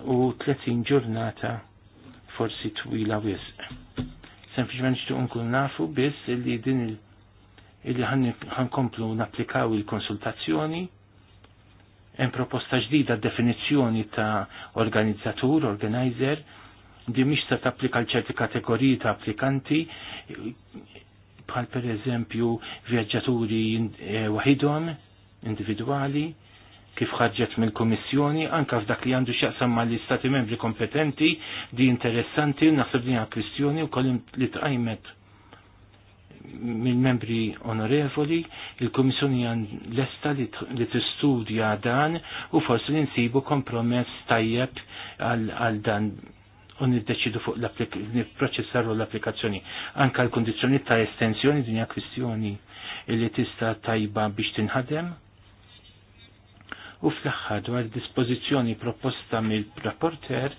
u 30 ġurnata forsi twila wisq. Sempliċement xtuq nkun nafu biss li din il- illi ħankomplu napplikaw il-konsultazzjoni hemm proposta ġdida definizzjoni ta' organizzatur, organizer, di mhix ta' tapplika l ċerti kategoriji ta' applikanti bħal per eżempju vjaġġaturi eh, waħidhom individwali, kif ħarġet mill-Komissjoni anka f'dak li għandu x'jaqsam mal-Istati membri kompetenti di interessanti naħseb din kwistjoni wkoll li tqajmet mill-membri onorevoli, il-Komissjoni għan l-esta li t-studja dan u forsi li nsibu kompromess tajjeb għal dan u niddeċidu fuq l-proċessarru l-applikazzjoni. Anka l-kondizjoni ta' estensjoni dinja kwistjoni li tista tajba biex tinħadem u fl-aħħar dwar dispożizzjoni proposta mill-rapporter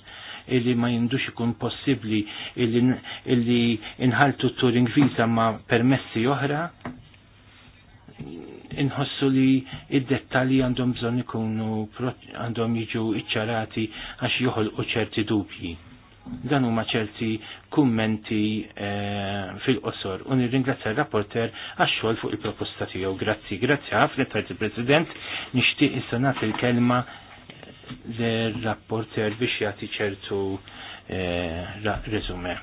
illi ma jindux ikun possibli illi inħaltu turing visa ma permessi oħra inħossu li id-dettali għandhom bżon ikunu għandhom jiġu iċċarati għax joħolqu ċerti dubji. Dan huma ċerti kummenti eh, fil-qosor u nirringrazzja l rapporter għax-xogħol fuq il-proposta tiegħu. Grazzi, grazzi ħafna tajt il-President, nixtieq issa nagħti l-kelma eh, l-rapporter biex jagħti ċertu eh, resume.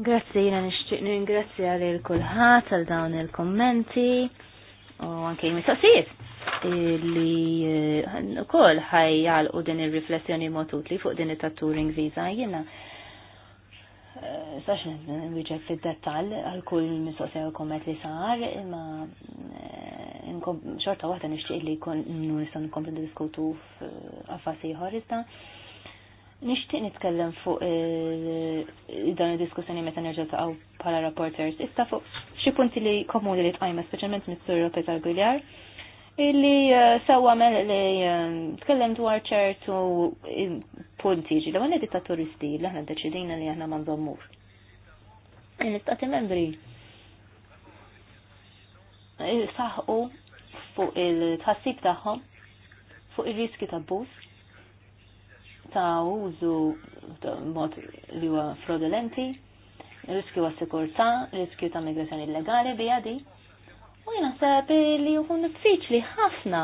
Grazzi, jina nishtiq ningrazzja lil l-kulħat għal dawn il-kommenti u anke il li eh, kol ħajjal u din il-riflessjoni li fuq din it-touring visa jina. Eh, sax nwiġek fil-dettal għal-kull mistoqsija komet li sar, imma eh, xorta waħda nixtieq li jkun nistgħu nkomplu diskutu f'affasi ħorista. Nixtieq nitkellem fuq dan id-diskussjoni meta nerġa' taqgħu bħala rapporters, issa fuq xi punti li komuni li tqajma specialment mis-Sur Lopez Aguilar illi eh, sawa mel li eh, tkellem dwar ċertu eh, punti ġi l ta' turisti li ħna deċidina li ħna man zammur. Il-istati membri saħqu fuq il-tħassib taħħom fuq il-riski ta' bus ta' użu mod li huwa fraudulenti, riskju għas-sikurta, riskju ta' migrazzjoni illegali bi U jina sab li jkun diffiċli ħafna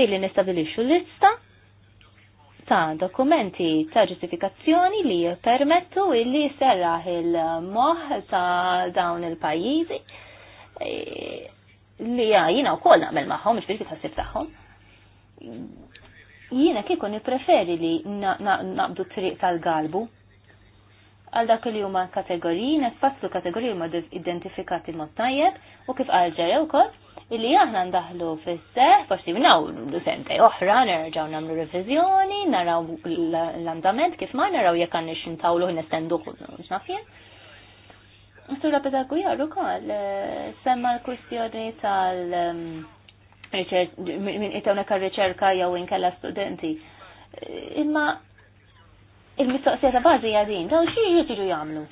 illi nistabilixxu lista ta' dokumenti ta' ġustifikazzjoni li permettu illi serraħ il-moħ ta' dawn il-pajjiżi eh, li jina u kol naqmel maħom, mux bil tħassib taħħom. Jina kikun preferi li naqbdu triq tal-galbu għal dak li huma kategoriji, nefaslu kategoriji huma identifikati mod tajjeb u kif qal ġere wkoll illi aħna ndaħlu fis-seħ forsi minnaw sentej oħra nerġgħu nagħmlu reviżjoni, naraw l-andament kif ma naraw jekk għandix intawlu nestendu x'nafjen. Sura Pedagu jarru ukoll eh, semma l kwistjoni tal- ehm, minn itawna kar-riċerka jew inkella studenti. Eh, imma il-mistoqsija ta' bażi għadin, dawn xi jitiru jagħmlu.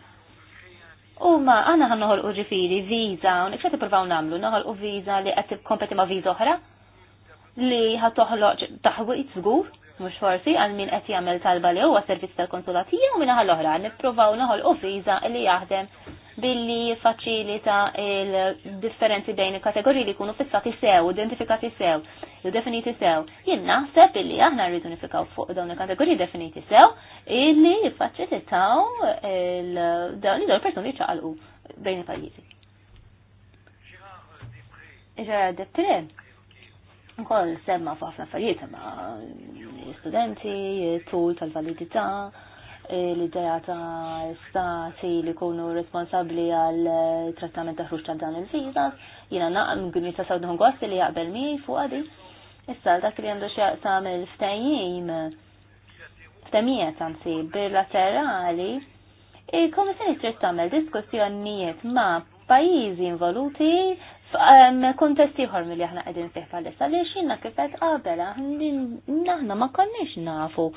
U ma għana għan noħol u ġifiri viza, u nekxat niprofaw namlu, noħol u viza li għed kompeti ma viza oħra li ħat toħloq taħwit zgur, mux forsi għal min qed jagħmel talba li huwa servizz tal-konsulatija u minna l oħra nipprovaw noħol u viza li jaħdem billi faċilita il-differenzi bejn il-kategoriji li kunu fissati sew, identifikati sew, u definiti sew. Jien naħseb illi aħna rridu nifikaw fuq dawn il-kategoriji definiti sew illi jiffaċilitaw il-dawn id il-persuni ċaqalqu bejn il-pajjiżi. Ġara depre, nkoll semma fuq ħafna affarijiet ma studenti, tul tal-validità, l-idea ta' stati li kunu responsabli għal trattament ta' ħruċ ta' dan il-vizas, jina naqm għunni ta' sawdħon għosti li jaqbel mi fuq għadi. Issa dak li għandu xjaqsam il-ftajim, ftamijiet għansi, bilaterali, il-Komissjoni trid tagħmel diskussjonijiet ma' pajjiżi involuti Kontest ieħor milli aħna qegħdin fih bħalissa li xinna kifet qabel aħna ma konniex nafu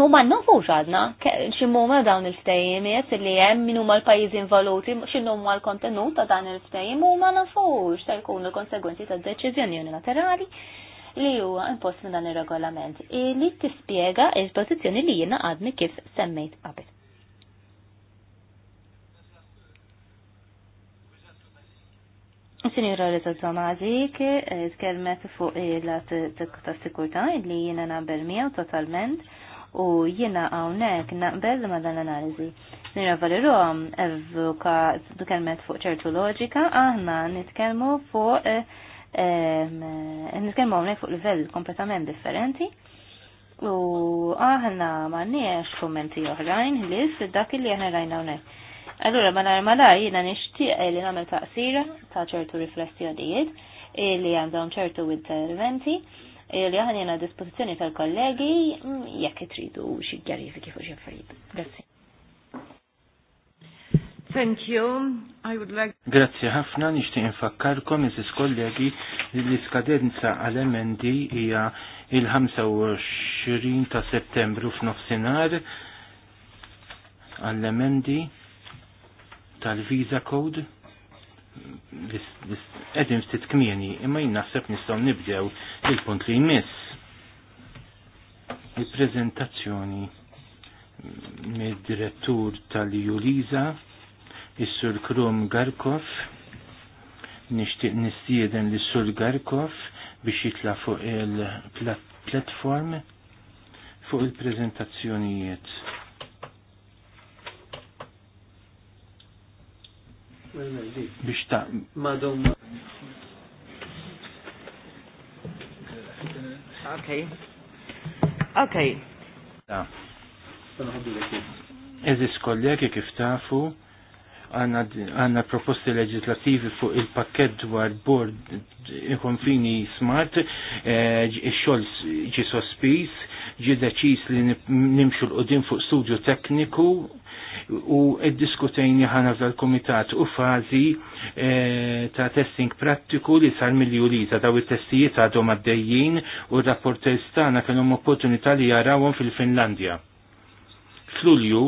huma nafux għadna, ximuma dawn il-ftejimiet li hemm min huma l-pajjiżi involuti, x'inhu huma l-kontenut ta' dan il-ftejim u ma nafux se jkunu l-konsegwenzi ta' deċiżjoni unilaterali li huwa impost minn dan ir-regolament li tispjega il-pożizzjoni li jiena għadni kif semmejt qabel. Sinjura Rita Zamazik, eh, tkelmet fuq il-lat t sikurta li jiena nabel miegħu totalment u jiena hawnhekk naqbel ma dan l-analiżi. Nira Valerom evvuka kelmet fuq ċertu loġika, aħna nitkellmu fuq eh, eh, nitkellmu hawnhekk fuq livell kompletament differenti. U aħna ma niex kummenti oħrajn lis dak li aħna rajna hawnhekk. Allura ma nar mala jiena nixtieq li nagħmel taqsira ta' ċertu riflessjonijiet li għandhom ċertu interventi li ħanina dispozizjoni tal-kollegi mm, jekk tridu xi għarifi kifu xi affarijiet. Grazzi.
Thank you. I would like
Grazzi ħafna nixtieq infakkarkom iżis kollegi li l-iskadenza għal emendi hija il-25 ta' Settembru f'nofsinhar għall-emendi tal-Visa Code qegħdin ftit kmieni, imma jien naħseb nistgħu nibdew il-punt li jmiss. Il-preżentazzjoni mid-direttur tal-Juliza, is-Sur Krum Garkov, nixtieq nistieden lis sur Garkov biex jitla fuq il-platform fuq il-preżentazzjonijiet biex ta'
madom.
Okay.
Okay. Eżis kollegi kif tafu għanna proposti leġislativi fuq il-pakket dwar bord konfini smart, eh, xol ġi sospis, ġi deċis li nimxu l-qodin fuq studju tekniku u id-diskutejni ħana fil-komitat u fazi e, ta' testing prattiku li sar mill-juli ta' daw it-testijiet għadhom għaddejjin u r-rapporter stana kellhom opportunità li jarawhom fil-Finlandja. Flulju,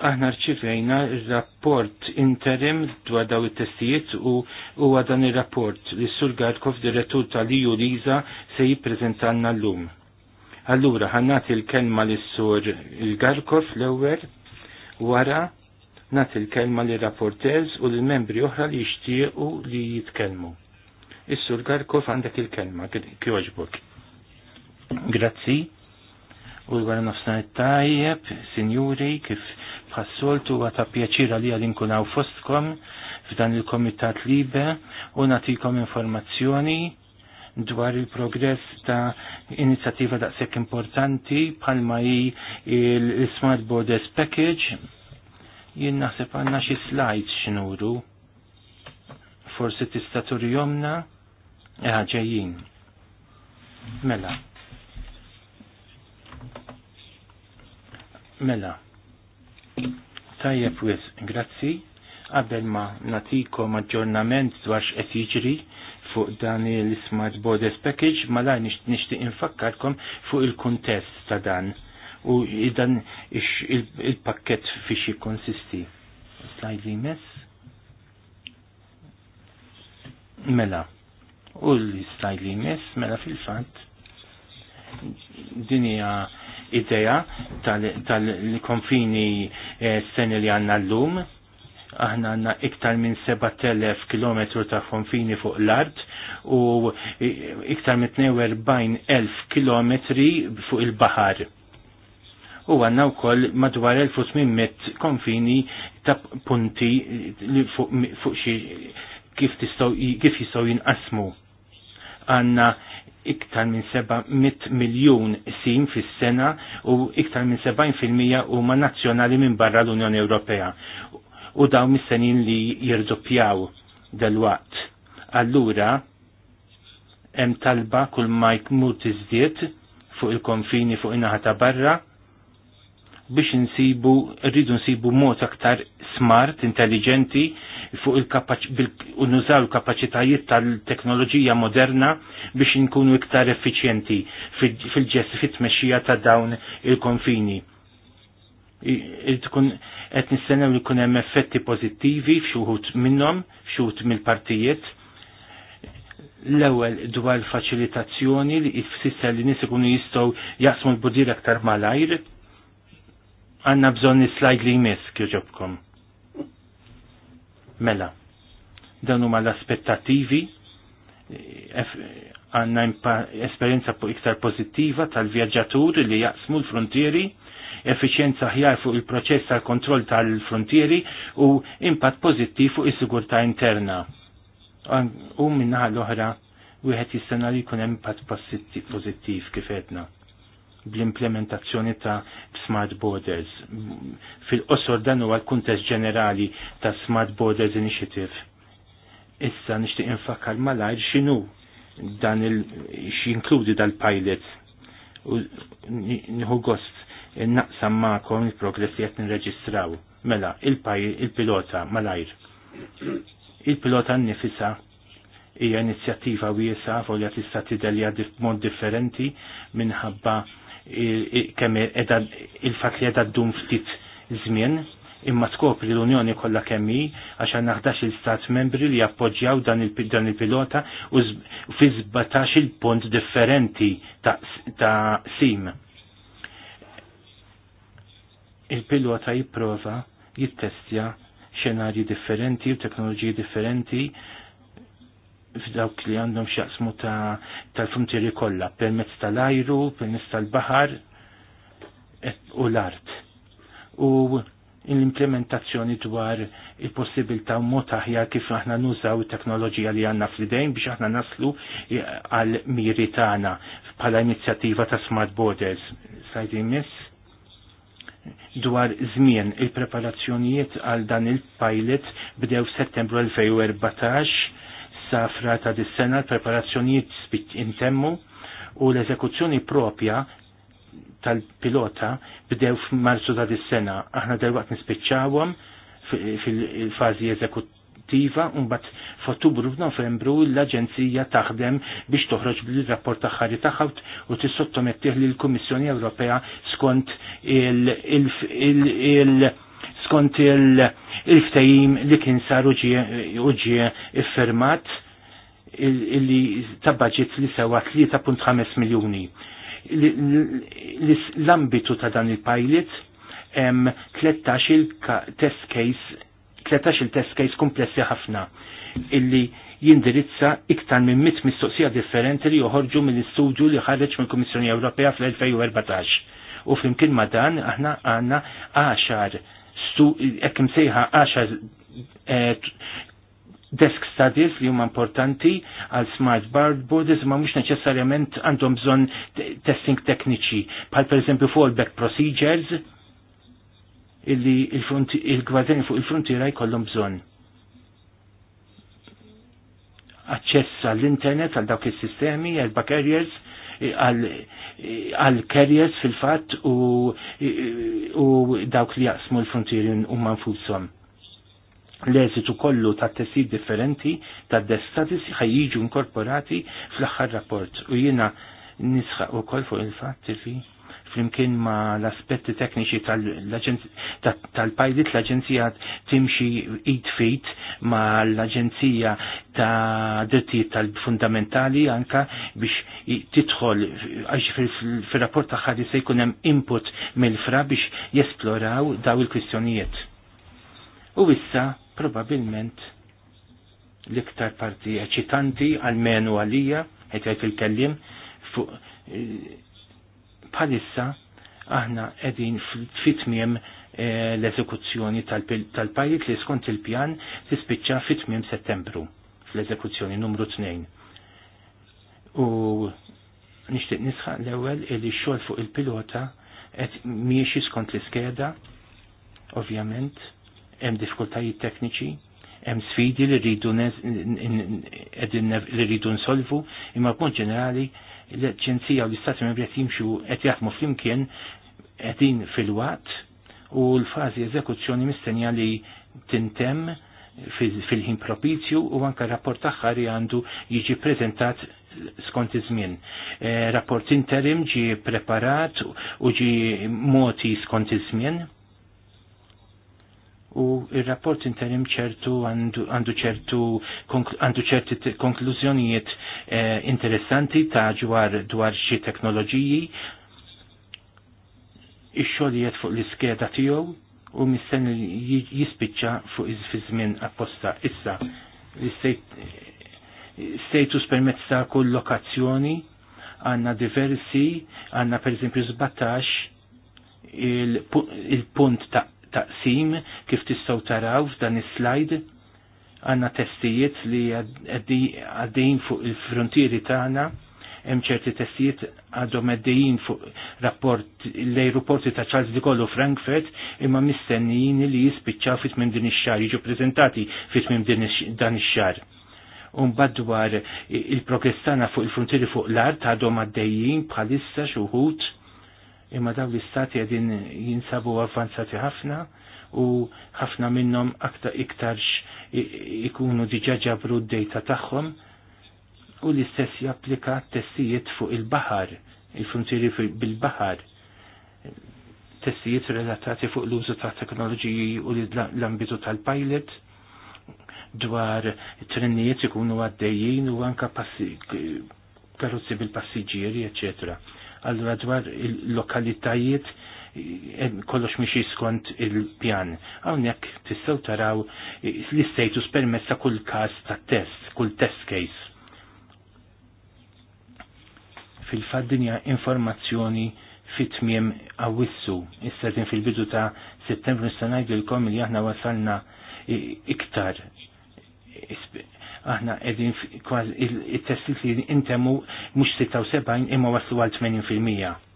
aħna rċivejna rapport interim dwar daw it-testijiet u huwa dan ir-rapport li Sur Garkov direttur tal-EU Liza se jippreżentanna llum. Allura ħannat il-kelma l sur il-Garkov l-ewwel Wara nat il-kelma li rapportez u l-membri oħra li jixtiequ li jitkellmu. Is-sur Garkov għandek il-kelma, kjoġbok. Grazzi. U l-għara nafsna tajjeb, sinjuri, kif bħassoltu għata pjaċira li għalinkunaw fostkom f'dan il-komitat libe u natikom informazzjoni dwar il-progress ta' inizjattiva daqshekk importanti bħalma hi l-Smart Borders Package. Jien naħseb għandna xi slides x'nuru. Forsi tista' turjomna ħaġejjin. Mela. Mela. Tajjeb wis, grazzi. Qabel ma natiko aġġornament dwar x'qed jiġri fuq dan il-Smart Borders Package, ma la nishtiq infakkarkom fuq il-kuntest ta' dan u dan il-pakket fi xie konsisti. Slide li mess? Mela. U l-slide li mess, mela fil-fat. Dinija ideja tal-konfini tal, tal, tal, tal, tal, tal, tal, tal, tal, tal, aħna għanna iktar minn 7000 km ta' konfini fuq l-art u iktar minn 42,000 km fuq il-bahar. U għanna u koll madwar 1800 konfini ta' punti li fuq, fuq kif, kif jistaw jinqasmu. Għanna iktar minn 700 miljon sim fis-sena u iktar minn 70% huma nazzjonali minn barra l-Unjoni Ewropea u daw mis-senin li jirdoppjaw dal-waqt. Allura, hemm talba kull ma jkmur iżdiet fuq il-konfini fuq in-naħa ta' barra biex nsibu, rridu nsibu mod aktar smart, intelligenti, fuq il-nużaw il-kapacitajiet tal-teknoloġija moderna biex nkunu iktar effiċjenti fil-ġess fit-tmexxija ta' dawn il-konfini qed nistennew li jkun hemm effetti pożittivi f'xuħut minnhom, f'xuħut mill-partijiet. L-ewwel dwar faċilitazzjoni li jfisser li nies ikunu jistgħu jaqsmu l-budir aktar malajr. Għandna bżonn is li jmiss kieġobkom. Mela, dan huma l-aspettattivi għanna esperjenza iktar pozittiva tal-vjaġġatur li jaqsmu l-frontieri effiċjenza ħjar fuq il-proċess tal kontroll tal-frontieri u impatt pożittiv fuq is-sigurtà interna. U minnaħa l-oħra wieħed jistenna li jkun hemm impatt pożittiv kif edna bl-implementazzjoni ta' Smart Borders. Fil-qosor dan huwa l-kuntest ġenerali ta' Smart Borders Initiative. Issa nixtieq infakkar malajr x'inhu dan il x'inkludi dal-pilot u nħu gost naqsam ma'kom il-progress li qed nirreġistraw. Mela, il-pilota il malajr. Il-pilota nifisa hija inizjattiva wiesa volja tista' tidelja mod differenti minħabba kemm il-fatt li qiegħda ddum ftit żmien imma skopri l-Unjoni kollha kemm hi għax il stat membri li appoġġjaw dan il-pilota u fi 17 il-punt differenti ta' sim il-pilota jipprova jittestja xenarji differenti u teknoloġiji differenti f'dawk li għandhom xaqsmu ta' tal-frontieri kollha permezz tal-ajru, permezz tal-baħar u l-art. U l-implementazzjoni dwar il-possibilità u mod aħjar kif aħna nużaw it-teknoloġija li għandna fl-idejn biex aħna naslu għal miri tagħna bħala inizjattiva ta' Smart Borders. Sajdi miss dwar żmien il-preparazzjonijiet għal dan il-pilot bdew settembru 2014 sa ta' dis-sena l-preparazzjonijiet intemmu u l-eżekuzzjoni propja tal-pilota bdew f'Marzu ta' dis-sena. Aħna derwaqt nispiċċawhom fil-fażi eżekut attiva un bat f'Ottubru f'Novembru l-Aġenzija taħdem biex toħroġ bil-rapport taħħari tagħha u li l kummissjoni Ewropea skont il- skont il-ftajim li kien sar uġie iffermat li tabbaġit li sewa 3.5 miljoni. L-ambitu ta' dan il-pilot 13 il-test case 13 il-test case komplessi ħafna illi jindirizza iktar minn mit mistoqsija differenti li joħorġu mill-istudju li ħareġ mill kummissjoni Ewropea fl-2014. U flimkien ma dan aħna għandna 10 hekk imsejħa 10 eh, desk studies li huma importanti għal smart borders ma mhux neċessarjament għandhom bżonn testing tekniċi bħal pereżempju fallback procedures illi il-gwardjani fuq il-frontiera jkollhom bżonn. Aċċess għall-internet għal dawk is-sistemi erba' carriers għal carriers fil-fatt u, dawk li jaqsmu l-frontieri u manfushom. L-eżitu kollu ta' tessid differenti ta' destatis ħajjiġu inkorporati fl-aħħar rapport u jiena nisħaq ukoll fuq il-fatt li flimkien ma l-aspetti tekniċi tal-pilot l-Aġenzija timxi id fit ma l-Aġenzija ta' drittijiet tal-fundamentali anka biex titħol għax fil-rapport ta' ħadi se jkun hemm input mill-fra biex jesploraw daw il-kwistjonijiet. U issa probabilment l-iktar parti eċitanti għal-menu għalija, għetjajt il-kellim, eh, palissa aħna edin fitmiem l-eżekuzzjoni tal-pajjiet li skont il-pjan tispiċċa fitmiem settembru fl-eżekuzzjoni numru 2. U nixtieq nisħaq l-ewwel li x-xogħol fuq il-pilota qed miexi skont l-iskeda, ovvjament, hemm diffikultajiet tekniċi, hemm sfidi li rridu li rridu nsolvu, imma punt ġenerali l ċenzija u l-Istati Membri għet jimxu qed jaħdmu flimkien qegħdin fil wat u l-fażi eżekuzzjoni mistenja li tintem fil-ħin propizju u anka rapport aħħar għandu jiġi prezentat skont iż-żmien. E, rapport interim ġi preparat u ġi moti skont iż-żmien u il-rapport interim ċertu għandu ċertu għandu ċerti konklużjonijiet eh, interessanti ta' ġwar dwar xi teknoloġiji ix-xogħlijiet fuq l-iskeda tiegħu u mistenn jispiċċa fuq iż-żmien apposta. Issa status permezz ta' kull lokazzjoni għanna diversi, għanna per esempio il-punt il ta' taqsim kif tistgħu taraw f'dan is-slide għandna testijiet li għaddejjin fuq il-frontieri tagħna hemm ċerti testijiet għadhom għaddejjin fuq rapport l-ajruporti ta' Charles de Gaulle u Frankfurt imma mistennijin li jispiċċaw fit minn din ix-xahar jiġu preżentati fit minn dan ix-xahar unbad dwar il tagħna fuq il-frontieri fuq l-art għadhom għaddejjin bħalissa xuħut imma dawn l-istati għedin jinsabu avvanzati ħafna u ħafna minnom aktar iktarx ikunu diġa ġabru d-dejta tagħhom u l-istess japplika testijiet fuq il-bahar, il-frontieri bil-bahar, testijiet relatati fuq l-użu ta' teknoloġiji u l-ambitu tal-pilot dwar trennijiet ikunu għaddejjin u anka karozzi bil-passiġieri, eccetera Allura dwar il-lokalitajiet kollox miex skont il-pjan. Hawnhekk tistgħu taraw l-istatus permessa ta' kull każ ta' test, kull test case. Fil-fatt dinja informazzjoni fit-tmiem għawissu. Issa fil-bidu ta' settembru nistanajdu l-kom li aħna wasalna iktar aħna edin il testi li intemu mux 76 imma waslu għal 80%.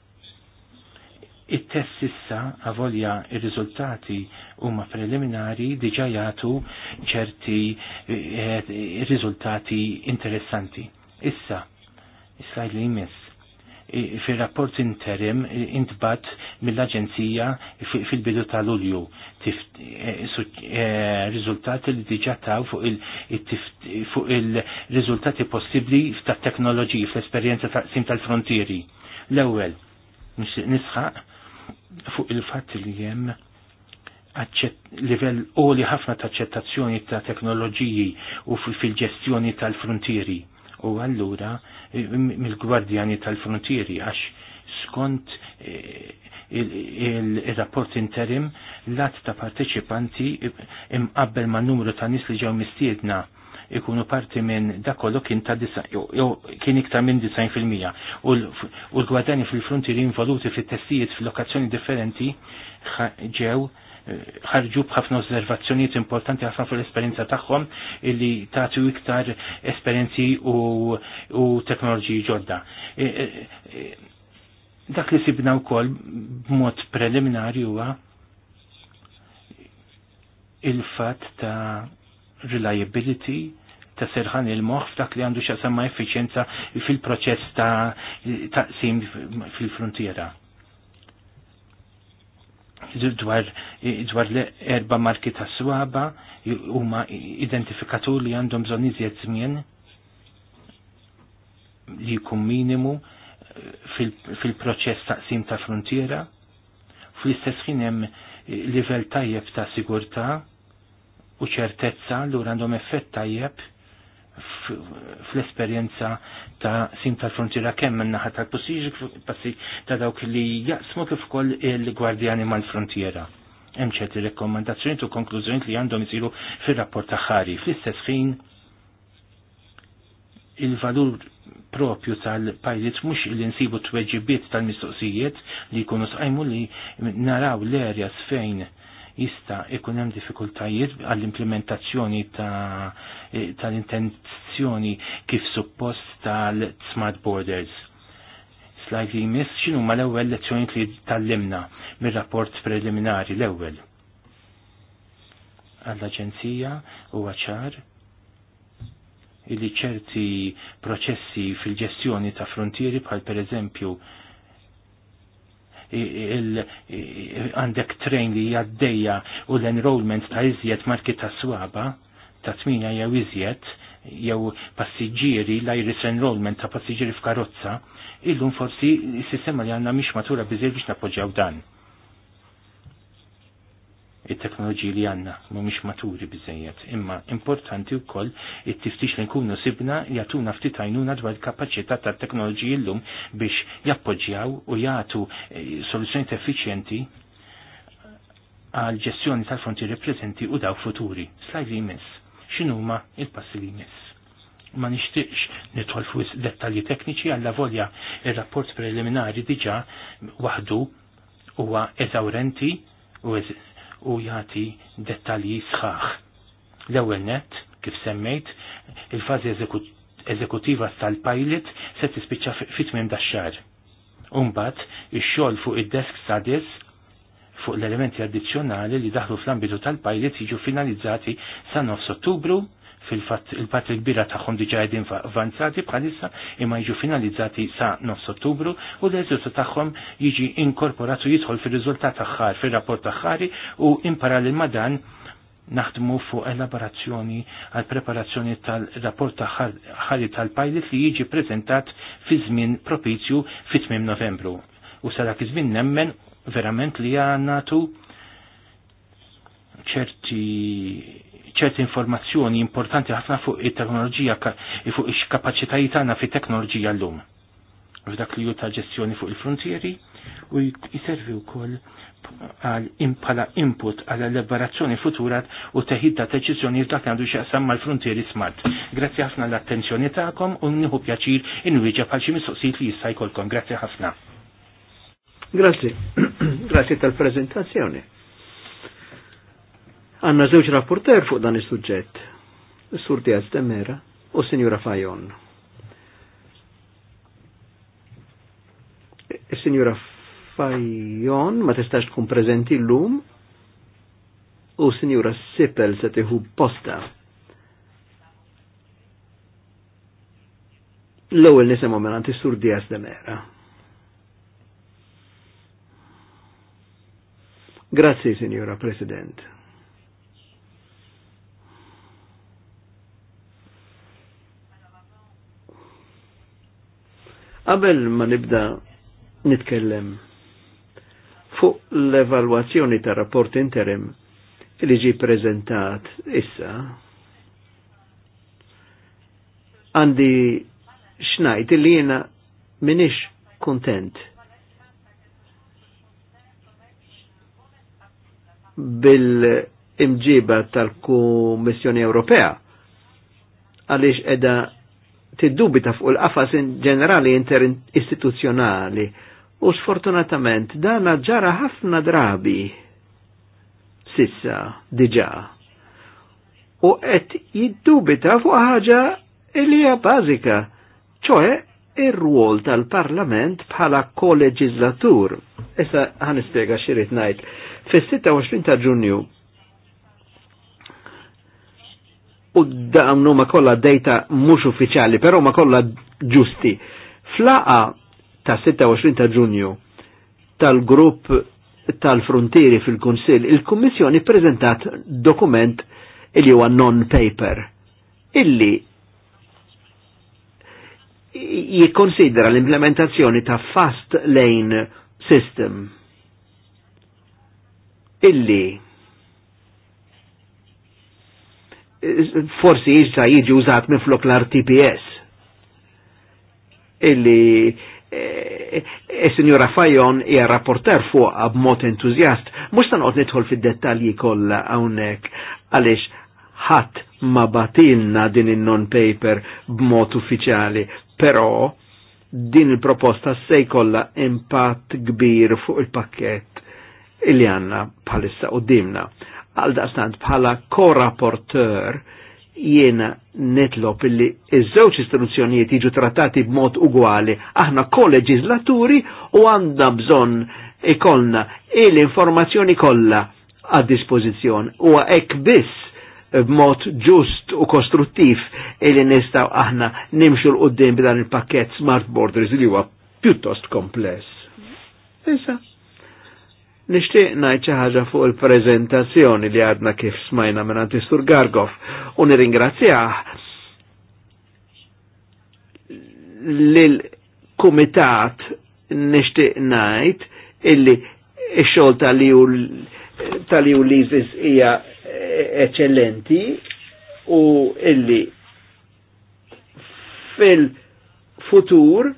Il-test sissa avolja il-rizultati huma preliminari diġa jagħtu ċerti eh, riżultati interessanti. Issa, is-slajd li jmiss fil-rapport interim intbat mill-Aġenzija fil-bidu tal-Ulju. Eh, eh, riżultati li diġataw taw fuq il-riżultati possibli ta' teknoloġiji fl-esperjenza ta' sim tal-frontieri. L-ewwel, nisħaq fuq il-fatt li hemm livell u li ħafna ta' ċettazzjoni ta' teknoloġiji u fil-ġestjoni tal-frontieri. U allura mill-gwardjani tal-frontieri għax skont eh, il-rapport interim l-att ta' parteċipanti imqabbel ma' numru ta' nis li ġew mistiedna ikunu parti minn dakollu kien ta' kien iktar minn 90% u l gwardjani fil-frontieri involuti fit-testijiet fil-lokazzjoni differenti ġew ħarġu bħafna osservazzjonijiet importanti ħafna fl-esperjenza tagħhom illi tagħtu iktar esperjenzi u, u teknoloġiji ġodda. E, e, e, dak li sibna wkoll b'mod preliminari huwa il-fatt ta' reliability ta' serħan il-moħ f'dak li għandu xasamma efficienza fil-proċess ta' taqsim fil-frontiera dwar, dwar l-erba marki ta' swaba huma identifikatu li għandhom bżonn iżjed żmien li jkun minimu fil-proċess fil taqsim ta' frontiera fl-istess ħin hemm livell tajjeb ta' sigurtà u ċertezza l għandhom effett tajjeb fl-esperienza ta' sim tal-frontiera kemm minn naħa tal passi ta' dawk li jaqsmu kif ukoll il-gwardjani mal-frontiera. Hemm ċerti rekkomandazzjoni u konklużjoni li għandhom isiru fir-rapport ta' ħari. Fl-istess ħin il-valur propju tal-pajjiet mhux li nsibu t-weġibiet tal-mistoqsijiet li jkunu sqajmu li naraw l-areas fejn jista' ikun hemm diffikultajiet għall-implementazzjoni e, tal-intenzjoni ta kif suppost tal-smart borders. Slajd li jmiss xinu ma l-ewwel lezzjoni li tallimna mir-rapport preliminari l-ewwel. Għall-Aġenzija huwa ċar illi ċerti proċessi fil-ġestjoni ta' frontieri bħal per eżempju għandek train li jaddeja u l-enrollment ta' iżjed marki ta' swaba ta' tmina jew iżjed jew passiġġieri l-iris enrollment ta' passiġġieri f'karozza, illum forsi s-sistema li għanna mhix matura biżir biex nappoġġjaw dan it-teknoloġiji li għanna mhumiex maturi biżejjed, imma importanti wkoll it-tiftix li nkunu sibna jagħtuna ftit għajnuna dwar il-kapaċità tat-teknoloġiji llum biex jappoġġjaw u jagħtu eh, soluzzjonijiet effiċjenti għal ġestjoni tal fonti reprezenti u daw futuri. Slajd li jmiss, x'inhuma il-passi li jmiss ma nixtieqx nidħol fuq dettalji tekniċi għalla volja il rapport preliminari diġà waħdu huwa eżawrenti u u jati dettalji sħaħ. L-ewwel net, kif semmejt, il-fażi eżekutiva tal-pilot se tispiċċa fit-tmiem xar Umbat, ix-xogħol fuq id-desk sadis fuq l-elementi addizzjonali li daħlu fl-ambitu tal-pilot jiġu finalizzati sa nofs Ottubru fil-fatt il-parti kbira tagħhom diġà għedin avvanzati bħalissa imma jiġu finalizzati sa nofs Ottubru u l-eżitu tagħhom jiġi inkorporatu jidħol fir-riżultat aħħar fir-rapport aħħari u imparalli ma' dan naħdmu fuq elaborazzjoni għal preparazzjoni tal-rapport ħari tal-pilot li jiġi prezentat fi żmien propizju fi tmim Novembru. U sarak iż-żmien nemmen verament li għannatu ċerti ċerti informazzjoni importanti ħafna fuq it-teknoloġija fuq ix-kapaċitajiet tagħna fit-teknoloġija llum. F'dak li ta' ġestjoni fuq il-frontieri u jiservi wkoll għal impala input għal elaborazzjoni futura u teħid ta' deċiżjoni f'dak li għandu x'jaqsam mal-frontieri smart. Grazzi ħafna l-attenzjoni tagħkom u nieħu pjaċir inwieġeb għal xi mistoqsijiet li jista' jkollkom. Grazzi ħafna.
Grazzi. Grazzi tal-preżentazzjoni. Għanna żewġ rapporter fuq dan is-suġġett. Is-Sur Diaz Demera u Sinjura Fajon. Is-Sinjura Fajon ma tistax tkun l l'Um? u Sinjura Sipel se tiħu posta. l ewel nisem minn is-Sur Diaz Demera. Grazie, signora President. Qabel ma nibda nitkellem fuq l-evalwazzjoni ta' rapport interim li ġi prezentat issa, għandi xnajt li jena minix kontent bil-imġiba tal-Kummissjoni Ewropea għaliex edha tiddubita fuq il-qafas ġenerali interistituzzjonali u sfortunatament dana ġara ħafna drabi sissa diġa u qed jiddubita fuq ħaġa li hija bażika, ċoħe ir-rwol tal-Parlament bħala koleġislatur. Issa ħanispjega xirrit ngħid. Fis-26 ta' Ġunju u dawn ma kolla data mhux uffiċjali, però ma kolla ġusti. Flaqa ta' 26 ta' Ġunju tal-grupp tal-frontieri fil-Kunsill, il-Kummissjoni prezentat dokument il huwa non-paper illi jikonsidra l-implementazzjoni ta' fast lane system illi forsi iġta jiġi użat minn flok l-RTPS illi eh, e signora Fajon hija rapporter fuq b'mod entuzjast, mhux ta' noqgħod nidħol fid-dettalji kollha hawnhekk għaliex ħadd ma batilna din in-non paper b'mod uffiċjali, però din il-proposta se jkollha impatt kbir fuq il-pakkett li għandna bħalissa qudiemna għal daqstant bħala korapporteur jiena nitlob illi iż-żewġ istituzzjonijiet jiġu trattati b'mod ugwali, aħna koleġislaturi u għandna bżonn ikollna l-informazzjoni kollha għad dispożizzjon u hekk biss b'mod ġust u kostruttiv illi nistgħu aħna nimxu l qudiem b'dan il-pakket Smart Borders li huwa pjuttost kompless. Issa, Nishtiq najt ħaġa fuq il-prezentazzjoni li għadna kif smajna minn Antistur Gargov u nirringrazzjah lil-kumitat nishtiq najt illi xol xogħol tal-ju tal hija eċċellenti eh, u illi fil-futur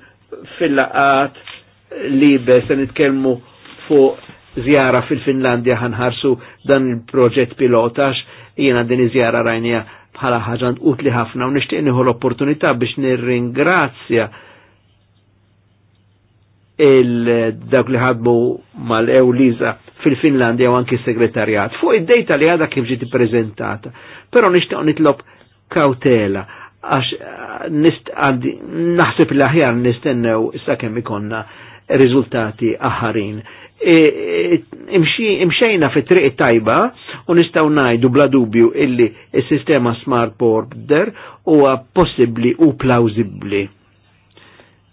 fil-laqat libe se nitkellmu fuq zjara fil-Finlandja ħanħarsu dan il-proġett pilotax, jiena din iżjara rajnija bħala ħaġan utli ħafna u nixtieq nieħu l-opportunità biex nirringrazzja il-dawk li ħadbu mal-Ewliza fil-Finlandja u anki segretarjat fuq id-dejta li għadha kif ġiet prezentata. Però nixtieq nitlob kautela għax naħseb l-aħjar nistennew issa kemm ikonna riżultati aħarin. E, e, imxejna fit triq tajba u nistaw najdu bla dubju illi il-sistema Smart Border huwa possibli u plausibli.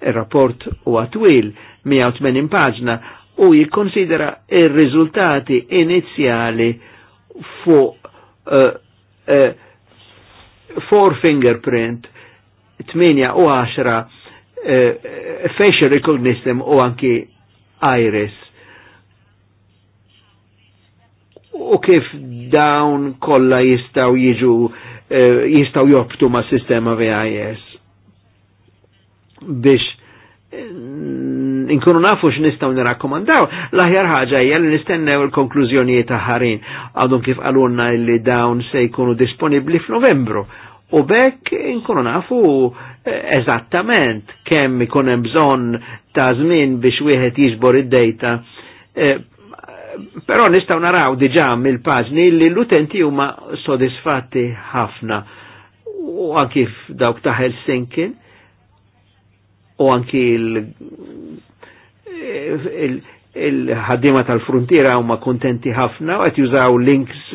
Il-rapport huwa twil 180 paġna u jikkonsidera il-riżultati inizjali fuq uh, e, uh, four fingerprint 8 u 10 Eh, facial recognition u anki iris. U kif dawn kolla jistaw jiġu eh, jistaw jobtu ma' sistema VIS biex eh, inkunu nafu x'nistgħu nirakkomandaw, l-aħjar ħaġa hija li nistennew il-konklużjonijiet ta' ħarin għadhom kif qalulna li dawn se jkunu disponibbli f'Novembru u bekk inkunu nafu eh, eżattament kemm ikun hemm bżonn ta' żmien biex wieħed jiġbor id-dejta. Eh, però nistgħu naraw diġà mill-paġni li l-utenti huma sodisfatti ħafna u anki f'dawk ta' Helsinki u anki il-ħaddima tal-frontiera huma kontenti ħafna u qed jużaw links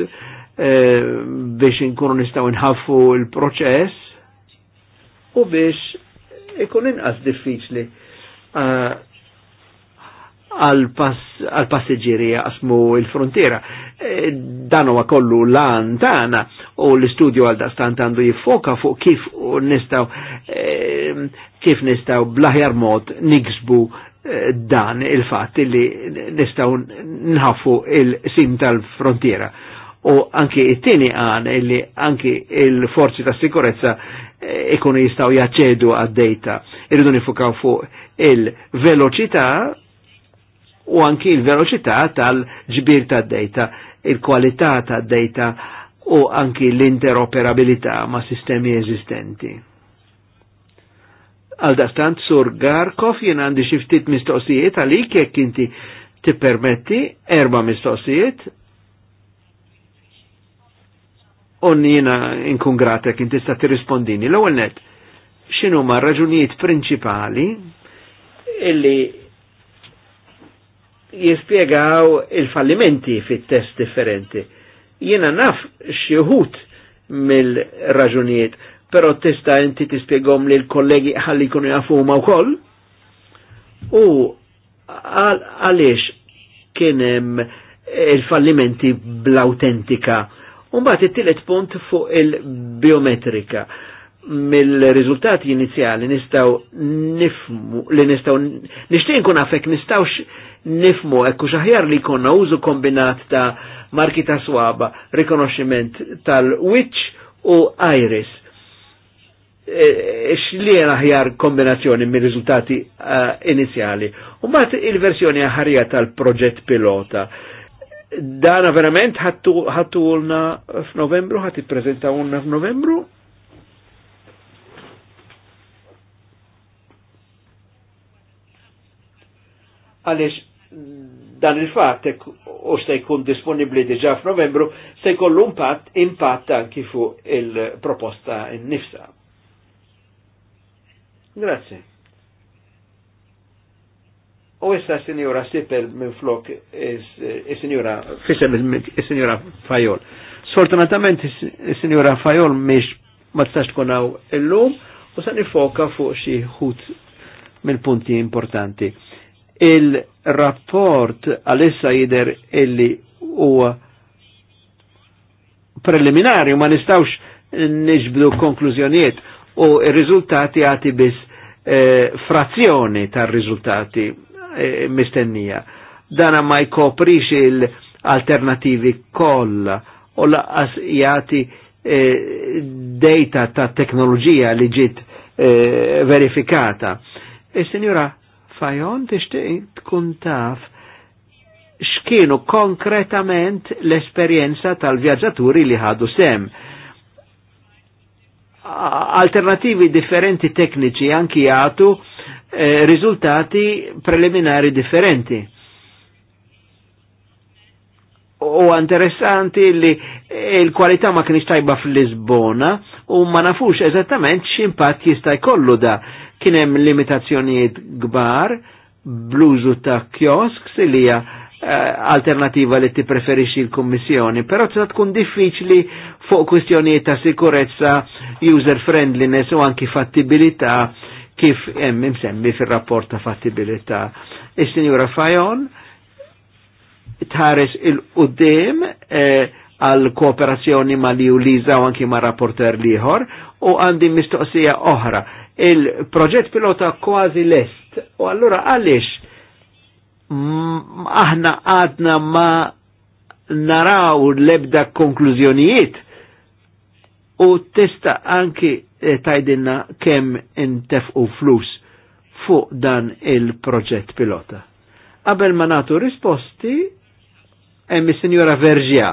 biex inkunu nistaw nħaffu l-proċess u biex ikun inqas diffiċli uh, għal-passiġiri jaqsmu il-frontiera. E, dan huwa kollu lan tana u l-istudju għal dastant għandu jiffoka fuq kif nistaw e, kif nistaw blaħjar mod niksbu e, dan il-fatt li nistaw nħaffu il-sim tal-frontiera u anki it-tieni għan illi anki il-forzi ta' sikurezza eh, ikunu jistaw jaċedu għad-data. Irridu nifukaw fuq il-veloċità u anki il-veloċità tal-ġbir ta' data, il-kwalità ta' data u anki l-interoperabilità ma' sistemi eżistenti. Għal dastant sur Garkov jien għandi xiftit mistoqsijiet għalik jekk inti tippermetti erba mistoqsijiet un jina inkun gratek inti sta tirrispondini. L-ewwel net, x'inhu ma raġunijiet prinċipali illi jispjegaw il-fallimenti fit-test differenti. Jiena naf xi mill-raġunijiet, però tista inti tispjegom li l-kollegi ħalli jkunu jafuhom wkoll. U għaliex kien hemm il-fallimenti bl-autentika Umbat it-tielet punt fuq il-biometrika. Mill-riżultati inizjali nistaw nifmu, li nistaw nixtieq nkun għafek nistaw nifmu ekku xaħjar li konna użu kombinat ta' marki ta' swaba, rikonoxximent tal-witch u iris. E, e, x'li aħjar kombinazzjoni mir riżultati uh, e, inizjali. Umbat il-versjoni aħarja tal-proġett pilota dana verament ħattu ulna f'Novembru, ħatti prezenta ulna f'Novembru. Għalix dan il-fat u se jkun disponibli diġa f'Novembru, se l impatt impat anki fuq il-proposta in-nifsa. Grazie. U issa sinjura Sipel minn flok is-sinjura fisem is-sinjura Fajol. Sfortunatament is-sinjura Fajol miex ma tistax tkun hawn illum u se nifoka fuq xi ħut mill-punti importanti. Il-rapport għalissa jider illi huwa preliminari ma nistawx nġbdu konklużjonijiet u r-riżultati għati biss eh, frazzjoni tar-riżultati Eh, mistennija. Dana ma jkoprix il-alternativi kollha u laqas jagħti eh, data ta' teknoloġija li ġiet eh, verifikata. E senjura Fajon tixtieq tkun taf x'kienu konkretament l-esperjenza tal-vjaġġaturi li ħadu sem alternativi differenti tekniċi anki jgħatu eh, riżultati preliminari differenti. U interessanti li eh, il-kwalità ma kienx tajba fil-Lisbona u ma nafux eżattament x'impatt jista' jkollu da. Kien hemm limitazzjonijiet kbar bluzu ta' kiosks li hija eh, alternativa li ti preferixxi l-Kommissjoni, però tista tkun diffiċli fuq kwistjonijiet ta' sikurezza, user friendliness u anki fattibilità kif hemm imsemmi fir-rapport ta' fattibilità. Is-Sinjura Fajon tħares il-qudiem eh, għal kooperazzjoni ma li liza u anki ma rapporter liħor u għandi mistoqsija oħra. Il-proġett pilota kważi lest u allura għalix aħna għadna ma naraw l-ebda konklużjonijiet u testa anki Eh, tajdinna kem intefqu flus fuq dan il-proġett pilota. Qabel ma natu risposti, hemm is-Sinjora Verġja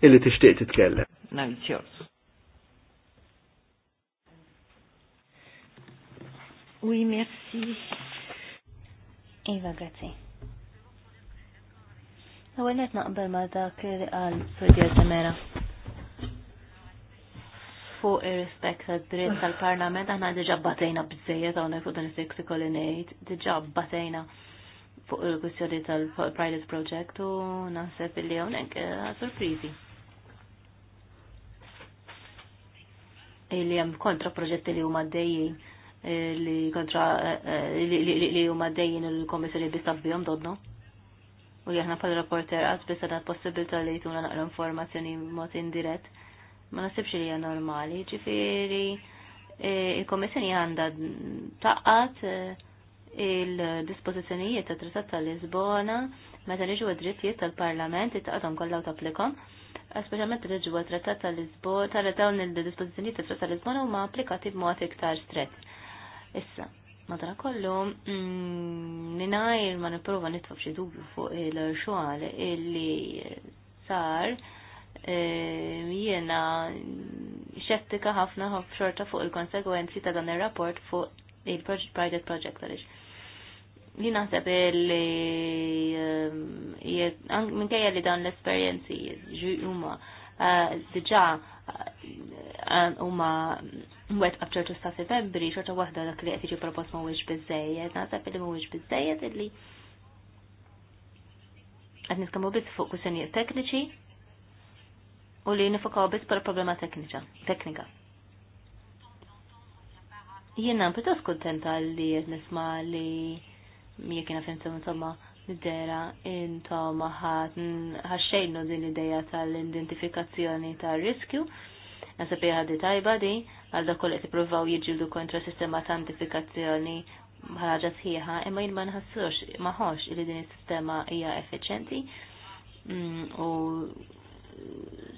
illi tixtieq titkellem.
Nazzjos. Oui, merci. Iva, grazie. Għawenet naqbel ma dak li għal Sudja Tamera fuq ir-rispett tad-dritt tal-Parlament aħna diġà batejna bżejjed hawnhekk fuq dan is-sejk kolinejt, ngħid, diġà batejna fuq il-kwistjoni tal pride Project u naħseb illi hawnhekk eh, sorpriżi. Illi hemm kontra proġetti li huma dejjin eh, li kontra eh, li huma dejjin il-Kommissjoni bista bihom dodno u jahna pal rapporter għaz bis għadna possibilta li tuna naqra informazzjoni mot indirett ma nasibx li hija normali, ġifieri e, il-Kommissjoni għandha taqqat e, il-dispożizzjonijiet ta' Trattat ta' Lisbona meta niġu drittijiet tal-Parlament it-taqgħodhom kollha u tapplikhom. Speċjalment ġewwa Trattat ta' Lisbona, tara dawn il-dispożizzjonijiet ta' Trattat ta' Lisbona huma applikati b'mod iktar strett. Issa, madra kollu, mm, ma nipprova nitfa xi dubju fuq il-xogħol illi sar Ehm, jiena xettika ħafna xorta fuq il-konsekwenzi ta' dan il rapport fuq il-project project għaliex. Li naħseb li ehm, minkejja li dan l-esperjenzi huma eh, diġà eh, eh, huma wet qabċertu sta' Settembri xorta waħda dak li qed jiġi propost mhuwiex biżejjed, naħseb li mhuwiex biżejjed illi qed nitkellmu biss fuq kwistjonijiet tekniċi u li nifokaw biss per problema teknika. teknika. Jiena pjuttost kontenta li qed nisma' li jekk jiena fim insomma ġera intom ħaxxejnu din l-ideja tal-identifikazzjoni tal-riskju. Nasab ħaddi tajba di, għal dakol qed ippruvaw jiġildu kontra sistema ta' identifikazzjoni ħaġa sħiħa, imma jien ma nħassux maħħox li din is-sistema hija effiċjenti mm, u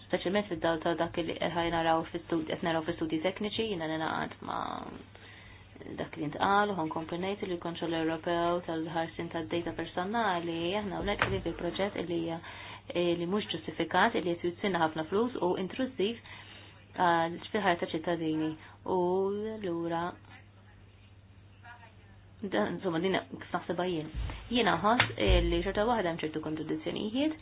speċjalment fid-dawl ta' dak li ħajna raw fil-studi, etna naraw fil-studi tekniċi jiena ningħaqad ma' dak li ntqal u ħankompli li l-Kontroll Ewropew tal-ħarsin tad-data personali aħna hawnhekk qegħdin fil proġett li eh, li mhux ġustifikat li qed jtsinna ħafna flus u intrużiv eh, fil-ħajja ta' ċittadini u lura dan dina din naħseb jien. Jiena ħass eh, li xorta waħda hemm ċertu kontradizzjonijiet,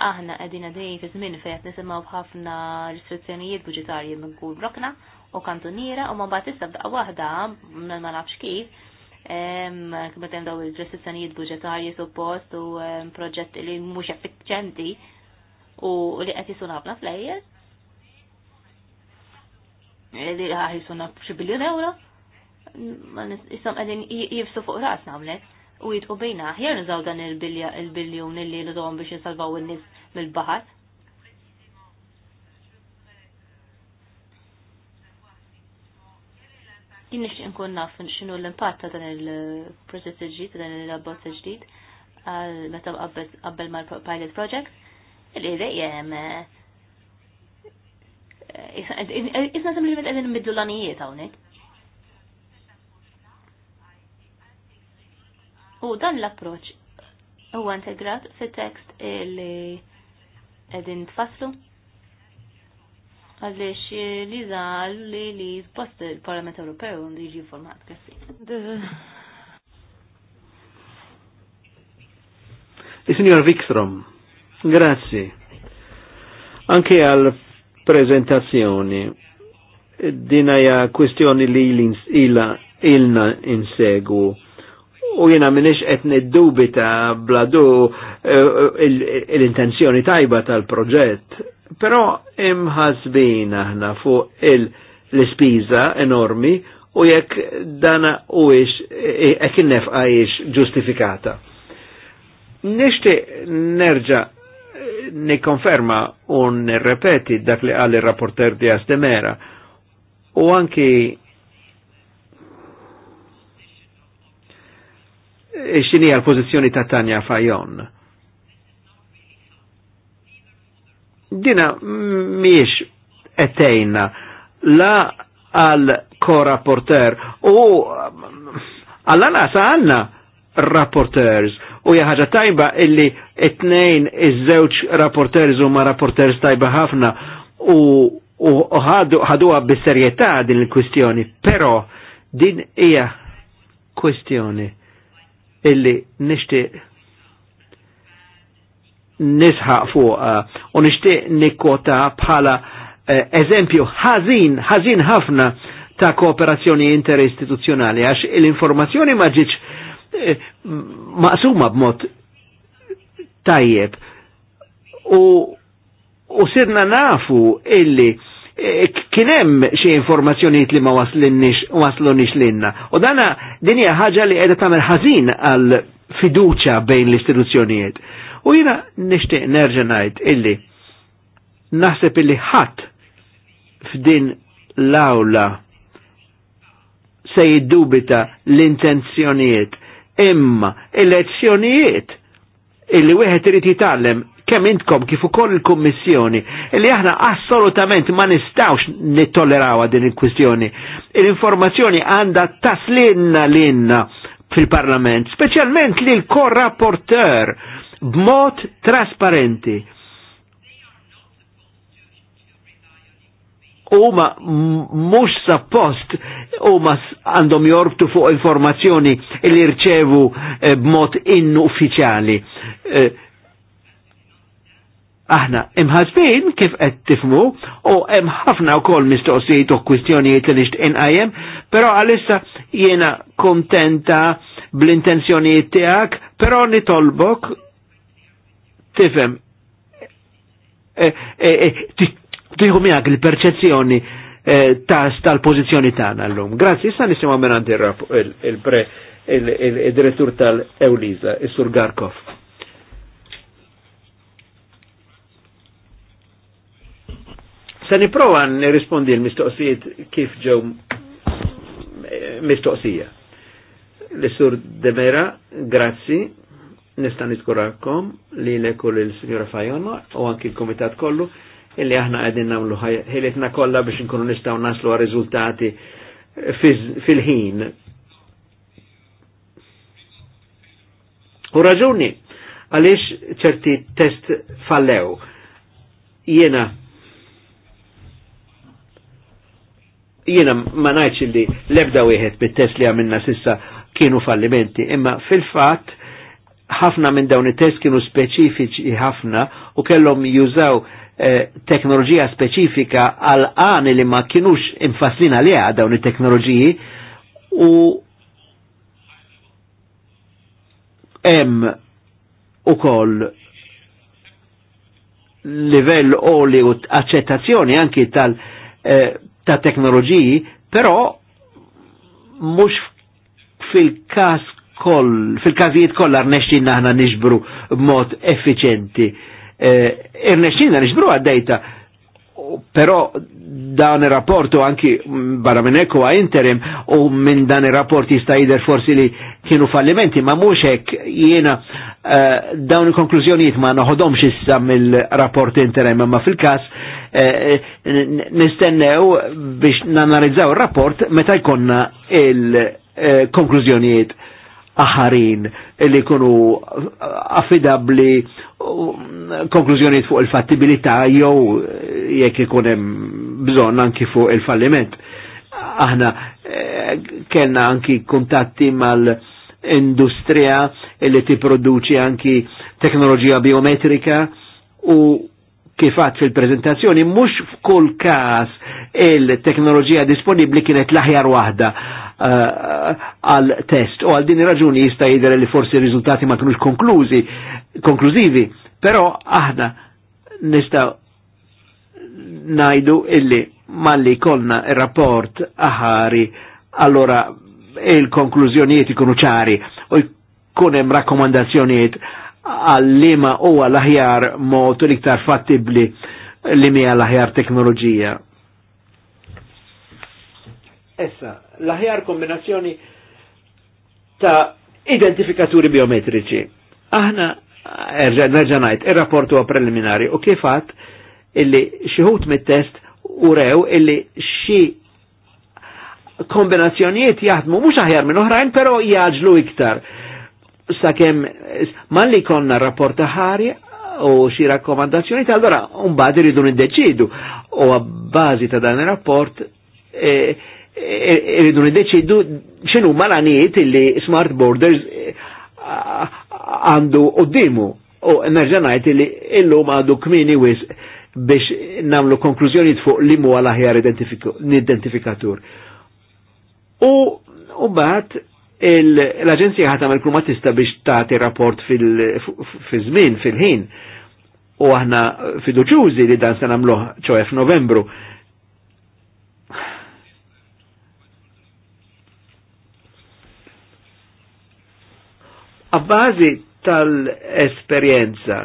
aħna qegħdin għadejn fi żmien fejn qed nisimgħu b'ħafna restrizzjonijiet buġetarji minn kull brokna u kantoniera, u ma mbagħad issa wahda, waħda ma nafx kif kif daw il-restrizzjonijiet budġetarji suppost u proġett li mhux effiċenti u li qed jisun ħafna flejjes eh, li ħaħi sunna b'xi euro jisom għedin jifsu fuq ras namlek u jitqu bejna ħjar nizaw dan il biljon il li l biex jisalvaw il-nis mil bahar Jien nixtieq nkun naf xinu l-impatt ta' dan il-proġett il-ġdid, dan il-abbozz il-ġdid meta qabel ma' pilot project. il Li dejjem Isna li għedin nbiddu l-anijiet hawnhekk U dan l-approċ huwa integrat fit-tekst li qegħdin tfasslu għalix eh, li zaħal li li post il-Parlament Ewropew li ġi format kassi.
Il-Signor Wikstrom, grazzi. Anke għal prezentazzjoni, dinaja kwestjoni li il-na insegu u jena minix etni dubita bladu eh, eh, l-intenzjoni tajba tal-proġett. Pero imħazbin aħna fuq l-spiża enormi u jekk dana u ix, eh, jekk nefqa ix ġustifikata. Nishti nerġa nikonferma un repeti dak li għalli rapporter di Astemera u anki E xini għal-pozizjoni ta' Tanja Fajon. Dina miex etejna la għal ko-rapporter u għallana għanna rapporters u jaħġa tajba illi etnejn iż żewċ rapporters u ma rapporters tajba ħafna u ħadu bis-serjetà din il-kwistjoni, pero din hija kwistjoni illi nishti nisħaq fuq eh, u nishti nikota bħala eh, eżempju ħażin, ħażin ħafna ta' kooperazzjoni interistituzzjonali għax l-informazzjoni ma ġiċ eh, maqsuma b'mod tajjeb u, u sirna nafu illi Eh, kienem xie informazzjoni li ma waslunix l-inna. U dana dinja ħaġa li edha tamer ħazin għal fiduċa bejn l-istituzzjonijiet. U jina nishtiq nerġenajt illi naħseb illi ħadd f'din l-awla se jiddubita l-intenzjonijiet imma elezzjonijiet illi wieħed irid jitgħallem kemm intkom kif ukoll il-Kummissjoni li aħna assolutament ma nistawx nittolleraw din il-kwistjoni. Il-informazzjoni għandha taslinna l-inna fil-Parlament, speċjalment li l-korrapporter b'mod trasparenti. huma mhux suppost huma għandhom jorbtu fuq informazzjoni li rċevu eh, b'mod inuffiċjali. Eh, aħna imħasbin kif qed tifmu u hemm ħafna wkoll mistoqsijiet u kwistjonijiet li nixt inqajem, però għalissa jiena kontenta bl-intenzjonijiet tiegħek, però nitolbok tifhem tieħu miegħek il-perċezzjoni tal-pożizzjoni tagħna llum. Grazzi, issa nisimgħu minn il-direttur tal-Ewliza, is-Sur Garkov. Se niprofa nirrispondi l-mistoqsijiet kif ġew eh, mistoqsija. L-Sur Demera, grazzi, nistan nitkurakom li l-ekul il-Signora Fajono u anki l-Komitat kollu illi aħna għedin namlu ħiletna kolla biex nkunu nistaw naslu għal rizultati fil-ħin. U raġuni, għalix ċerti test fallew. Jena jiena ma ngħidx li lebda wieħed bit-test li għamilna sissa kienu fallimenti, imma fil-fatt ħafna minn dawn it-test kienu speċifiċi ħafna u kellhom jużaw eh, teknoloġija speċifika għal għani li ma kienux infaslin għalija dawn it-teknoloġiji u hemm ukoll livell oli u accettazzjoni anki tal eh, ta' teknoloġiji, però mhux fil-każ koll, fil-każijiet kollha rnexxin aħna nixbru b'mod effiċenti. Eh, naħna nixbru għaddejta Però dan il rapporto anki mm, barra minn ekku interim u minn dan il-rapport jista' forsi li kienu fallimenti, ma mhux hekk jiena uh, dawn il-konklużjonijiet ma noħodhomx issa mill-rapport interim, ma fil-każ uh, nistennew biex nanalizzaw ir-rapport meta jkollna il-konklużjonijiet. Eh, aħarin li kunu affidabli konklużjoni fuq il-fattibilità jew jekk ikun hemm bżonn anki fuq il-falliment. Aħna eh, kellna anki kuntatti mal-industrija li tipproduċi anki teknoloġija biometrika u kifat fil-prezentazzjoni mhux f'kull każ il-teknoloġija disponibbli kienet l-aħjar waħda Eh, għal uh, test u għal din raġuni jista' jidher li forsi r-riżultati ma kinux konklużi konklużivi, però aħna nista' najdu illi malli kolna il-rapport aħari allora il-konklużjonijiet ikunu ċari u jkun hemm rakkomandazzjonijiet lima u għal-aħjar mod l-iktar fattibli l mi għal-aħjar teknoloġija. Essa, l-aħjar kombinazzjoni ta' identifikaturi biometriċi. Aħna eh, nerġanajt, il-rapport huwa preliminari u kifat illi xiħut mit-test u rew illi xi kombinazzjonijiet jaħdmu mhux aħjar minn oħrajn, però jaġlu iktar. Sakemm li konna rapport ħari u xi rakkomandazzjoni ta' allora mbagħad iridu niddeċidu u bażi ta' dan ir-rapport eh, irridu nideċidu xinu malanijiet illi Smart Borders eh, għandu dimu u nerġanajt illi illum għadu kmini wis biex namlu konklużjoni fuq li mu għal aħjar identifikatur. U u bat l-Aġenzija ħatam il-Krumatista biex tagħti rapport fil-żmien, fil-ħin. U aħna fiduċużi li dan se nagħmluh ċoħe f'Novembru. novembru A bażi tal-esperjenza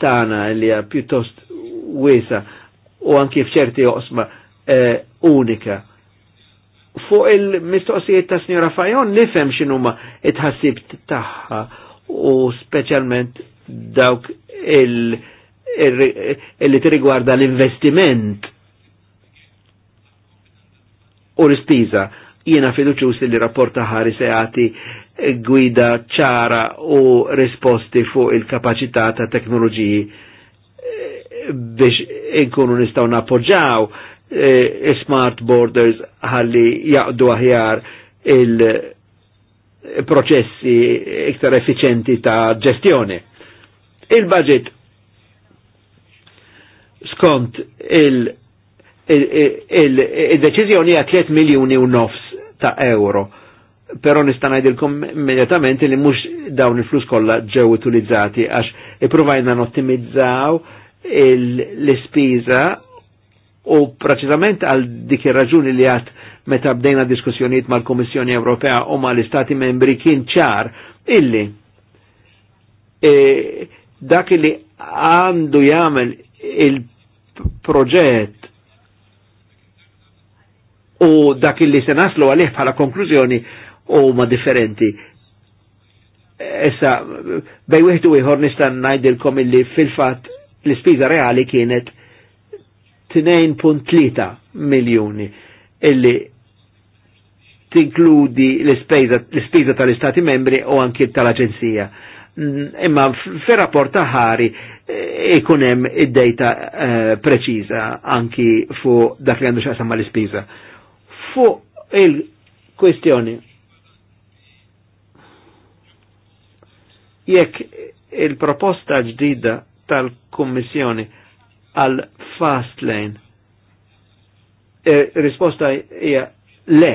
tana li hija pjuttost wiesa u anki f'ċerti osma eh, unika. Fuq il-mistoqsijiet ta' Signora Fajon nifhem x'inhuma it-ħassib tagħha u speċjalment dawk il- illi t-rigwarda l-investiment u l-ispiża jiena fiduċus li rapporta ħari se jagħti eh, gwida ċara u risposti fuq il-kapacità ta' teknoloġiji eh, biex inkunu nistgħu nappoġġaw eh, smart borders ħalli jaqdu aħjar il-proċessi iktar effiċenti ta' ġestjoni. Il-budget skont il- deċizjoni il, il, il, il, il, il, il, il, ta' euro. Pero nista' ngħidilkom immediatamente li mhux dawn il-flus kollha ġew utilizzati għax ippruvajna nottimizzaw l-ispiża u preċiżament għal dik ir-raġuni li għat meta bdejna diskussjonijiet mal-Kummissjoni Ewropea u mal-Istati membri kien ċar illi e, dak li għandu jagħmel il-proġett u dak li se naslu għalih bħala konklużjoni huma differenti. Issa, bej wieħed u ieħor nista' ngħidilkom illi fil-fatt l-ispiża reali kienet 2.3 miljuni illi tinkludi l-ispiża tal-Istati membri u anki tal-Aġenzija. Imma fil rapport ħari eh, ikun hemm id-dejta eh, preċiża anki fuq dak li għandu x'aqsam l ispiża fuq il-kwestjoni. Jekk il-proposta ġdida tal-Kummissjoni għal fast lane, e, risposta hija le,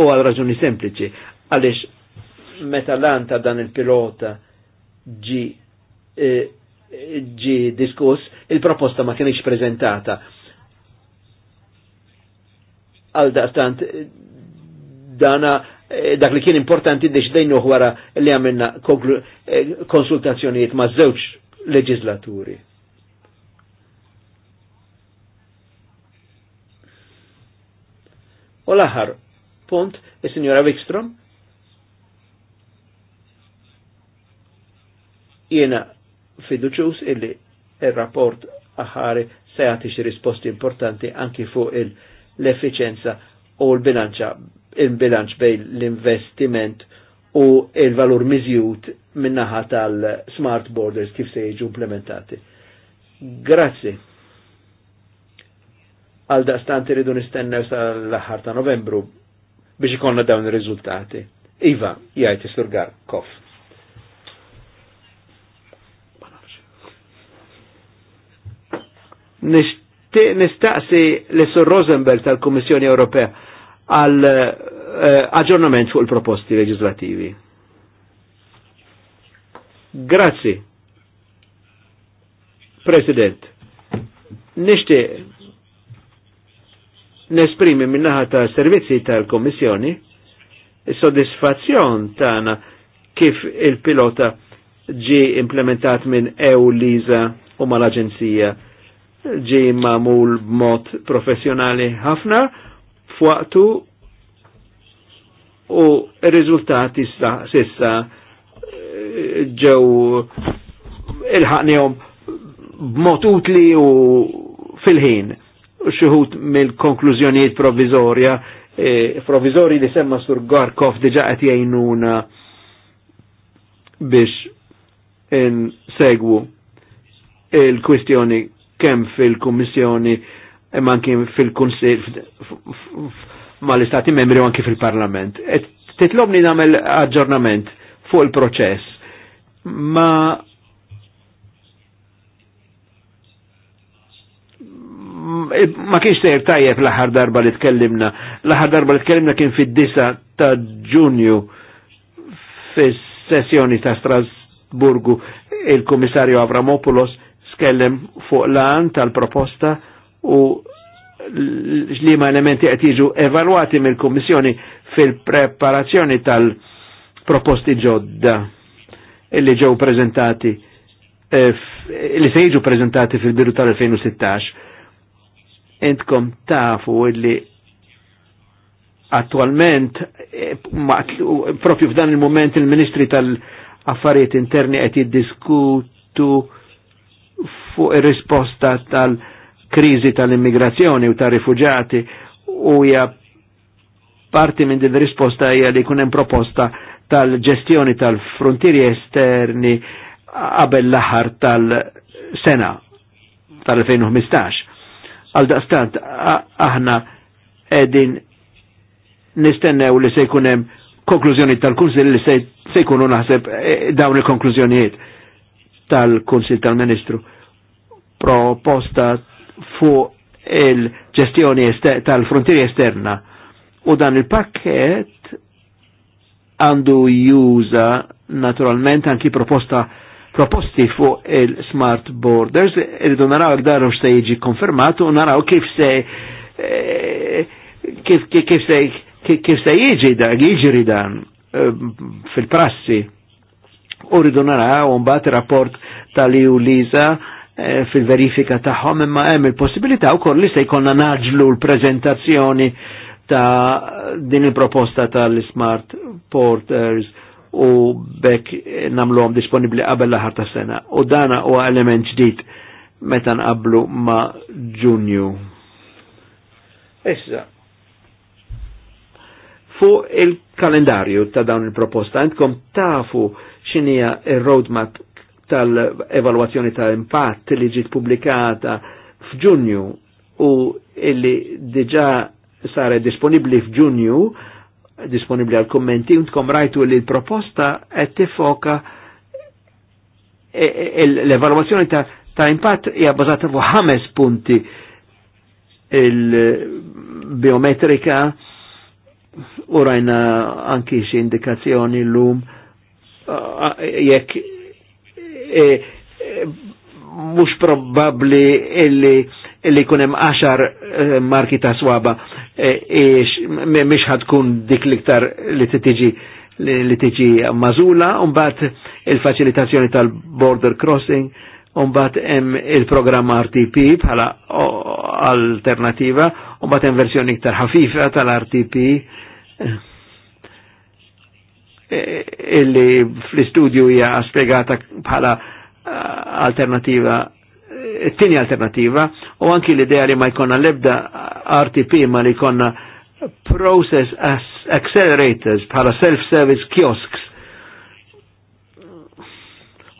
u għal raġuni sempliċi, għalix meta l-anta dan il-pilota ġi e, ġi diskuss, il-proposta ma kienx prezentata għal daqtant dana eh, dak li kien importanti dejnu wara li għamilna eh, konsultazzjonijiet ma' żewġ leġislaturi. U l-aħħar punt, il-Signora Wikstrom, jena fiduċus illi il-rapport aħari se jagħti xi risposti importanti anki fuq il- l-efficienza u l-bilanċa, il-bilanċ bej l-investiment u il-valur miżjut minnaħa tal-smart borders kif se jiġu implementati. Grazzi. Għal daqstanti rridu nistennew sal-aħħar ta' novembru biex ikonna dawn ir-riżultati. Iva, jgħid isturgar kof. Nisht nistaqsi l sur Rosenberg tal kommissjoni Ewropea għal eh, aġġornament fuq il-proposti legislativi. Grazzi. President, Nishti nesprimi minnaħa ta' servizzi tal-Kommissjoni il-soddisfazzjon tagħna kif il-pilota ġi implementat minn EU Lisa u mal-Aġenzija ġej mamul b'mod professjonali ħafna f'waqtu u r-riżultati sissa eh, ġew ilħaqnihom b'mod utli u fil-ħin. Xuħut mill-konklużjonijiet provvizorja, e, eh, li semma sur Gorkov diġa qed jgħinuna biex insegwu il-kwistjoni kemm fil-Kummissjoni imma anki fil-Kunsil mal-Istati membri u anki fil-Parlament. Titlobni namel aġġornament fuq il-proċess. Ma ma kienx sejr tajjeb l-aħħar darba li tkellimna. L-aħħar darba li tkellimna kien fid-disa ta' Ġunju fis-sessjoni ta' Strasburgu il-Kummissarju Avramopoulos tkellem fuq lan tal-proposta u li ma elementi qed jiġu evalwati mill-Kummissjoni fil-preparazzjoni tal-proposti ġodda illi ġew prezentati eh, li se jiġu prezentati fil-biru tal-2016. Entkom tafu illi attualment eh, propju f'dan il-moment il-Ministri tal-Affarijiet Interni qed jiddiskutu fuq ir-risposta tal-kriżi tal-immigrazzjoni u tar-rifuġati u hija parti minn din risposta hija li jkun hemm proposta tal-ġestjoni tal-frontieri esterni qabel l-aħħar tal-sena tal-2015. Għal daqstant aħna edin nistennew li se jkun hemm konklużjoni tal-Kunsil li se jkunu naħseb eh, dawn il-konklużjonijiet tal-Kunsil tal-Ministru proposta fuq il-ġestjoni tal-frontieri esterna. U dan il-pakket għandu juża naturalment anki proposta proposti fuq il-smart borders, irridu naraw għdaru se jiġi konfermatu, naraw kif se eh, kif, kif, kif se kif se jiġi da, jiġri dan eh, fil-prassi. U rridu naraw un bat rapport tal-EU Liza Eh, fil-verifika tagħhom imma hemm il-possibilità wkoll li se jkollna naġlu l-preżentazzjoni ta' din il-proposta tal-Smart Porters u bekk namluhom disponibbli qabel l-aħar ta' sena. U dana huwa element ġdid meta nqablu ma' Ġunju. Issa, fuq il-kalendarju ta' dawn il-proposta, għandkom tafu xinija il-roadmap tal evaluazzjoni ta' impatt li ġiet publikata f'Ġunju u illi diġà saret disponibbli f'Ġunju, disponibbli għal kommenti, untkom rajtu li l-proposta qed tifoka e, e, e, l evaluazzjoni ta', impatt hija bbażata fuq ħames punti il-biometrika u rajna anki xi indikazzjoni l-lum jekk E, e, mux probabli illi illi kunem għaxar e, marki ta' swaba miex kun dik liktar li t-tiġi li tiġi mażula, unbat il-facilitazzjoni tal-border crossing, unbat hemm il-programm RTP bħala alternativa, unbat hemm versjoni iktar ħafifa tal-RTP Eh, illi fl-istudju hija spiegata bħala eh, alternativa it-tini eh, alternativa u anki l-idea li ma jkonna lebda RTP ma li jkonna process accelerators bħala self-service kiosks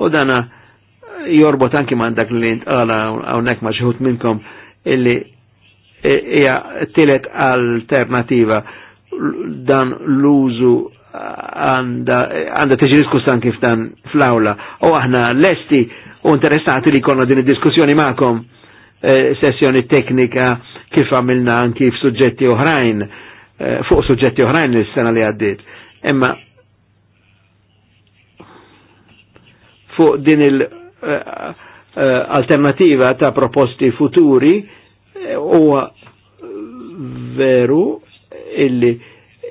u dana jorbot anki ma dak li għala għonek maġħut minnkom illi hija tilet alternativa dan l-użu għanda tiġi diskuss anki f'dan fl-awla. U aħna lesti u interessati li konna din id-diskussjoni ma'kom eh, sessjoni teknika kif għamilna anki f'suġġetti oħrajn, eh, fuq suġġetti oħrajn l-sena li għaddit. Imma fuq din il-alternativa eh, eh ta' proposti futuri eh, u veru illi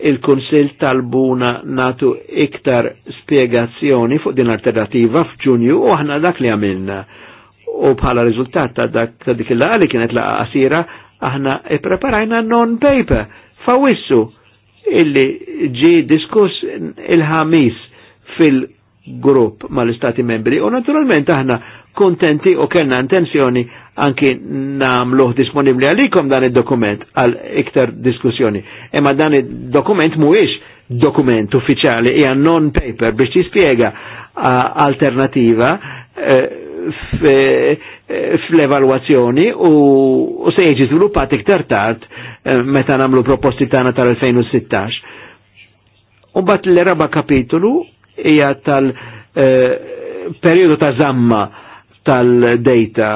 il-Konsil buna natu iktar spiegazzjoni fuq din alternativa f'Ġunju u aħna dak li għamilna. U bħala riżultat ta' dak ta' dik il li kienet laqa qasira aħna ippreparajna non-paper fawissu illi ġi diskuss il-ħamis fil-grupp mal-Istati membri u naturalment aħna kontenti u kellna intenzjoni anki namluħ disponibli għalikom dan il-dokument għal iktar diskussjoni. Imma dan il-dokument muwix dokument uffiċjali hija non-paper biex tispjega alternativa eh, eh, fl-evalwazzjoni u se jiġi żviluppat iktar tard eh, meta nagħmlu proposti tagħna tal-2016. U bat l-raba kapitolu hija tal-perjodu ta' zamma tal-data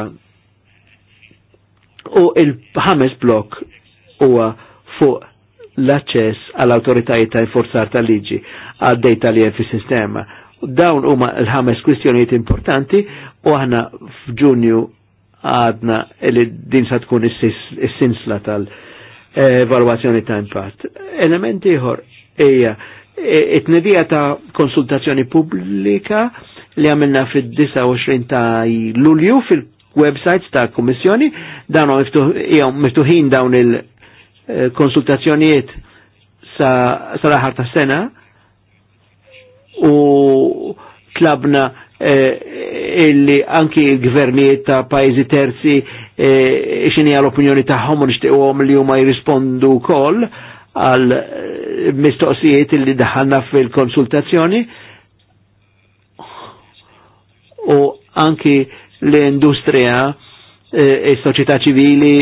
u il-ħames blok huwa fuq l-aċċess għall autoritajiet ta' forzar tal-liġi għaddej tal-jen sistema Dawn huma l-ħames kwistjonijiet importanti u aħna f'Ġunju għadna li din sa tkun is-sinsla tal-evalwazzjoni ta' impatt. Element ieħor hija it-tnedija ta' konsultazzjoni pubblika li għamilna fid-29 ta' Lulju fil websites ta' kommissjoni, dan miftuħin dawn il-konsultazzjonijiet eh, sa aħar ta' sena u tlabna eh, illi anki il-gvernijiet ta' pajzi terzi eh, xini għal-opinjoni tagħhom u għom li huma jirrispondu wkoll għal mistoqsijiet illi daħanna fil-konsultazzjoni u anki l-industrija, e, e soċieta ċivili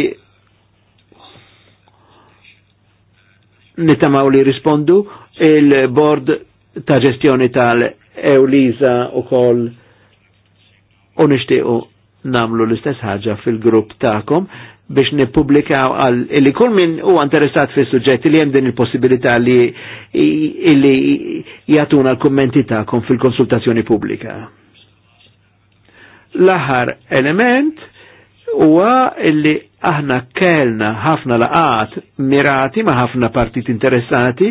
nittamaw li rispondu il-bord ta' ġestjoni tal-Eulisa u koll u nishtiqu namlu l-istess ħaġa fil-grupp ta'kom biex nipublikaw għal illi kull min u interessat fis suġġetti li jem din il-possibilità li illi jatuna l-kommenti ta'kom fil-konsultazzjoni pubblika. L-aħar element huwa illi aħna kellna ħafna laqat mirati ma' ħafna partit interessati,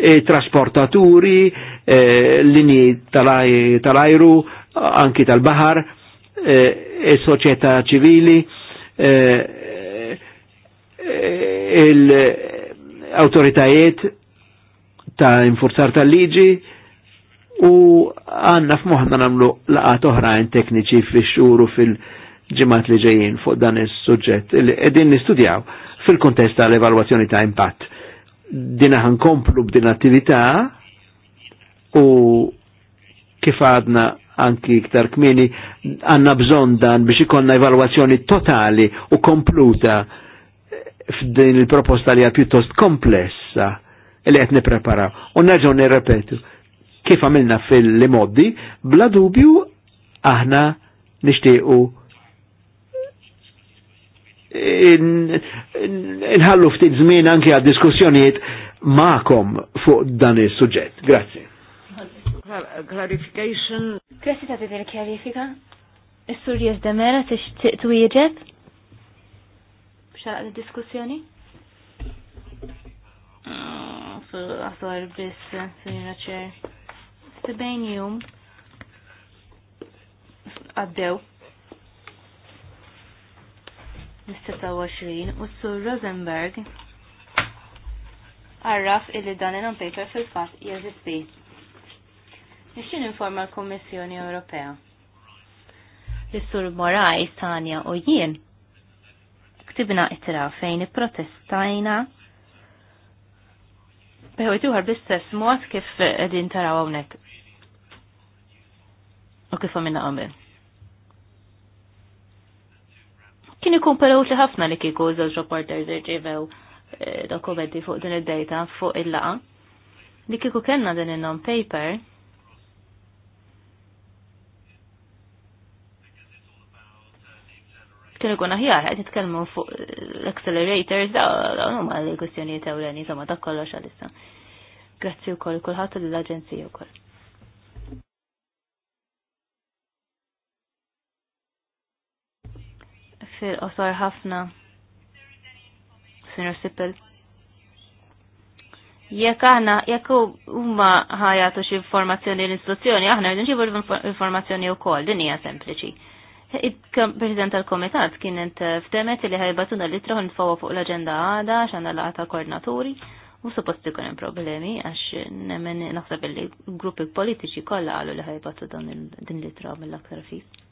e, trasportaturi, e, linji tal-ajru, anki tal-bahar, e, e soċjetà ċivili, e, e, l-autoritajiet ta' infurzar tal-liġi, u għanna f'moħna namlu laqat oħrajn tekniċi fil-xuru fil ġimat li ġejjin fuq dan is-suġġett li qegħdin nistudjaw fil-kontest tal-evalwazzjoni ta' impatt. Dina komplu b'din attività u kif għadna anki iktar kmini għanna bżon dan biex ikonna evalwazzjoni totali u kompluta f'din il-proposta li hija pjuttost komplessa li qed nippreparaw. U nerġgħu nirrepetu kif għamilna fil-limoddi, bla dubju aħna nishtiqu nħallu ftit żmien anke għad diskussjonijiet ma'kom fuq dan is-suġġett. Grazzi.
Clarification. Grazie ta' il kjarifika. Is-sur Demera tixtieq twieġeb? Xaqqa diskussjoni? Għasor ah, bis, sinjura ċer sebejn jum għaddew mis-26 u s-sur Rosenberg għarraf illi dan il paper fil-fat jeżisti. Nixin informa l-Kommissjoni Ewropea. L-sur Moraj, Tania u jien ktibna itra fejn protestajna Beħu jtuħar bistess mod kif edin taraw għonek u kif għamilna għamil? Kien ikun perawt li ħafna li kieku żewġ reporters irċivew eh, dokumenti fuq din id-data fuq il-laqa. Li kieku kellna din il-non paper, kien ikun aħjar, għed nitkellmu fuq l-accelerators, eh, da, huma l-kwestjonijiet ewleni, insomma, dak kollox għalissa. Grazzi wkoll kulħadd l-aġenzija wkoll. fil-qosor ħafna. Sinur Sippel. Jekk aħna, jekk huma ħajatu xi informazzjoni l istruzzjoni aħna rridu nġibu l-informazzjoni wkoll, din hija sempliċi. il tal-Komitat kienet eh, ftemet li ħajbatuna li troħ nfawa fuq l-agenda għada x'għandha laqgħa għata koordinaturi u suppost ikun hemm problemi għax nemmen naħseb li gruppi politiċi kollha qalu li ħajbatu din l ittra mill-aktar fis.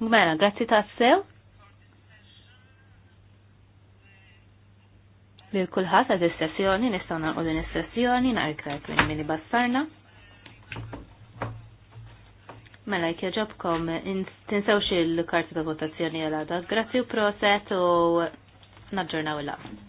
Mela, grazzi sew. Lil kulħadd għad is-sessjoni nistgħu nagħqu din is-sessjoni naqgħid minn minni bassarna. Mela jekk jaġobkom tinsewx il-karti ta' votazzjoni għal għada. Grazzi u proset u naġġornaw il-laqgħa.